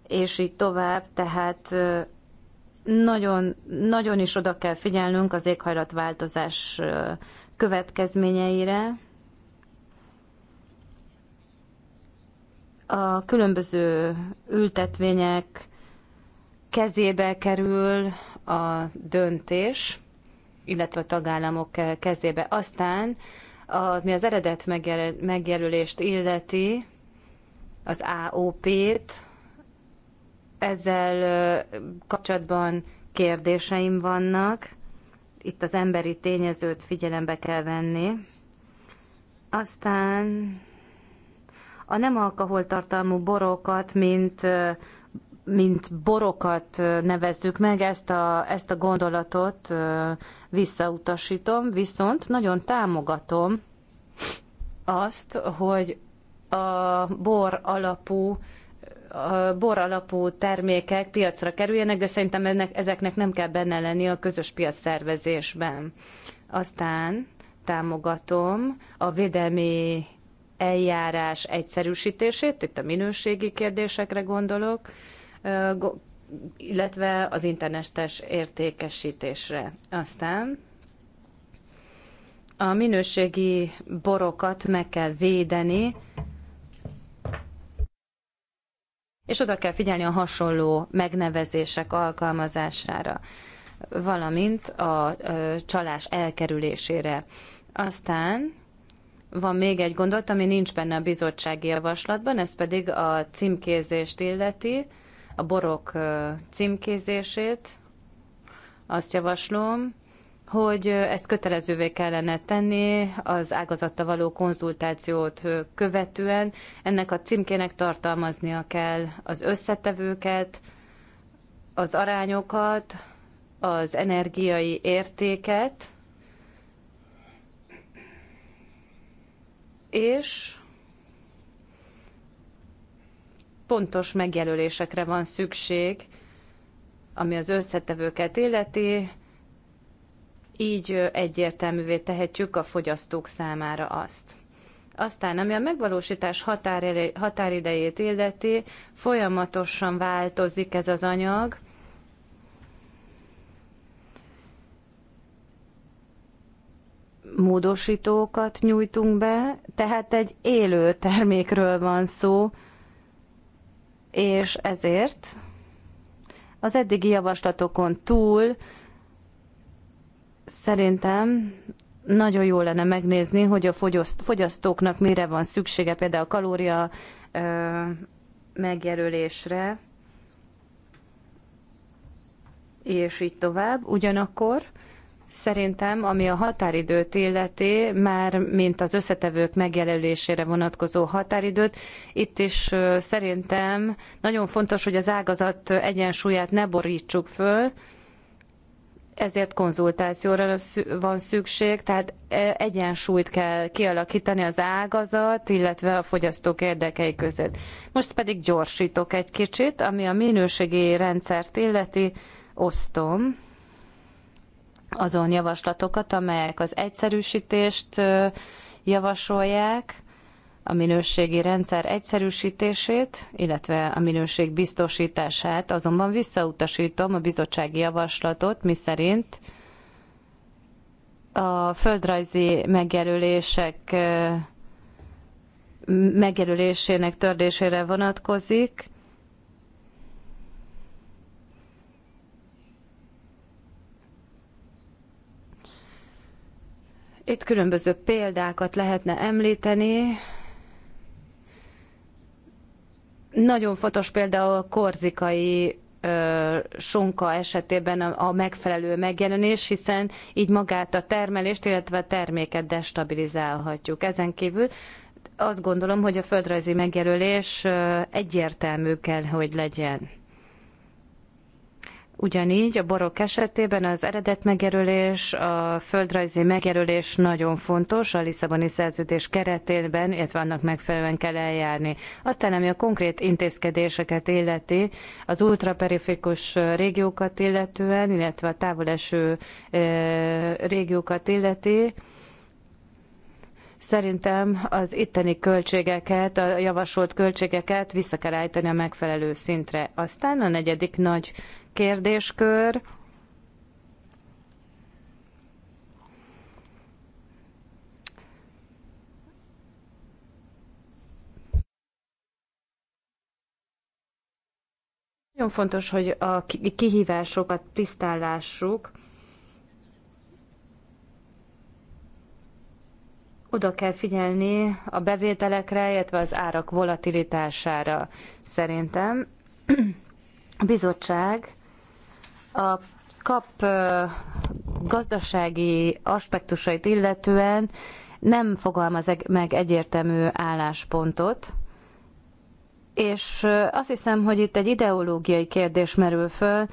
és így tovább, tehát nagyon, nagyon is oda kell figyelnünk az éghajlatváltozás következményeire. A különböző ültetvények kezébe kerül a döntés, illetve a tagállamok kezébe. Aztán a, mi az eredet megjel, megjelölést illeti, az AOP-t, ezzel kapcsolatban kérdéseim vannak. Itt az emberi tényezőt figyelembe kell venni. Aztán a nem alkoholtartalmú borokat, mint, mint borokat nevezzük meg, ezt a, ezt a gondolatot visszautasítom, viszont nagyon támogatom azt, hogy a bor alapú a bor alapú termékek piacra kerüljenek, de szerintem ennek, ezeknek nem kell benne lenni a közös piac szervezésben. Aztán támogatom a védelmi eljárás egyszerűsítését, itt a minőségi kérdésekre gondolok, illetve az internetes értékesítésre. Aztán a minőségi borokat meg kell védeni, és oda kell figyelni a hasonló megnevezések alkalmazására, valamint a csalás elkerülésére. Aztán van még egy gondolat, ami nincs benne a bizottsági javaslatban, ez pedig a címkézést illeti a borok címkézését. Azt javaslom, hogy ezt kötelezővé kellene tenni az ágazatta való konzultációt követően. Ennek a címkének tartalmaznia kell az összetevőket, az arányokat, az energiai értéket, és pontos megjelölésekre van szükség, ami az összetevőket illeti, így egyértelművé tehetjük a fogyasztók számára azt. Aztán, ami a megvalósítás határidejét illeti, folyamatosan változik ez az anyag. Módosítókat nyújtunk be, tehát egy élő termékről van szó, és ezért az eddigi javaslatokon túl szerintem nagyon jó lenne megnézni, hogy a fogyasztóknak mire van szüksége, például a kalória megjelölésre, és így tovább. Ugyanakkor Szerintem, ami a határidőt illeti, már mint az összetevők megjelölésére vonatkozó határidőt, itt is szerintem nagyon fontos, hogy az ágazat egyensúlyát ne borítsuk föl, ezért konzultációra van szükség, tehát egyensúlyt kell kialakítani az ágazat, illetve a fogyasztók érdekei között. Most pedig gyorsítok egy kicsit, ami a minőségi rendszert illeti, osztom azon javaslatokat, amelyek az egyszerűsítést javasolják, a minőségi rendszer egyszerűsítését, illetve a minőség biztosítását, azonban visszautasítom a bizottsági javaslatot, miszerint a földrajzi megjelölések megjelölésének tördésére vonatkozik, Itt különböző példákat lehetne említeni. Nagyon fontos például a korzikai ö, sonka esetében a, a megfelelő megjelenés, hiszen így magát a termelést, illetve a terméket destabilizálhatjuk. Ezen kívül azt gondolom, hogy a földrajzi megjelölés egyértelmű kell, hogy legyen. Ugyanígy a borok esetében az eredet megjelölés, a földrajzi megjelölés nagyon fontos, a Lisszaboni szerződés keretében, illetve annak megfelelően kell eljárni. Aztán, ami a konkrét intézkedéseket illeti, az ultraperifikus régiókat illetően, illetve a távoleső régiókat illeti, Szerintem az itteni költségeket, a javasolt költségeket vissza kell állítani a megfelelő szintre. Aztán a negyedik nagy kérdéskör. Nagyon fontos, hogy a kihívásokat tisztálássuk. Oda kell figyelni a bevételekre, illetve az árak volatilitására szerintem. A bizottság a kap gazdasági aspektusait illetően nem fogalmaz meg egyértelmű álláspontot, és azt hiszem, hogy itt egy ideológiai kérdés merül föl,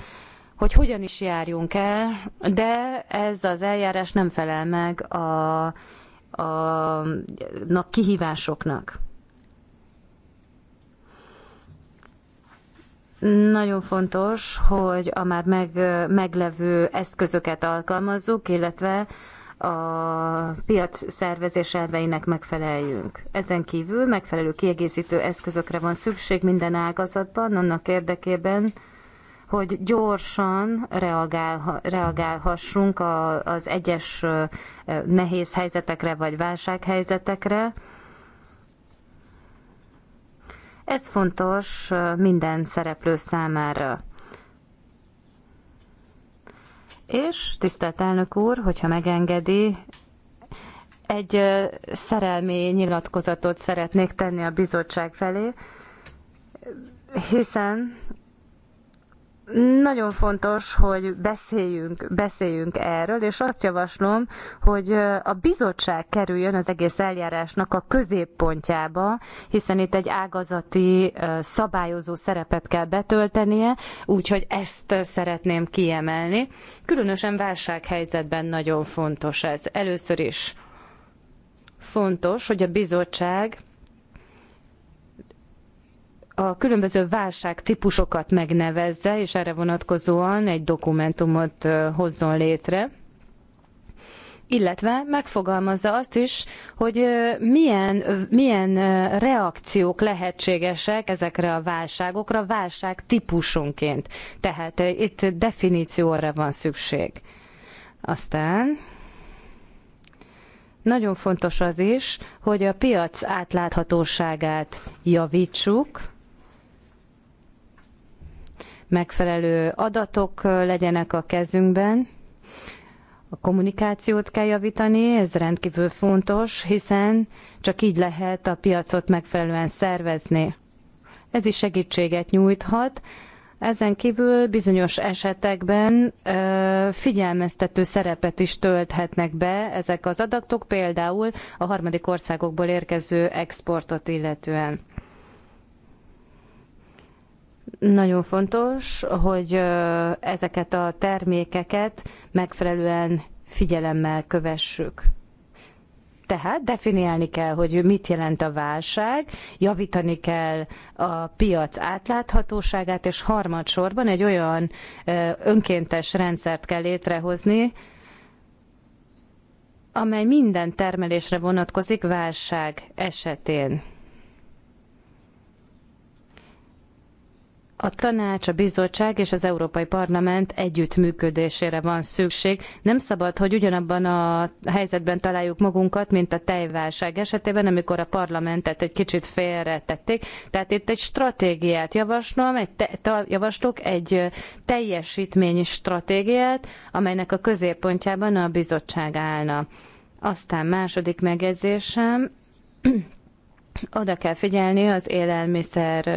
hogy hogyan is járjunk el, de ez az eljárás nem felel meg a, a, a kihívásoknak. Nagyon fontos, hogy a már meg, meglevő eszközöket alkalmazzuk, illetve a piac szervezés elveinek megfeleljünk. Ezen kívül megfelelő kiegészítő eszközökre van szükség minden ágazatban, annak érdekében, hogy gyorsan reagál, reagálhassunk az egyes nehéz helyzetekre vagy válsághelyzetekre, ez fontos minden szereplő számára. És, tisztelt elnök úr, hogyha megengedi, egy szerelmi nyilatkozatot szeretnék tenni a bizottság felé, hiszen nagyon fontos, hogy beszéljünk, beszéljünk erről, és azt javaslom, hogy a bizottság kerüljön az egész eljárásnak a középpontjába, hiszen itt egy ágazati szabályozó szerepet kell betöltenie, úgyhogy ezt szeretném kiemelni. Különösen válsághelyzetben nagyon fontos ez. Először is fontos, hogy a bizottság a különböző válság típusokat megnevezze, és erre vonatkozóan egy dokumentumot hozzon létre, illetve megfogalmazza azt is, hogy milyen, milyen reakciók lehetségesek ezekre a válságokra, válság típusonként. Tehát itt definícióra van szükség. Aztán nagyon fontos az is, hogy a piac átláthatóságát javítsuk, megfelelő adatok legyenek a kezünkben. A kommunikációt kell javítani, ez rendkívül fontos, hiszen csak így lehet a piacot megfelelően szervezni. Ez is segítséget nyújthat. Ezen kívül bizonyos esetekben ö, figyelmeztető szerepet is tölthetnek be ezek az adatok, például a harmadik országokból érkező exportot illetően. Nagyon fontos, hogy ezeket a termékeket megfelelően figyelemmel kövessük. Tehát definiálni kell, hogy mit jelent a válság, javítani kell a piac átláthatóságát, és harmadsorban egy olyan önkéntes rendszert kell létrehozni, amely minden termelésre vonatkozik válság esetén. a tanács, a bizottság és az Európai Parlament együttműködésére van szükség. Nem szabad, hogy ugyanabban a helyzetben találjuk magunkat, mint a tejválság esetében, amikor a parlamentet egy kicsit félretették. Tehát itt egy stratégiát javaslom, egy te, javaslok egy teljesítményi stratégiát, amelynek a középpontjában a bizottság állna. Aztán második megjegyzésem, oda kell figyelni az élelmiszer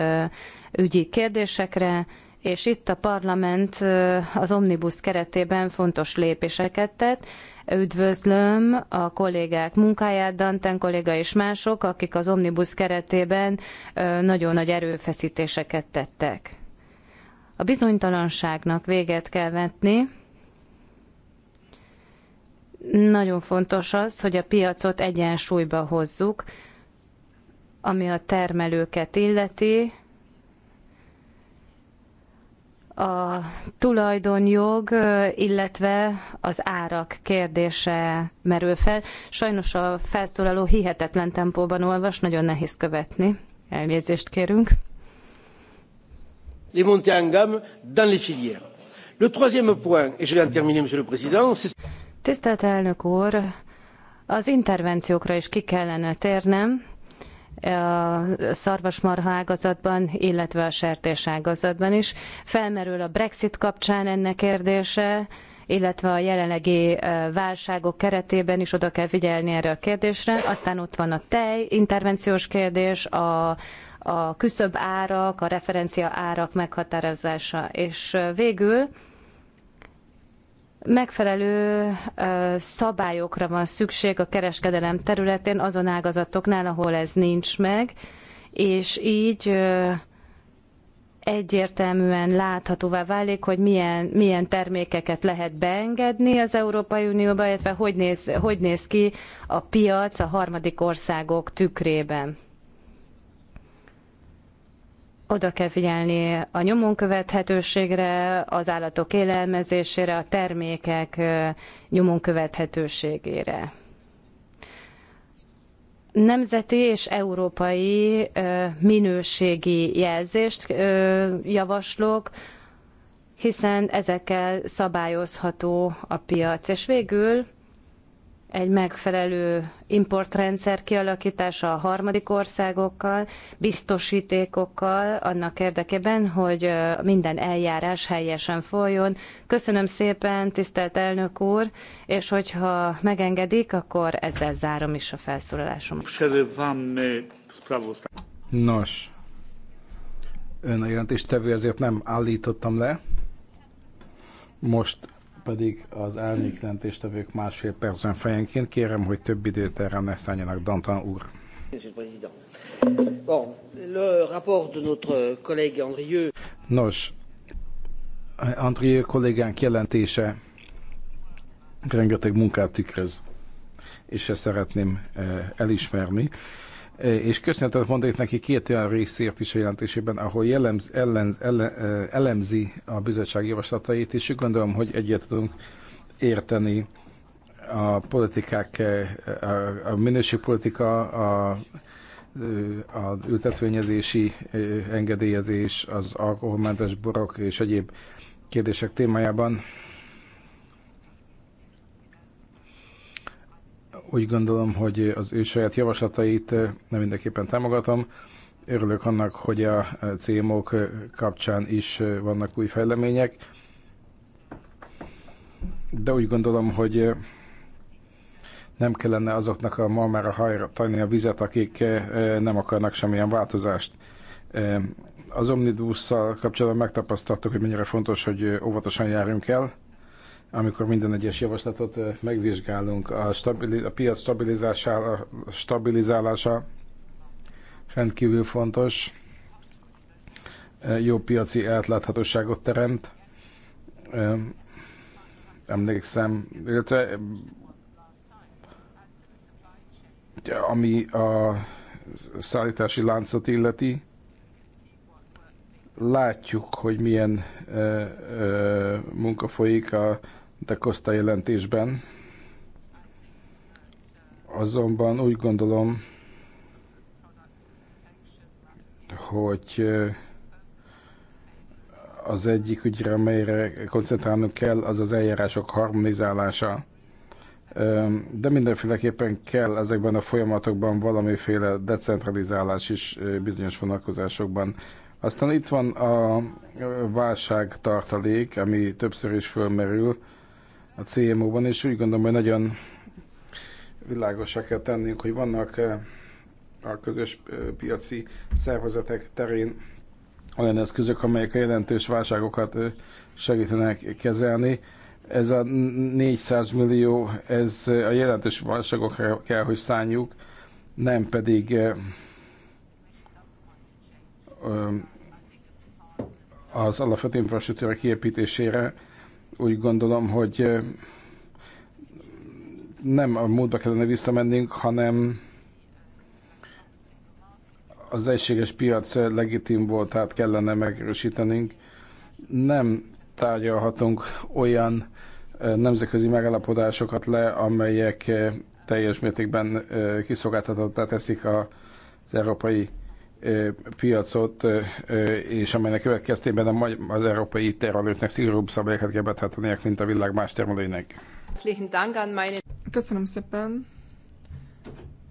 ügyi kérdésekre, és itt a parlament az Omnibus keretében fontos lépéseket tett. Üdvözlöm a kollégák munkáját, Danten kolléga és mások, akik az Omnibus keretében nagyon nagy erőfeszítéseket tettek. A bizonytalanságnak véget kell vetni. Nagyon fontos az, hogy a piacot egyensúlyba hozzuk, ami a termelőket illeti, a tulajdonjog, illetve az árak kérdése merül fel. Sajnos a felszólaló hihetetlen tempóban olvas, nagyon nehéz követni. Elnézést kérünk. dans les filières. Le troisième point, et je vais terminer, Monsieur le Président, c'est... Tisztelt elnök úr, az intervenciókra is ki kellene térnem a szarvasmarha ágazatban, illetve a sertés ágazatban is. Felmerül a Brexit kapcsán ennek kérdése, illetve a jelenlegi válságok keretében is oda kell figyelni erre a kérdésre. Aztán ott van a tej, intervenciós kérdés, a, a küszöb árak, a referencia árak meghatározása. És végül Megfelelő szabályokra van szükség a kereskedelem területén azon ágazatoknál, ahol ez nincs meg, és így egyértelműen láthatóvá válik, hogy milyen, milyen termékeket lehet beengedni az Európai Unióba, illetve hogy néz, hogy néz ki a piac a harmadik országok tükrében. Oda kell figyelni a nyomon követhetőségre, az állatok élelmezésére, a termékek nyomon követhetőségére nemzeti és európai minőségi jelzést javaslok, hiszen ezekkel szabályozható a piac. És végül egy megfelelő importrendszer kialakítása a harmadik országokkal, biztosítékokkal annak érdekében, hogy minden eljárás helyesen folyjon. Köszönöm szépen, tisztelt elnök úr, és hogyha megengedik, akkor ezzel zárom is a felszólalásomat. Nos, ön a jelentéstevő, azért nem állítottam le. Most pedig az elnyéklentéstevők másfél percben fejenként. Kérem, hogy több időt erre ne szálljanak, Dantan úr. Nos, Andrieu kollégánk jelentése rengeteg munkát tükröz, és ezt szeretném eh, elismerni. Eh, és köszönetet mondanék neki két olyan részért is a jelentésében, ahol jellemz, ellenz, ele, eh, elemzi a bizottság javaslatait, és gondolom, hogy egyet tudunk érteni a politikák, eh, a, a minőségpolitika, a, az ültetvényezési engedélyezés, az alkoholmentes borok és egyéb kérdések témájában. Úgy gondolom, hogy az ő saját javaslatait eh, nem mindenképpen támogatom. Örülök annak, hogy a eh, CMO-k eh, kapcsán is vannak új fejlemények, de úgy gondolom, hogy nem kellene azoknak a ma már a hajra tajni a vizet, akik nem akarnak semmilyen változást. Az omnibusszal kapcsolatban megtapasztaltuk, hogy mennyire fontos, hogy óvatosan járjunk el amikor minden egyes javaslatot megvizsgálunk. A, stabili, a piac stabilizálása, stabilizálása rendkívül fontos, jó piaci átláthatóságot teremt. Emlékszem, illetve ami a szállítási láncot illeti, látjuk, hogy milyen ö, ö, munka folyik a de Costa jelentésben. Azonban úgy gondolom, hogy eh, az egyik ügyre, amelyre koncentrálnunk kell, az az eljárások harmonizálása. Ehm, de mindenféleképpen kell ezekben a folyamatokban valamiféle decentralizálás is eh, bizonyos vonatkozásokban. Aztán itt van a eh, válságtartalék, ami többször is fölmerül, a CMO-ban, és úgy gondolom, hogy nagyon világosak kell tennünk, hogy vannak eh, a közös eh, piaci szervezetek terén olyan eszközök, amelyek a jelentős válságokat eh, segítenek kezelni. Ez a 400 millió, ez a jelentős válságokra kell, hogy szálljuk, nem pedig az alapvető infrastruktúra kiépítésére, úgy gondolom, hogy nem a múltba kellene visszamennünk, hanem az egységes piac legitim tehát kellene megerősítenünk. Nem tárgyalhatunk olyan nemzetközi megállapodásokat le, amelyek teljes mértékben kiszolgáltatottá teszik az európai piacot, és amelynek következtében az európai termelőknek szigorúbb szabályokat kell betartaniak, mint a világ más termelőinek. Köszönöm szépen.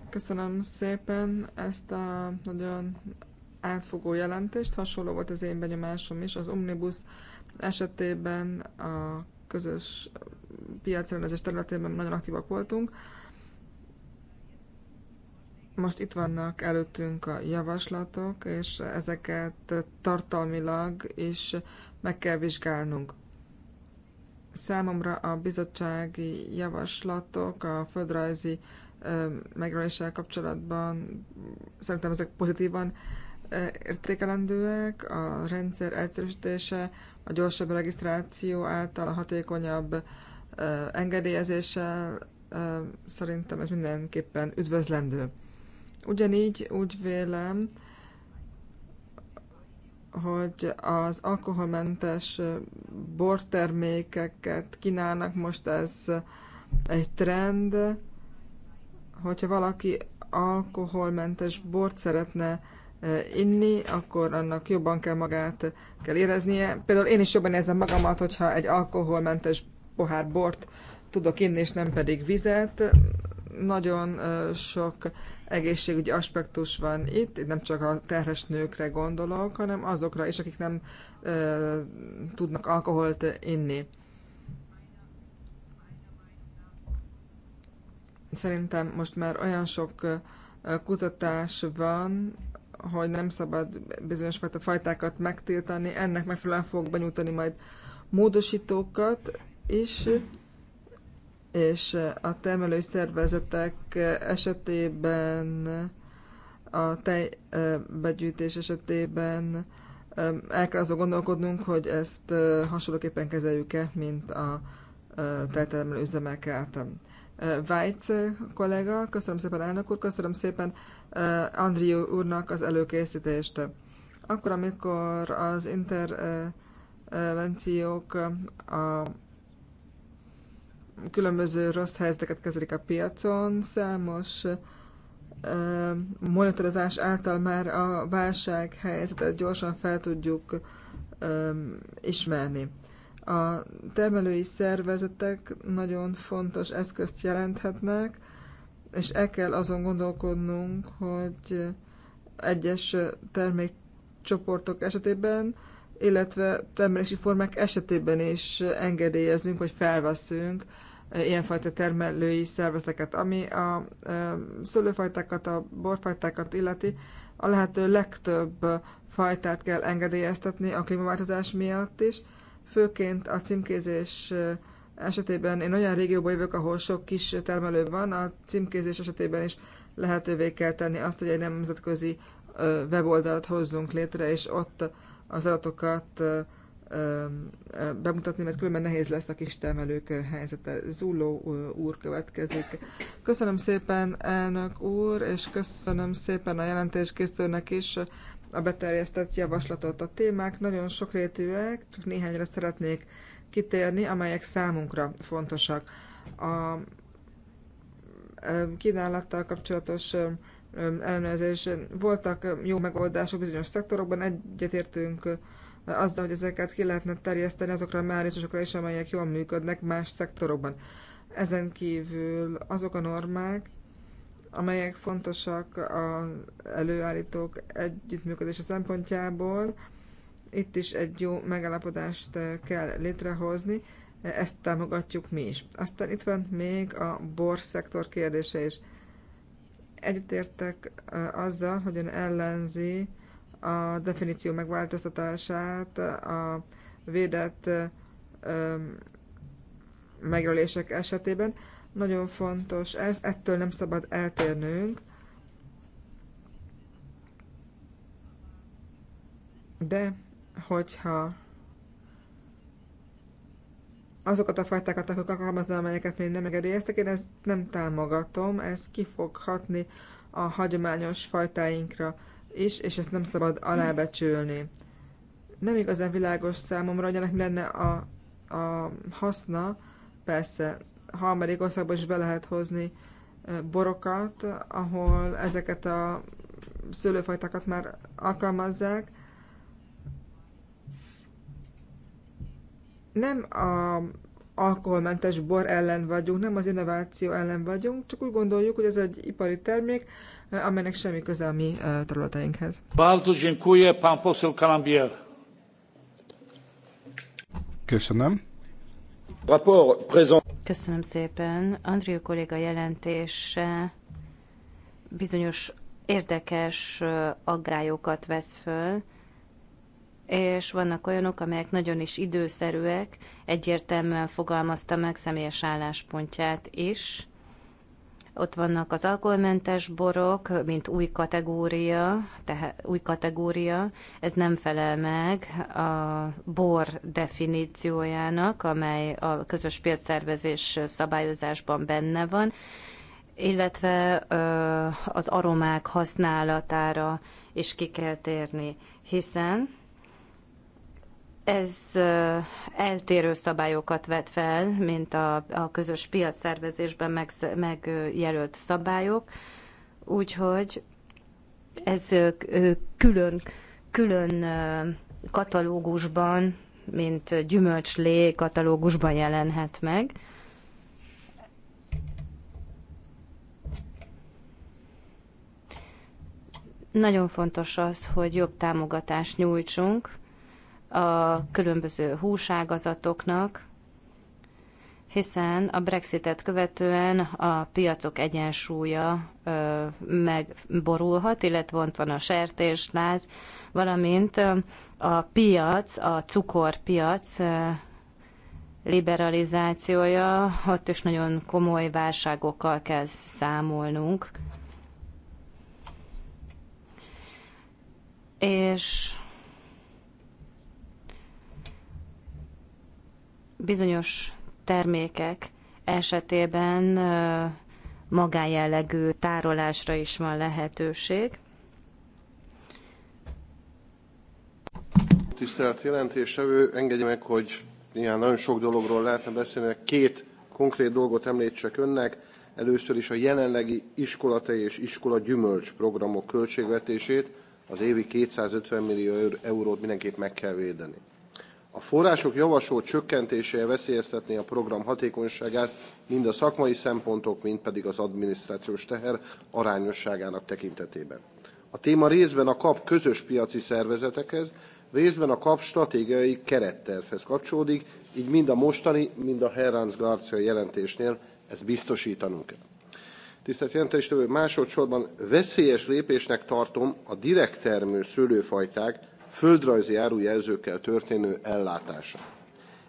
Köszönöm szépen ezt a nagyon átfogó jelentést. Hasonló volt az én benyomásom is. Az Omnibus esetében a közös piacrendezés területében nagyon aktívak voltunk. Most itt vannak előttünk a javaslatok, és ezeket tartalmilag is meg kell vizsgálnunk. Számomra a bizottsági javaslatok a földrajzi megrendeléssel kapcsolatban szerintem ezek pozitívan értékelendőek, a rendszer egyszerűsítése, a gyorsabb regisztráció által a hatékonyabb engedélyezéssel szerintem ez mindenképpen üdvözlendő. Ugyanígy úgy vélem, hogy az alkoholmentes bortermékeket kínálnak, most ez egy trend, hogyha valaki alkoholmentes bort szeretne eh, inni, akkor annak jobban kell magát kell éreznie. Például én is jobban érzem magamat, hogyha egy alkoholmentes pohár bort tudok inni, és nem pedig vizet nagyon sok egészségügyi aspektus van itt, nem csak a terhes nőkre gondolok, hanem azokra is, akik nem tudnak alkoholt inni. Szerintem most már olyan sok kutatás van, hogy nem szabad bizonyos fajta fajtákat megtiltani, ennek megfelelően fogok benyújtani majd módosítókat, is és a termelői szervezetek esetében a tejbegyűjtés esetében el kell azon gondolkodnunk, hogy ezt hasonlóképpen kezeljük-e, mint a tejtermelő üzemek által. Vájc kollega, köszönöm szépen elnök úr, köszönöm szépen Andrió úrnak az előkészítést. Akkor, amikor az intervenciók a különböző rossz helyzeteket kezelik a piacon, számos monitorozás által már a válság helyzetet gyorsan fel tudjuk ismerni. A termelői szervezetek nagyon fontos eszközt jelenthetnek, és el kell azon gondolkodnunk, hogy egyes termékcsoportok esetében, illetve termelési formák esetében is engedélyezünk, vagy felveszünk ilyenfajta termelői szervezeteket. Ami a szőlőfajtákat, a borfajtákat illeti, a lehető legtöbb fajtát kell engedélyeztetni a klímaváltozás miatt is, főként a címkézés esetében én olyan régióban jövök, ahol sok kis termelő van, a címkézés esetében is lehetővé kell tenni azt, hogy egy nemzetközi weboldalt hozzunk létre, és ott az adatokat bemutatni, mert különben nehéz lesz a kis termelők helyzete. Zulló úr következik. Köszönöm szépen, elnök úr, és köszönöm szépen a jelentéskészítőnek is a beterjesztett javaslatot. A témák nagyon sokrétűek, csak néhányra szeretnék kitérni, amelyek számunkra fontosak. A kínálattal kapcsolatos ellenőrzés voltak jó megoldások bizonyos szektorokban, egyetértünk azzal, hogy ezeket ki lehetne terjeszteni azokra a márisokra is, amelyek jól működnek más szektorokban. Ezen kívül azok a normák, amelyek fontosak az előállítók együttműködése szempontjából, itt is egy jó megállapodást kell létrehozni, ezt támogatjuk mi is. Aztán itt van még a borszektor kérdése is. Egyetértek azzal, ön ellenzi a definíció megváltoztatását, a védett megölések esetében. Nagyon fontos ez, ettől nem szabad eltérnünk. De hogyha azokat a fajtákat akarok alkalmazni, amelyeket még nem engedélyeztek, én ezt nem támogatom, ez ki fog hatni a hagyományos fajtáinkra is, és ezt nem szabad alábecsülni. Nem igazán világos számomra, hogy ennek mi lenne a, a haszna. Persze, harmadik országba is be lehet hozni borokat, ahol ezeket a szőlőfajtákat már alkalmazzák. Nem a alkoholmentes bor ellen vagyunk, nem az innováció ellen vagyunk, csak úgy gondoljuk, hogy ez egy ipari termék, amelynek semmi köze a mi területeinkhez. Bardzo Köszönöm. Köszönöm szépen. Andrió kolléga jelentése bizonyos érdekes aggályokat vesz föl, és vannak olyanok, amelyek nagyon is időszerűek, egyértelműen fogalmazta meg személyes álláspontját is. Ott vannak az alkoholmentes borok, mint új kategória, tehát új kategória. Ez nem felel meg a bor definíciójának, amely a közös piacszervezés szabályozásban benne van, illetve az aromák használatára is ki kell térni, hiszen ez eltérő szabályokat vet fel, mint a, a közös piac szervezésben meg, szabályok, úgyhogy ez külön, külön katalógusban, mint gyümölcslé katalógusban jelenhet meg. Nagyon fontos az, hogy jobb támogatást nyújtsunk a különböző húságazatoknak, hiszen a Brexitet követően a piacok egyensúlya ö, megborulhat, illetve ott van a sertésláz, valamint a piac, a cukorpiac ö, liberalizációja, ott is nagyon komoly válságokkal kell számolnunk. És bizonyos termékek esetében magájellegű tárolásra is van lehetőség. Tisztelt jelentésevő, engedje meg, hogy ilyen nagyon sok dologról lehetne beszélni, két konkrét dolgot említsek önnek. Először is a jelenlegi iskolatei és iskola gyümölcs programok költségvetését, az évi 250 millió eurót mindenképp meg kell védeni. A források javasolt csökkentése veszélyeztetné a program hatékonyságát, mind a szakmai szempontok, mind pedig az adminisztrációs teher arányosságának tekintetében. A téma részben a KAP közös piaci szervezetekhez, részben a KAP stratégiai kerettervhez kapcsolódik, így mind a mostani, mind a Herranz Garcia jelentésnél ezt biztosítanunk kell. Tisztelt jelentéstevő, másodszorban veszélyes lépésnek tartom a direkt termő szőlőfajták, földrajzi árujelzőkkel történő ellátása.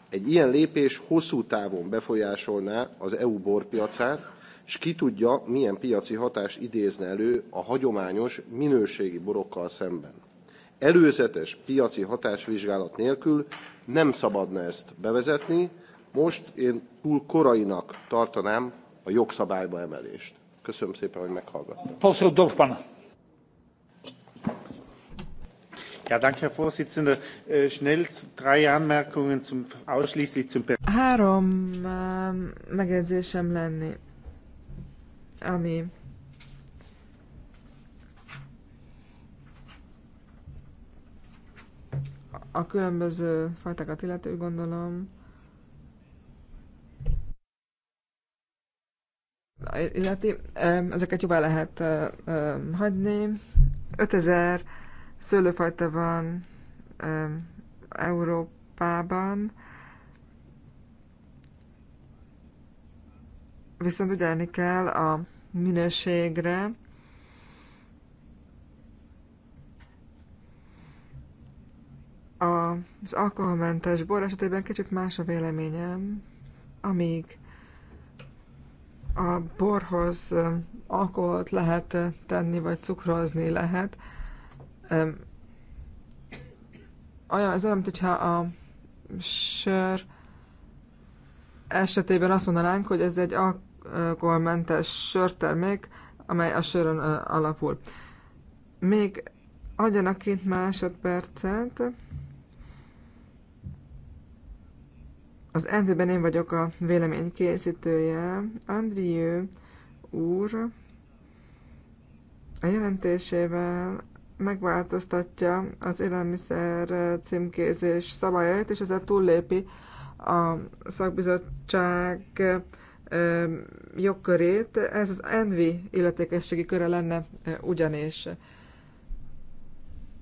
Egy ilyen lépés hosszú távon befolyásolná az EU borpiacát, és ki tudja, milyen piaci hatást idézne elő a hagyományos, minőségi borokkal szemben. Előzetes piaci hatásvizsgálat nélkül nem szabadna ezt bevezetni, most én túl korainak tartanám a jogszabályba emelést. Köszönöm szépen, hogy meghallgattam. Ja, danke, Herr Vorsitzender. Äh, schnell drei Anmerkungen zum, ausschließlich zum... Három megjegyzésem lenni, ami a különböző fajtákat illető gondolom, illeti, ezeket jobban lehet hagyni. 5000 szőlőfajta van Európában, viszont ügyelni kell a minőségre, az alkoholmentes bor esetében kicsit más a véleményem, amíg a borhoz alkoholt lehet tenni, vagy cukrozni lehet, olyan, ez olyan, mintha a sör esetében azt mondanánk, hogy ez egy alkoholmentes sörtermék, amely a sörön alapul. Még adjanak két másodpercet. Az envőben én vagyok a vélemény készítője. Andrió úr a jelentésével megváltoztatja az élelmiszer címkézés szabályait, és ezzel túllépi a szakbizottság jogkörét. Ez az ENVI illetékességi köre lenne ugyanis.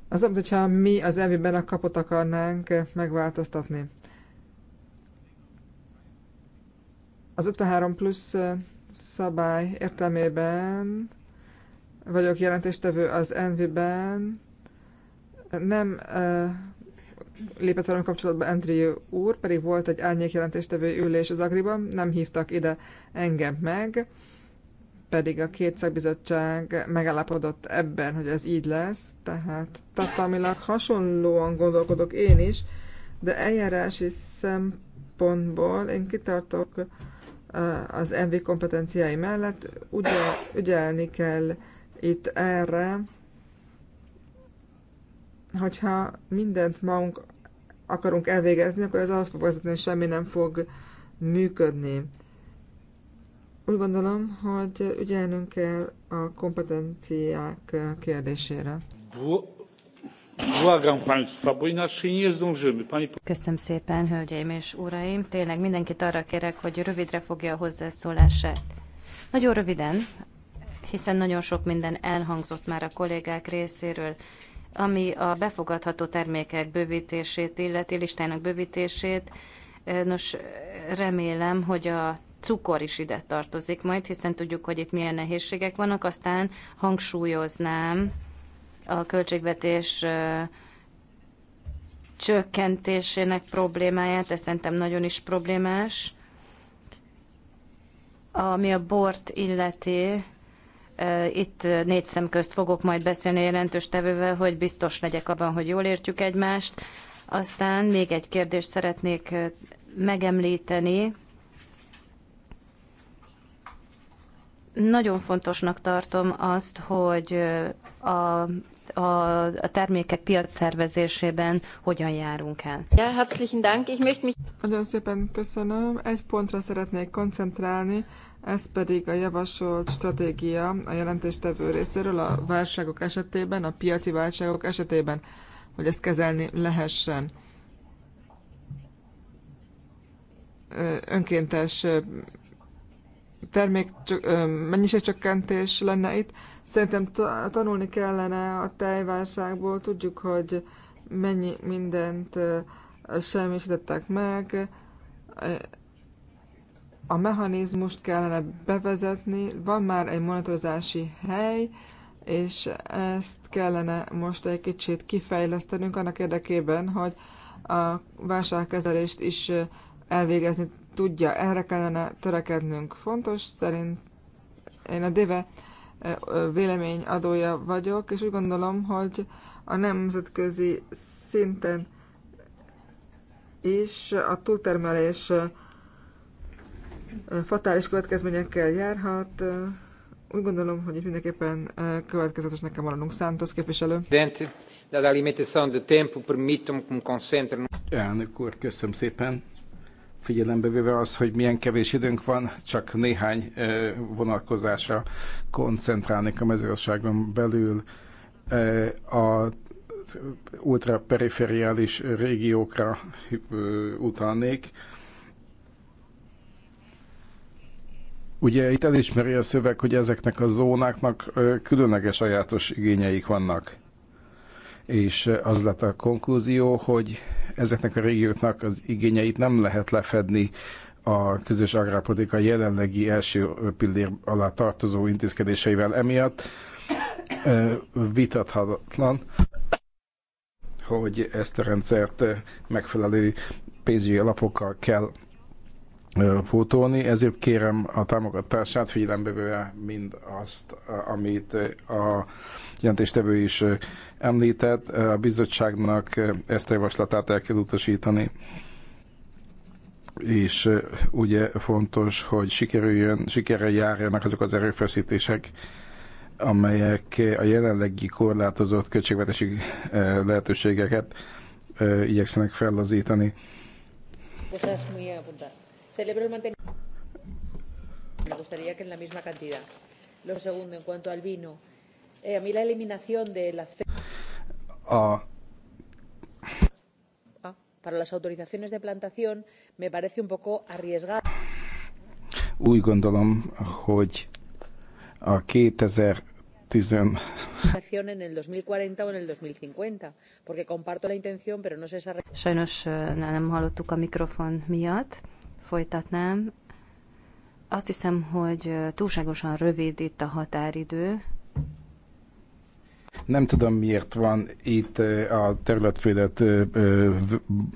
Az olyan, hogyha mi az ENVI-ben a kapot akarnánk megváltoztatni. Az 53 plusz szabály értelmében vagyok jelentéstevő az envy ben Nem uh, lépett velem kapcsolatba Andrew úr, pedig volt egy árnyék jelentéstevő ülés az Agriban, nem hívtak ide engem meg, pedig a két szakbizottság megállapodott ebben, hogy ez így lesz, tehát tartalmilag hasonlóan gondolkodok én is, de eljárási szempontból én kitartok az MV kompetenciái mellett, ugye, ügyelni kell itt erre, hogyha mindent magunk akarunk elvégezni, akkor ez ahhoz fog vezetni, hogy semmi nem fog működni. Úgy gondolom, hogy ügyelnünk kell a kompetenciák kérdésére. Köszönöm szépen, hölgyeim és uraim. Tényleg mindenkit arra kérek, hogy rövidre fogja a hozzászólását. Nagyon röviden hiszen nagyon sok minden elhangzott már a kollégák részéről, ami a befogadható termékek bővítését illeti, listának bővítését. Nos, remélem, hogy a cukor is ide tartozik majd, hiszen tudjuk, hogy itt milyen nehézségek vannak. Aztán hangsúlyoznám a költségvetés csökkentésének problémáját, ez szerintem nagyon is problémás. Ami a bort illeti, itt négy szem közt fogok majd beszélni jelentős tevővel, hogy biztos legyek abban, hogy jól értjük egymást. Aztán még egy kérdést szeretnék megemlíteni. Nagyon fontosnak tartom azt, hogy a a, a termékek piacszervezésében hogyan járunk el. Ja, herzlichen Dank. Ich möchte mich... Nagyon szépen köszönöm. Egy pontra szeretnék koncentrálni, ez pedig a javasolt stratégia a jelentéstevő részéről a válságok esetében, a piaci válságok esetében, hogy ezt kezelni lehessen. Önkéntes termék mennyiségcsökkentés lenne itt. Szerintem tanulni kellene a tejválságból, tudjuk, hogy mennyi mindent semmisítettek meg, a mechanizmust kellene bevezetni, van már egy monitorozási hely, és ezt kellene most egy kicsit kifejlesztenünk annak érdekében, hogy a válságkezelést is elvégezni tudja. Erre kellene törekednünk. Fontos szerint én a DEVE vélemény adója vagyok, és úgy gondolom, hogy a nemzetközi szinten is a túltermelés fatális következményekkel járhat. Úgy gondolom, hogy itt mindenképpen következetesnek kell maradnunk. Santos képviselő. Elnök úr, köszönöm szépen. Figyelembe véve az, hogy milyen kevés időnk van, csak néhány vonatkozásra koncentrálnék a mezőgazdaságon belül. A ultraperiferiális régiókra utalnék Ugye itt elismeri a szöveg, hogy ezeknek a zónáknak különleges sajátos igényeik vannak. És az lett a konklúzió, hogy ezeknek a régióknak az igényeit nem lehet lefedni a közös agrárpolitika jelenlegi első pillér alá tartozó intézkedéseivel emiatt vitathatatlan, hogy ezt a rendszert megfelelő pénzügyi alapokkal kell pótolni, ezért kérem a támogatását figyelembe véve mind azt, amit a jelentéstevő is említett, a bizottságnak ezt a javaslatát el kell utasítani és ugye fontos, hogy sikerüljön, sikerre járjanak azok az erőfeszítések, amelyek a jelenlegi korlátozott költségvetési lehetőségeket igyekszenek fellazítani. Köszönöm. Celebro el mantenimiento. Me gustaría que en la misma cantidad. Lo segundo, en cuanto al vino, eh, a mí la eliminación de la. Uh. Para las autorizaciones de plantación me parece un poco arriesgado. Úgy gondolom, hogy a 2000 en el 2040 o en el 2050, porque comparto la intención, pero no sé esa... Sajnos eh, nem hallottuk a mikrofon miatt folytatnám. Azt hiszem, hogy túlságosan rövid itt a határidő, nem tudom, miért van itt a területfélet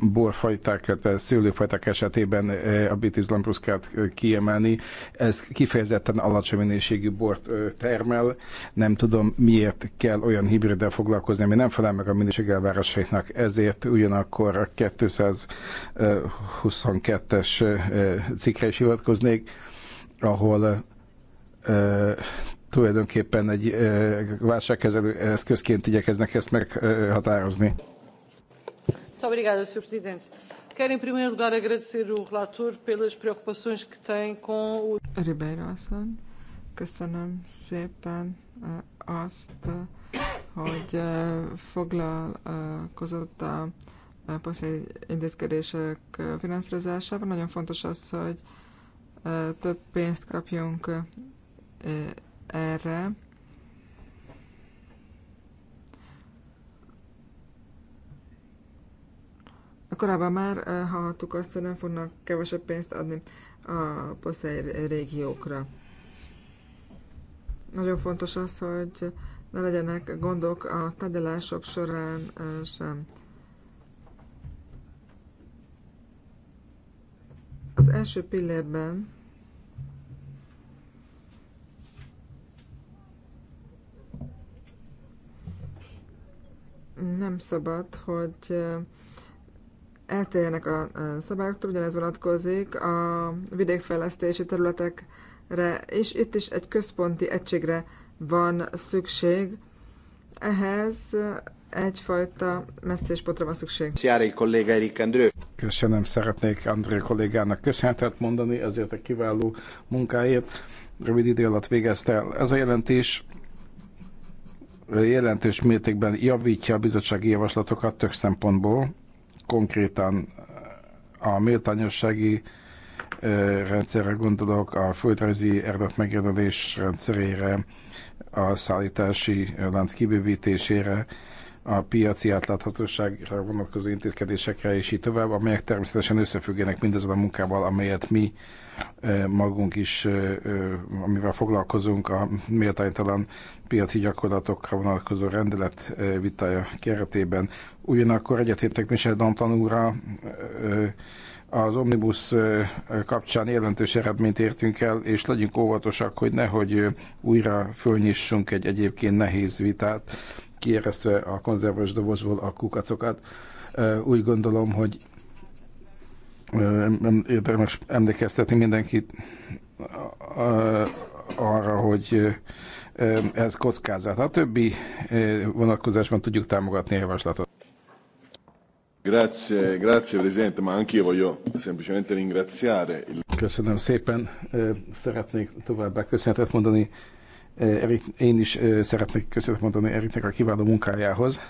borfajták, illetve szőlőfajták esetében a Bitis Lambruscát kiemelni. Ez kifejezetten alacsony minőségű bort termel. Nem tudom, miért kell olyan hibriddel foglalkozni, ami nem felel meg a minőség elvárásainak. Ezért ugyanakkor a 222-es cikre is hivatkoznék, ahol tulajdonképpen egy válságkezelő eszközként igyekeznek ezt meghatározni. Obrigada, Sr. Presidente. Quero, em primeiro lugar, agradecer o relator pelas preocupações que tem com o. Ribeiro asszony, köszönöm szépen azt, hogy foglalkozott a poszai intézkedések finanszírozásában. Nagyon fontos az, hogy több pénzt kapjunk erre. Korábban már eh, hallhattuk azt, hogy nem fognak kevesebb pénzt adni a poszei régiókra. Nagyon fontos az, hogy ne legyenek gondok a tárgyalások során eh, sem. Az első pillérben nem szabad, hogy eltérjenek a szabályoktól, ugyanez vonatkozik a vidékfejlesztési területekre, és itt is egy központi egységre van szükség. Ehhez egyfajta meccéspotra van szükség. Járai kolléga Erik Andrő. Köszönöm, szeretnék André kollégának köszönetet mondani ezért a kiváló munkáért. Rövid idő alatt végezte el. Ez a jelentés jelentős mértékben javítja a bizottsági javaslatokat tök szempontból, konkrétan eh, a méltányossági eh, rendszerre gondolok, a földrajzi eredet rendszerére, a szállítási lánc kibővítésére, a piaci átláthatóságra vonatkozó intézkedésekre, és így tovább, amelyek természetesen összefüggenek mindazon a munkával, amelyet mi magunk is, amivel foglalkozunk, a méltánytalan piaci gyakorlatokra vonatkozó rendelet vitája keretében. Ugyanakkor egyetértek Michel Danton úrra, az Omnibus kapcsán jelentős eredményt értünk el, és legyünk óvatosak, hogy nehogy újra fölnyissunk egy egyébként nehéz vitát, kieresztve a konzervos dobozból a kukacokat. Úgy gondolom, hogy érdemes emlékeztetni mindenkit arra, hogy ez kockázat. A többi vonatkozásban tudjuk támogatni a javaslatot. Grazie, grazie Presidente, ma anche io voglio semplicemente ringraziare. Köszönöm szépen, szeretnék továbbá köszönetet mondani Eh, én is eh, szeretnék köszönet mondani Eriknek a kiváló munkájához.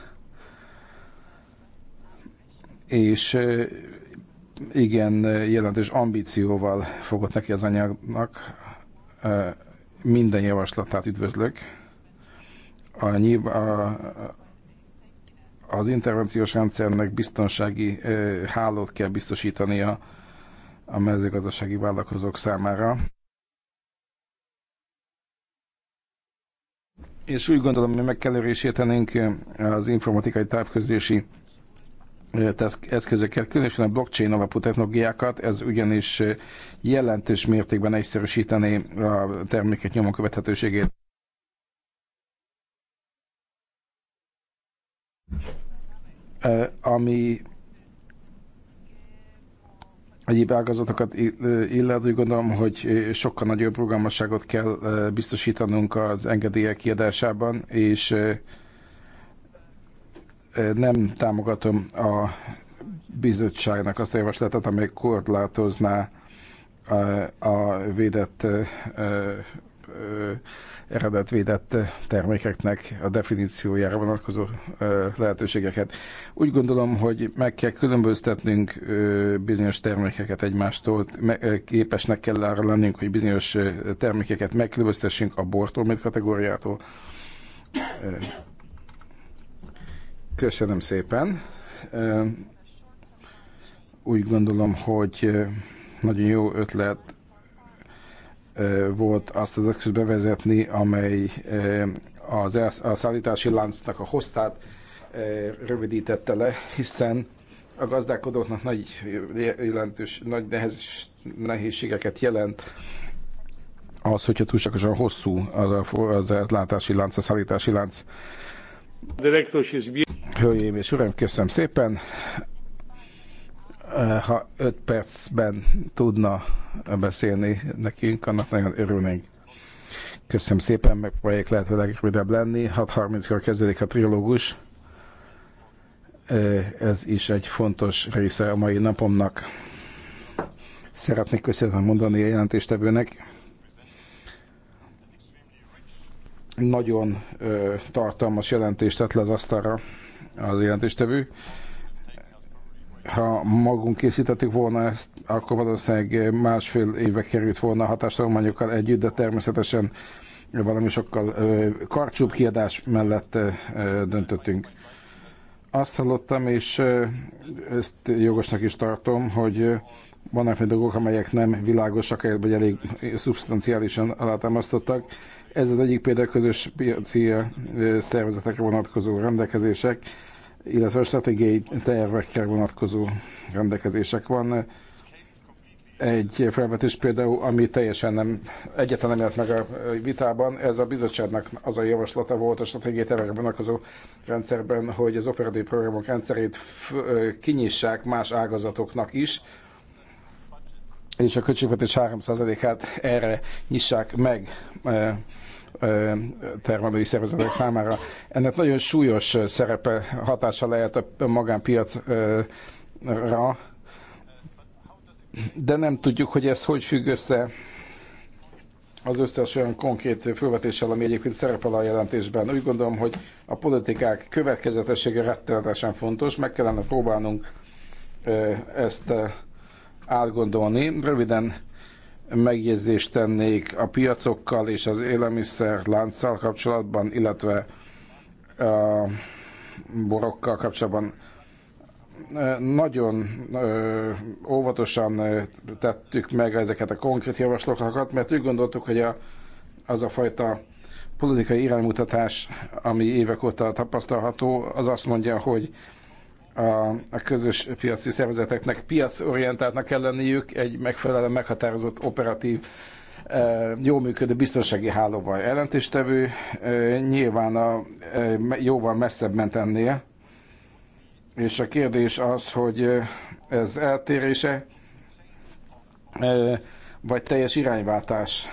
És eh, igen, jelentős ambícióval fogott neki az anyagnak. Minden javaslatát üdvözlök. A, nyilv, a, az intervenciós rendszernek biztonsági hálót kell biztosítania a mezőgazdasági vállalkozók számára. és úgy gondolom, hogy meg kell erősítenünk eh, az informatikai távközlési eh, eszközöket, különösen a blockchain alapú technológiákat, ez ugyanis eh, jelentős mértékben egyszerűsíteni a termékek nyomon követhetőségét. Ami egyéb ágazatokat illet, úgy gondolom, hogy sokkal nagyobb rugalmasságot kell biztosítanunk az engedélyek kiadásában, és nem támogatom a bizottságnak azt a javaslatát, amely korlátozná a védett eredetvédett termékeknek a definíciójára vonatkozó lehetőségeket. Úgy gondolom, hogy meg kell különböztetnünk bizonyos termékeket egymástól, képesnek kell arra lennünk, hogy bizonyos termékeket megkülönböztessünk a bortól, mint kategóriától. Köszönöm szépen. Úgy gondolom, hogy nagyon jó ötlet volt azt az eszközt bevezetni, amely az, a szállítási láncnak a hosszát rövidítette le, hiszen a gazdálkodóknak nagy, jelentős, nagy nehez, nehézségeket jelent az, hogyha túlságosan hosszú az, a, az ellátási lánc, a szállítási lánc. Hölgyeim és uraim, köszönöm szépen. Eh, ha öt percben tudna beszélni nekünk, annak nagyon örülnénk. Köszönöm szépen, megpróbáljuk lehetőleg rövidebb lenni. 6.30-kor kezdődik a trilógus. Eh, ez is egy fontos része a mai napomnak. Szeretnék köszönetet mondani a jelentéstevőnek. Nagyon eh, tartalmas jelentést tett le az asztalra az jelentéstevő ha magunk készítettük volna ezt, akkor valószínűleg másfél éve került volna a hatástalományokkal együtt, de természetesen valami sokkal karcsúbb kiadás mellett döntöttünk. Azt hallottam, és ezt jogosnak is tartom, hogy vannak még dolgok, amelyek nem világosak, vagy elég szubstanciálisan alátámasztottak. Ez az egyik például közös piaci szervezetekre vonatkozó rendelkezések, illetve a stratégiai tervekkel vonatkozó rendelkezések van. Egy felvetés például, ami teljesen nem, egyetlen nem meg a vitában, ez a bizottságnak az a javaslata volt a stratégiai tervekkel vonatkozó rendszerben, hogy az operatív programok rendszerét kinyissák más ágazatoknak is, és a költségvetés 3%-át erre nyissák meg termelői szervezetek számára. Ennek nagyon súlyos szerepe, hatása lehet a magánpiacra, de nem tudjuk, hogy ez hogy függ össze az összes olyan konkrét felvetéssel, ami egyébként szerepel a jelentésben. Úgy gondolom, hogy a politikák következetessége rettenetesen fontos, meg kellene próbálnunk ezt átgondolni. Röviden megjegyzést tennék a piacokkal és az élelmiszer lánccal kapcsolatban, illetve a borokkal kapcsolatban. Nagyon óvatosan tettük meg ezeket a konkrét javaslatokat, mert úgy gondoltuk, hogy a, az a fajta politikai iránymutatás, ami évek óta tapasztalható, az azt mondja, hogy a, a közös piaci szervezeteknek piacorientáltnak kell lenniük egy megfelelően meghatározott operatív e, jó működő biztonsági hálóval ellentéstevő, e, nyilván a, e, jóval messzebb ment ennél, és a kérdés az, hogy ez eltérése, vagy teljes irányváltás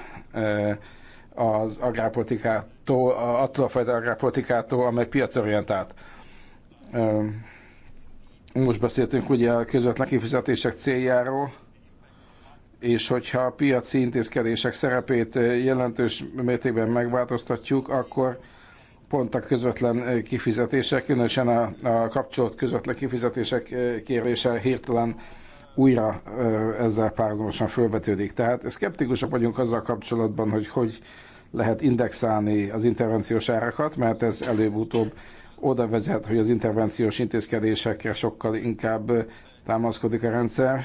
az agrárpolitikától, attól a fajta agrárpolitikától, amely piacorientált. Most beszéltünk ugye a közvetlen kifizetések céljáról, és hogyha a piaci intézkedések szerepét jelentős mértékben megváltoztatjuk, akkor pont a közvetlen kifizetések, különösen a, a kapcsolat közvetlen kifizetések kérése hirtelen újra ezzel párhuzamosan felvetődik. Tehát szkeptikusak vagyunk azzal kapcsolatban, hogy hogy lehet indexálni az intervenciós árakat, mert ez előbb-utóbb oda vezet, hogy az intervenciós intézkedésekkel sokkal inkább támaszkodik a rendszer.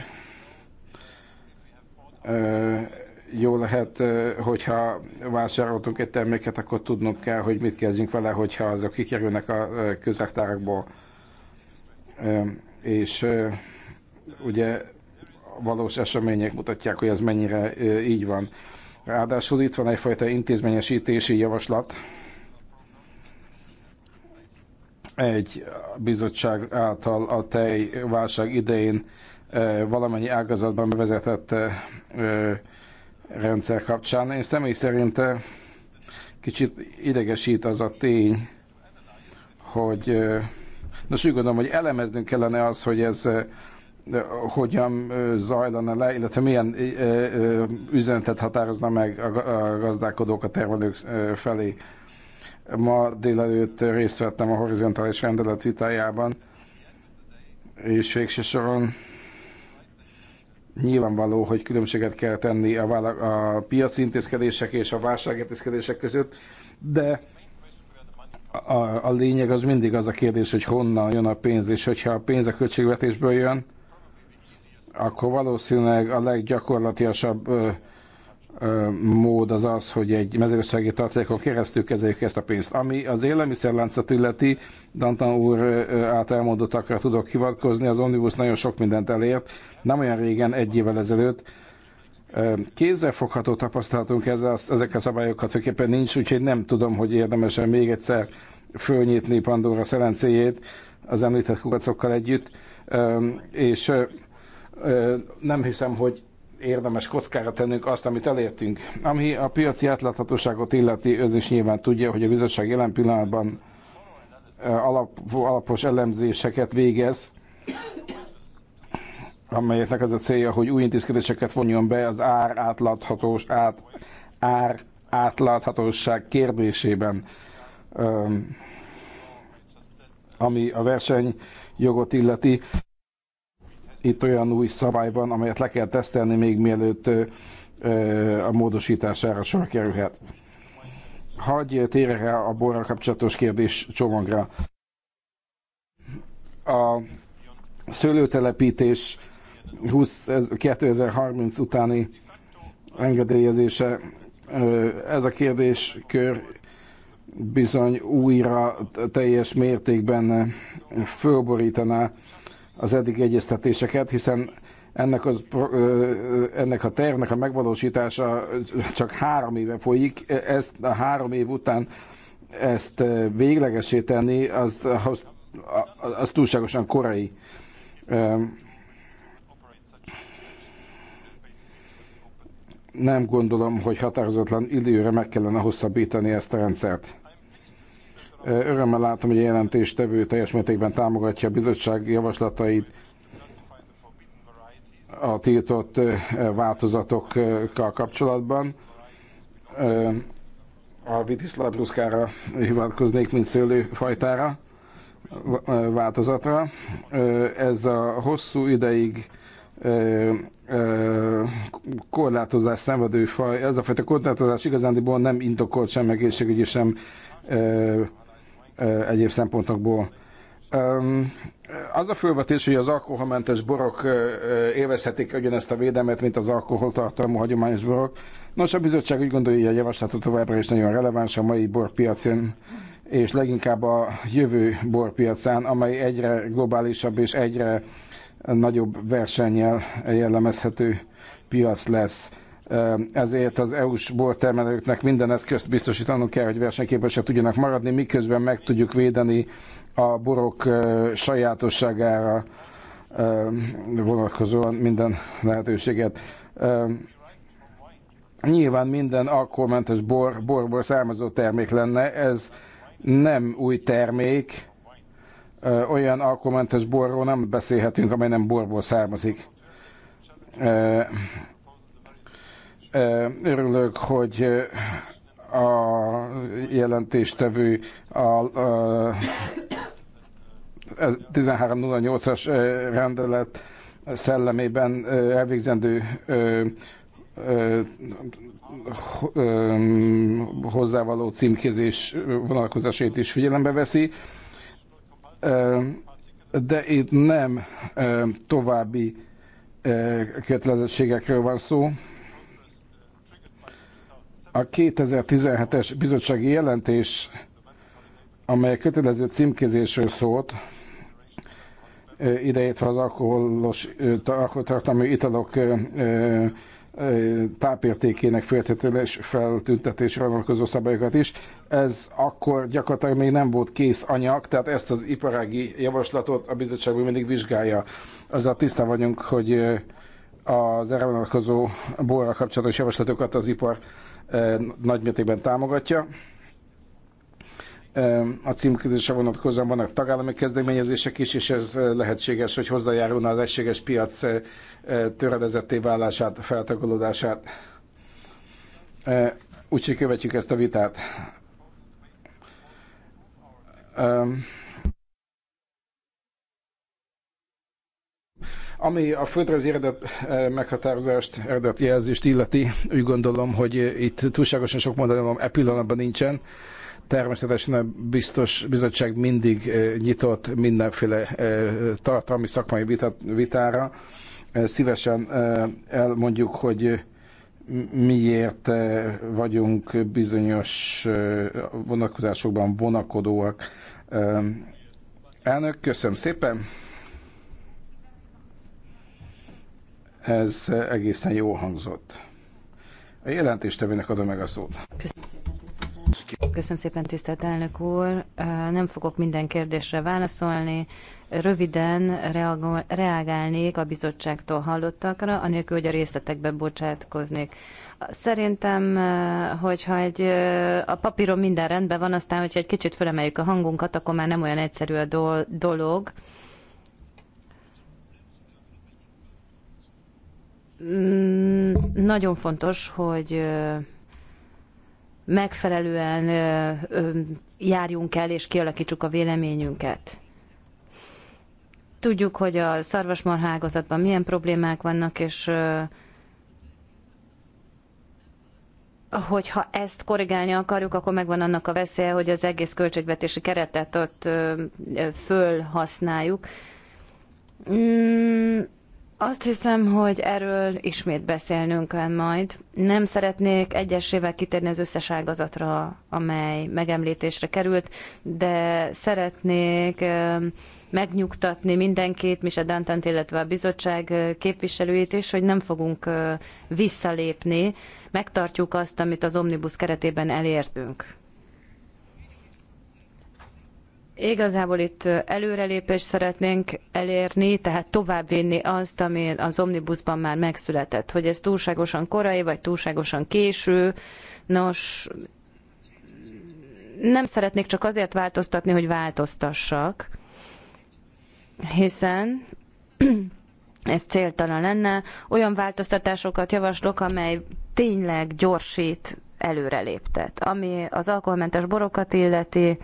Jó lehet, hogyha vásároltunk egy terméket, akkor tudnunk kell, hogy mit kezdjünk vele, hogyha azok kikerülnek a közártárakból. És ugye valós események mutatják, hogy ez mennyire így van. Ráadásul itt van egyfajta intézményesítési javaslat, egy bizottság által a tejválság idején valamennyi ágazatban bevezetett rendszer kapcsán. Én személy szerint kicsit idegesít az a tény, hogy nos úgy gondolom, hogy elemeznünk kellene az, hogy ez hogyan zajlana le, illetve milyen üzenetet határozna meg a gazdálkodók, a termelők felé Ma délelőtt részt vettem a horizontális rendelet vitájában, és végső soron nyilvánvaló, hogy különbséget kell tenni a, vála- a piaci intézkedések és a válságintézkedések között, de a, a lényeg az mindig az a kérdés, hogy honnan jön a pénz, és hogyha a pénz a költségvetésből jön, akkor valószínűleg a leggyakorlatiasabb mód az az, hogy egy mezőgazdasági tartalékon keresztül kezeljük ezt a pénzt. Ami az élelmiszerláncot illeti, Dantan úr által elmondottakra tudok hivatkozni, az Omnibus nagyon sok mindent elért, nem olyan régen, egy évvel ezelőtt, kézzelfogható tapasztalatunk ezzel, ezek a szabályokat főképpen nincs, úgyhogy nem tudom, hogy érdemesen még egyszer fölnyitni Pandora szelencéjét az említett kukacokkal együtt, és nem hiszem, hogy érdemes kockára tennünk azt, amit elértünk. Ami a piaci átláthatóságot illeti, ön is nyilván tudja, hogy a bizottság jelen pillanatban alap, alapos elemzéseket végez, amelyeknek az a célja, hogy új intézkedéseket vonjon be az ár átláthatós, át, ár átláthatóság kérdésében, ami a verseny jogot illeti itt olyan új szabály van, amelyet le kell tesztelni még mielőtt a módosítására sor kerülhet. Hagyj térek rá a borral kapcsolatos kérdés csomagra. A szőlőtelepítés 20, 2030 utáni engedélyezése, ez a kérdéskör bizony újra teljes mértékben fölborítaná az eddigi egyeztetéseket, hiszen ennek, az, ennek a tervnek a megvalósítása csak három éve folyik, ezt a három év után ezt véglegesé tenni, az, az, az túlságosan korai. Nem gondolom, hogy határozatlan időre meg kellene hosszabbítani ezt a rendszert. Örömmel látom, hogy a jelentéstevő teljes mértékben támogatja a bizottság javaslatait a tiltott változatokkal kapcsolatban. A Vitis labruszkára hivatkoznék, mint szőlőfajtára, változatra. Ez a hosszú ideig korlátozás szenvedő faj, ez a fajta korlátozás igazándiból nem indokolt sem egészségügyi, sem egyéb szempontokból. Az a fölvetés, hogy az alkoholmentes borok élvezhetik ugyanezt a védelmet, mint az alkoholtartalmú hagyományos borok. Nos, a bizottság úgy gondolja, hogy a javaslatot továbbra is nagyon releváns a mai borpiacon, és leginkább a jövő borpiacán, amely egyre globálisabb és egyre nagyobb versennyel jellemezhető piac lesz ezért az EU-s bortermelőknek minden eszközt biztosítanunk kell, hogy versenyképesek tudjanak maradni, miközben meg tudjuk védeni a borok sajátosságára vonatkozóan minden lehetőséget. Nyilván minden alkoholmentes bor, borból származó termék lenne, ez nem új termék, olyan alkoholmentes borról nem beszélhetünk, amely nem borból származik Örülök, hogy a jelentéstevő a, a 1308-as rendelet szellemében elvégzendő hozzávaló címkézés vonalkozásait is figyelembe veszi, de itt nem további kötelezettségekről van szó, a 2017-es bizottsági jelentés, amely kötelező címkézésről szólt, idejét az alkoholos, tartalmi italok tápértékének feltételes feltüntetésre vonatkozó szabályokat is. Ez akkor gyakorlatilag még nem volt kész anyag, tehát ezt az iparági javaslatot a bizottság mindig vizsgálja. Azzal tisztán vagyunk, hogy az erre vonatkozó borra kapcsolatos javaslatokat az ipar nagymértékben támogatja. A címkézésre vonatkozóan vannak tagállami kezdeményezések is, és ez lehetséges, hogy hozzájárulna az egységes piac töredezetté válását, feltagolódását. Úgyhogy követjük ezt a vitát. Ami a földrajzi eredet eh, meghatározást, eredetjelzést illeti, úgy gondolom, hogy itt túlságosan sok van. e pillanatban nincsen. Természetesen a biztos bizottság mindig eh, nyitott mindenféle eh, tartalmi szakmai vitát, vitára. Szívesen elmondjuk, hogy miért vagyunk bizonyos vonatkozásokban vonakodóak. Elnök, köszönöm szépen! Ez egészen jól hangzott. A jelentéstevének adom meg a szót. Köszönöm szépen. Köszönöm szépen, tisztelt elnök úr. Nem fogok minden kérdésre válaszolni. Röviden reagol, reagálnék a bizottságtól hallottakra, anélkül, hogy a részletekbe bocsátkoznék. Szerintem, hogyha egy, a papíron minden rendben van, aztán, hogyha egy kicsit fölemeljük a hangunkat, akkor már nem olyan egyszerű a dolog Mm, nagyon fontos, hogy megfelelően járjunk el és kialakítsuk a véleményünket. Tudjuk, hogy a szarvasmarhágazatban milyen problémák vannak, és hogyha ezt korrigálni akarjuk, akkor megvan annak a veszélye, hogy az egész költségvetési keretet ott fölhasználjuk. Mm, azt hiszem, hogy erről ismét beszélnünk kell majd. Nem szeretnék egyesével kitérni az összes ágazatra, amely megemlítésre került, de szeretnék megnyugtatni mindenkit, Mise Dantant, illetve a bizottság képviselőit is, hogy nem fogunk visszalépni, megtartjuk azt, amit az Omnibus keretében elértünk. Igazából itt előrelépést szeretnénk elérni, tehát továbbvinni azt, ami az omnibusban már megszületett. Hogy ez túlságosan korai, vagy túlságosan késő, nos, nem szeretnék csak azért változtatni, hogy változtassak, hiszen ez céltalan lenne. Olyan változtatásokat javaslok, amely tényleg gyorsít előreléptet. Ami az alkoholmentes borokat illeti,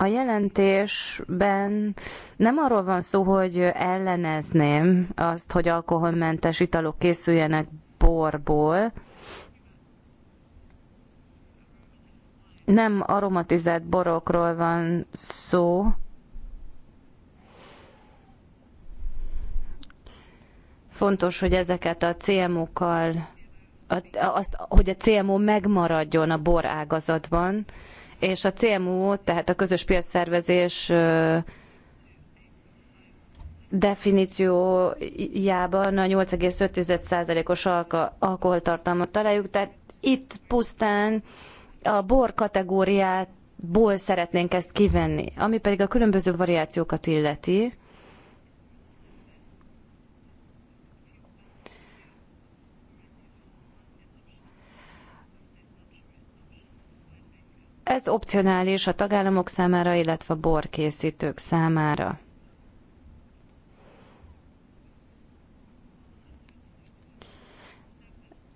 A jelentésben nem arról van szó, hogy ellenezném azt, hogy alkoholmentes italok készüljenek borból, nem aromatizált borokról van szó, fontos, hogy ezeket a CMO-kkal, azt, hogy a CMO megmaradjon a borágazatban, és a CMU, tehát a közös piacszervezés definíciójában a 8,5%-os alkoholtartalmat találjuk, tehát itt pusztán a bor kategóriát ból szeretnénk ezt kivenni. Ami pedig a különböző variációkat illeti, Ez opcionális a tagállamok számára, illetve a borkészítők számára.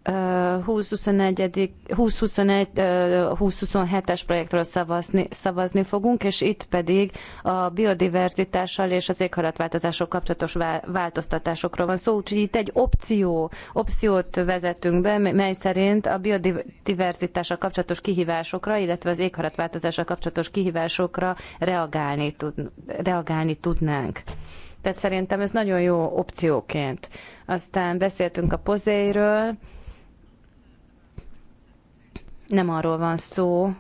20-21-2027-es projektről szavazni, szavazni fogunk, és itt pedig a biodiverzitással és az éghajlatváltozások kapcsolatos változtatásokról van szó, szóval, úgyhogy itt egy opció, opciót vezetünk be, mely szerint a biodiverzitással kapcsolatos kihívásokra, illetve az éghajlatváltozással kapcsolatos kihívásokra reagálni, tud, reagálni tudnánk. Tehát szerintem ez nagyon jó opcióként. Aztán beszéltünk a pozéiről, nem arról van szó,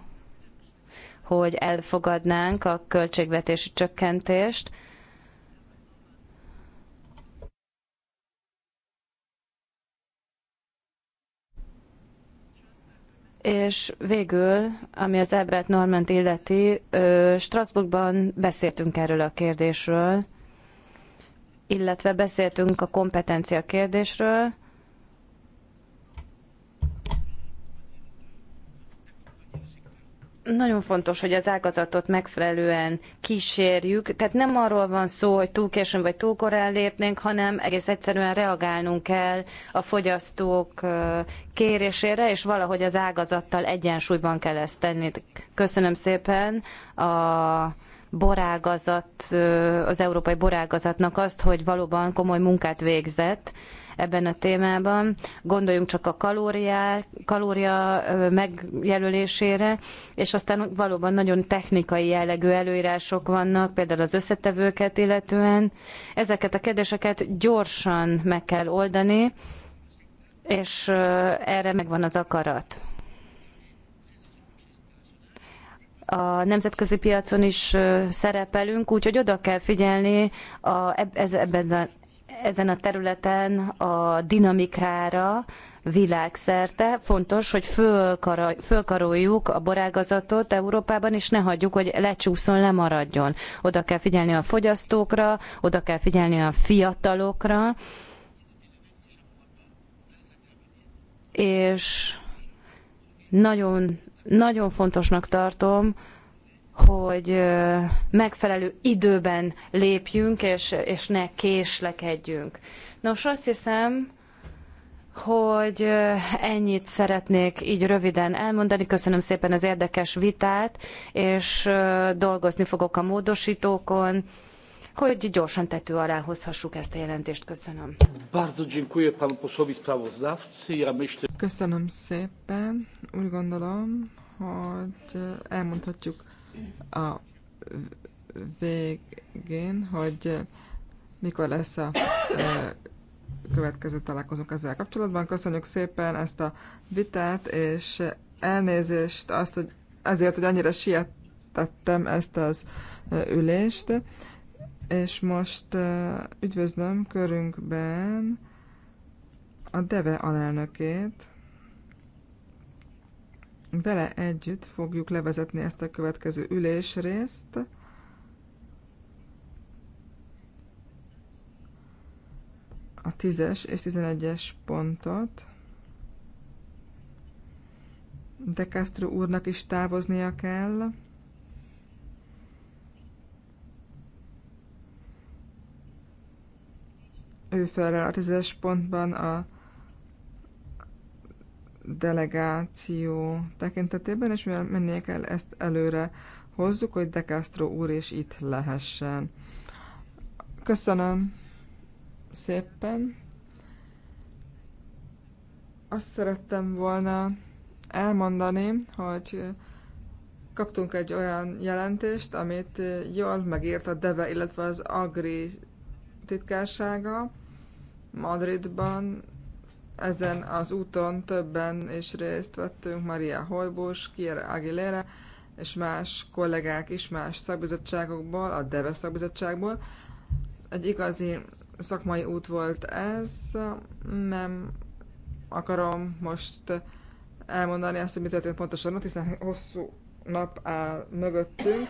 hogy elfogadnánk a költségvetési csökkentést, és végül, ami az Ebert Normant illeti, Strasbourgban beszéltünk erről a kérdésről, illetve beszéltünk a kompetencia kérdésről, nagyon fontos, hogy az ágazatot megfelelően kísérjük. Tehát nem arról van szó, hogy túl későn vagy túl korán lépnénk, hanem egész egyszerűen reagálnunk kell a fogyasztók kérésére, és valahogy az ágazattal egyensúlyban kell ezt tenni. Köszönöm szépen a borágazat, az európai borágazatnak azt, hogy valóban komoly munkát végzett ebben a témában. Gondoljunk csak a kalóriá, kalória megjelölésére, és aztán valóban nagyon technikai jellegű előírások vannak, például az összetevőket illetően. Ezeket a kérdéseket gyorsan meg kell oldani, és erre megvan az akarat. a nemzetközi piacon is szerepelünk, úgyhogy oda kell figyelni a, ebben ebben, ezen a területen a dinamikára világszerte. Fontos, hogy fölkaroljuk a borágazatot Európában, és ne hagyjuk, hogy lecsúszon, lemaradjon. Oda kell figyelni a fogyasztókra, oda kell figyelni a fiatalokra, és nagyon, nagyon fontosnak tartom, hogy megfelelő időben lépjünk, és, és ne késlekedjünk. Nos, azt hiszem, hogy ennyit szeretnék így röviden elmondani. Köszönöm szépen az érdekes vitát, és dolgozni fogok a módosítókon, hogy gyorsan tető alá hozhassuk ezt a jelentést. Köszönöm. Köszönöm szépen. Úgy gondolom, hogy elmondhatjuk a végén, hogy mikor lesz a következő találkozunk ezzel kapcsolatban. Köszönjük szépen ezt a vitát, és elnézést azt, hogy azért, hogy annyira sietettem ezt az ülést, és most üdvözlöm körünkben a DEVE alelnökét, vele együtt fogjuk levezetni ezt a következő ülésrészt. A 10-es és 11-es pontot. De Castro úrnak is távoznia kell. Ő felel a 10-es pontban a delegáció tekintetében, és mivel mennie kell ezt előre hozzuk, hogy De Castro úr is itt lehessen. Köszönöm szépen. Azt szerettem volna elmondani, hogy kaptunk egy olyan jelentést, amit jól megírt a DEVE, illetve az AGRI titkársága Madridban, ezen az úton többen is részt vettünk, Maria Hojbus, Kier Aguilera és más kollégák is más szakbizottságokból, a DEVE szakbizottságból. Egy igazi szakmai út volt ez, nem akarom most elmondani azt, hogy mi történt pontosan ott, hiszen hosszú nap áll mögöttünk.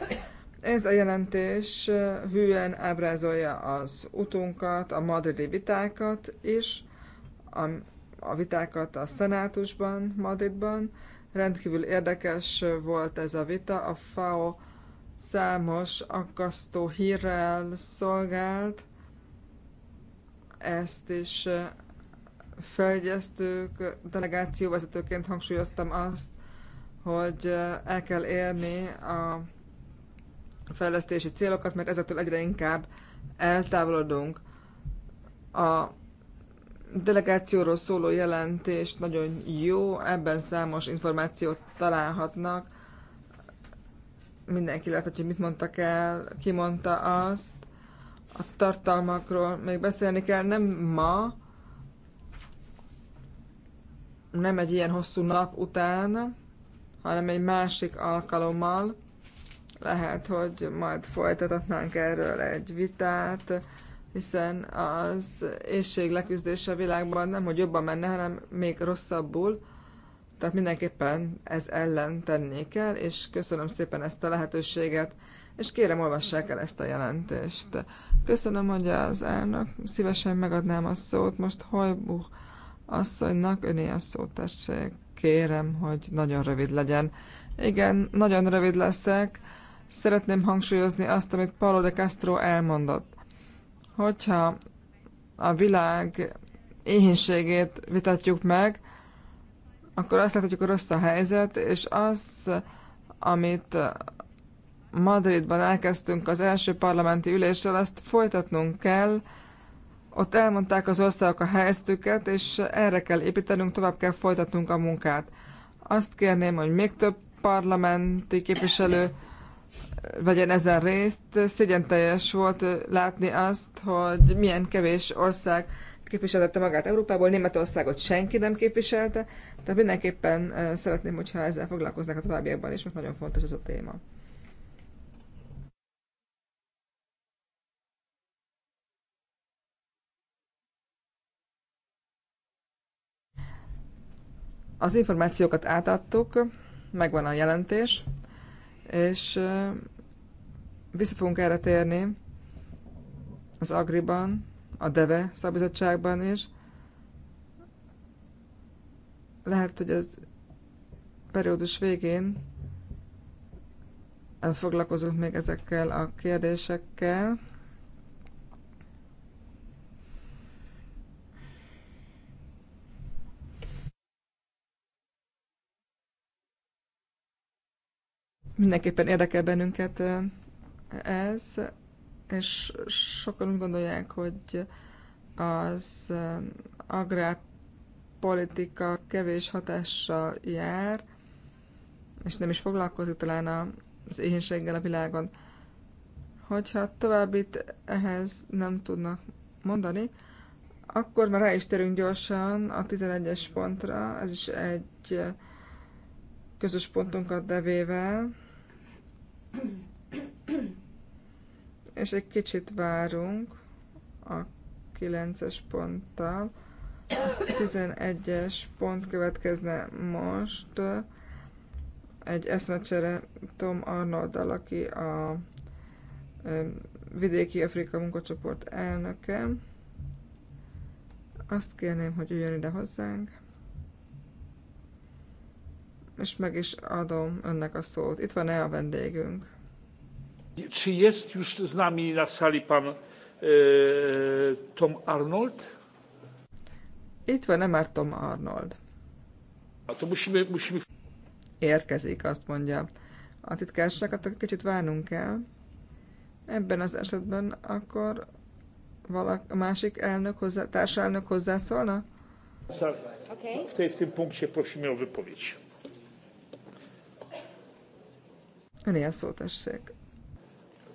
Ez a jelentés hűen ábrázolja az utunkat, a madridi vitákat is, a vitákat a szenátusban, Madridban. Rendkívül érdekes volt ez a vita. A FAO számos akasztó hírrel szolgált, ezt is felgyeztők, delegációvezetőként hangsúlyoztam azt, hogy el kell érni a fejlesztési célokat, mert ezektől egyre inkább eltávolodunk. A delegációról szóló jelentést nagyon jó, ebben számos információt találhatnak. Mindenki láthatja, hogy mit mondtak el, ki mondta azt. A tartalmakról még beszélni kell, nem ma, nem egy ilyen hosszú nap után, hanem egy másik alkalommal. Lehet, hogy majd folytatnánk erről egy vitát, hiszen az éjség leküzdése a világban nem, hogy jobban menne, hanem még rosszabbul. Tehát mindenképpen ez ellen tenni kell, és köszönöm szépen ezt a lehetőséget, és kérem, olvassák el ezt a jelentést. Köszönöm, hogy az elnök, szívesen megadnám a szót, most Hajbuch asszonynak öné a szót, tessék. Kérem, hogy nagyon rövid legyen. Igen, nagyon rövid leszek. Szeretném hangsúlyozni azt, amit Paulo de Castro elmondott. Hogyha a világ éhénységét vitatjuk meg, akkor azt láthatjuk, hogy rossz a helyzet, és az, amit Madridban elkezdtünk az első parlamenti üléssel, azt folytatnunk kell. Ott elmondták az országok a helyzetüket, és erre kell építenünk, tovább kell folytatnunk a munkát. Azt kérném, hogy még több parlamenti képviselő vegyen ezen részt. Szégyen teljes volt látni azt, hogy milyen kevés ország képviselte magát Európából, Németországot senki nem képviselte, tehát mindenképpen szeretném, hogyha ezzel foglalkoznak a továbbiakban is, mert nagyon fontos ez a téma. Az információkat átadtuk, megvan a jelentés és vissza fogunk erre térni az Agriban, a DEVE szabizottságban is. Lehet, hogy az periódus végén foglalkozunk még ezekkel a kérdésekkel. Mindenképpen érdekel bennünket ez, és sokan úgy gondolják, hogy az agrárpolitika kevés hatással jár, és nem is foglalkozik talán az éhénységgel a világon. Hogyha továbbit ehhez nem tudnak mondani, akkor már rá is terünk gyorsan a 11-es pontra, ez is egy közös pontunkat devével és egy kicsit várunk a 9-es ponttal. A 11-es pont következne most egy eszmecsere Tom Arnolddal, aki a Vidéki Afrika munkacsoport elnöke. Azt kérném, hogy jöjjön ide hozzánk és meg is adom önnek a szót. Itt van-e a vendégünk? Czy jest już z nami na sali pan e, Tom Arnold? Itt van-e már Tom Arnold? A to musimy, musimy... Érkezik, azt mondja. A titkárság, titkárságot kicsit várnunk kell. Ebben az esetben akkor valak, a másik elnök hozzá, társelnök hozzászólna? Okay. W, tej, w tym punkcie prosimy o wypowiedź. Öné a szót, tessék.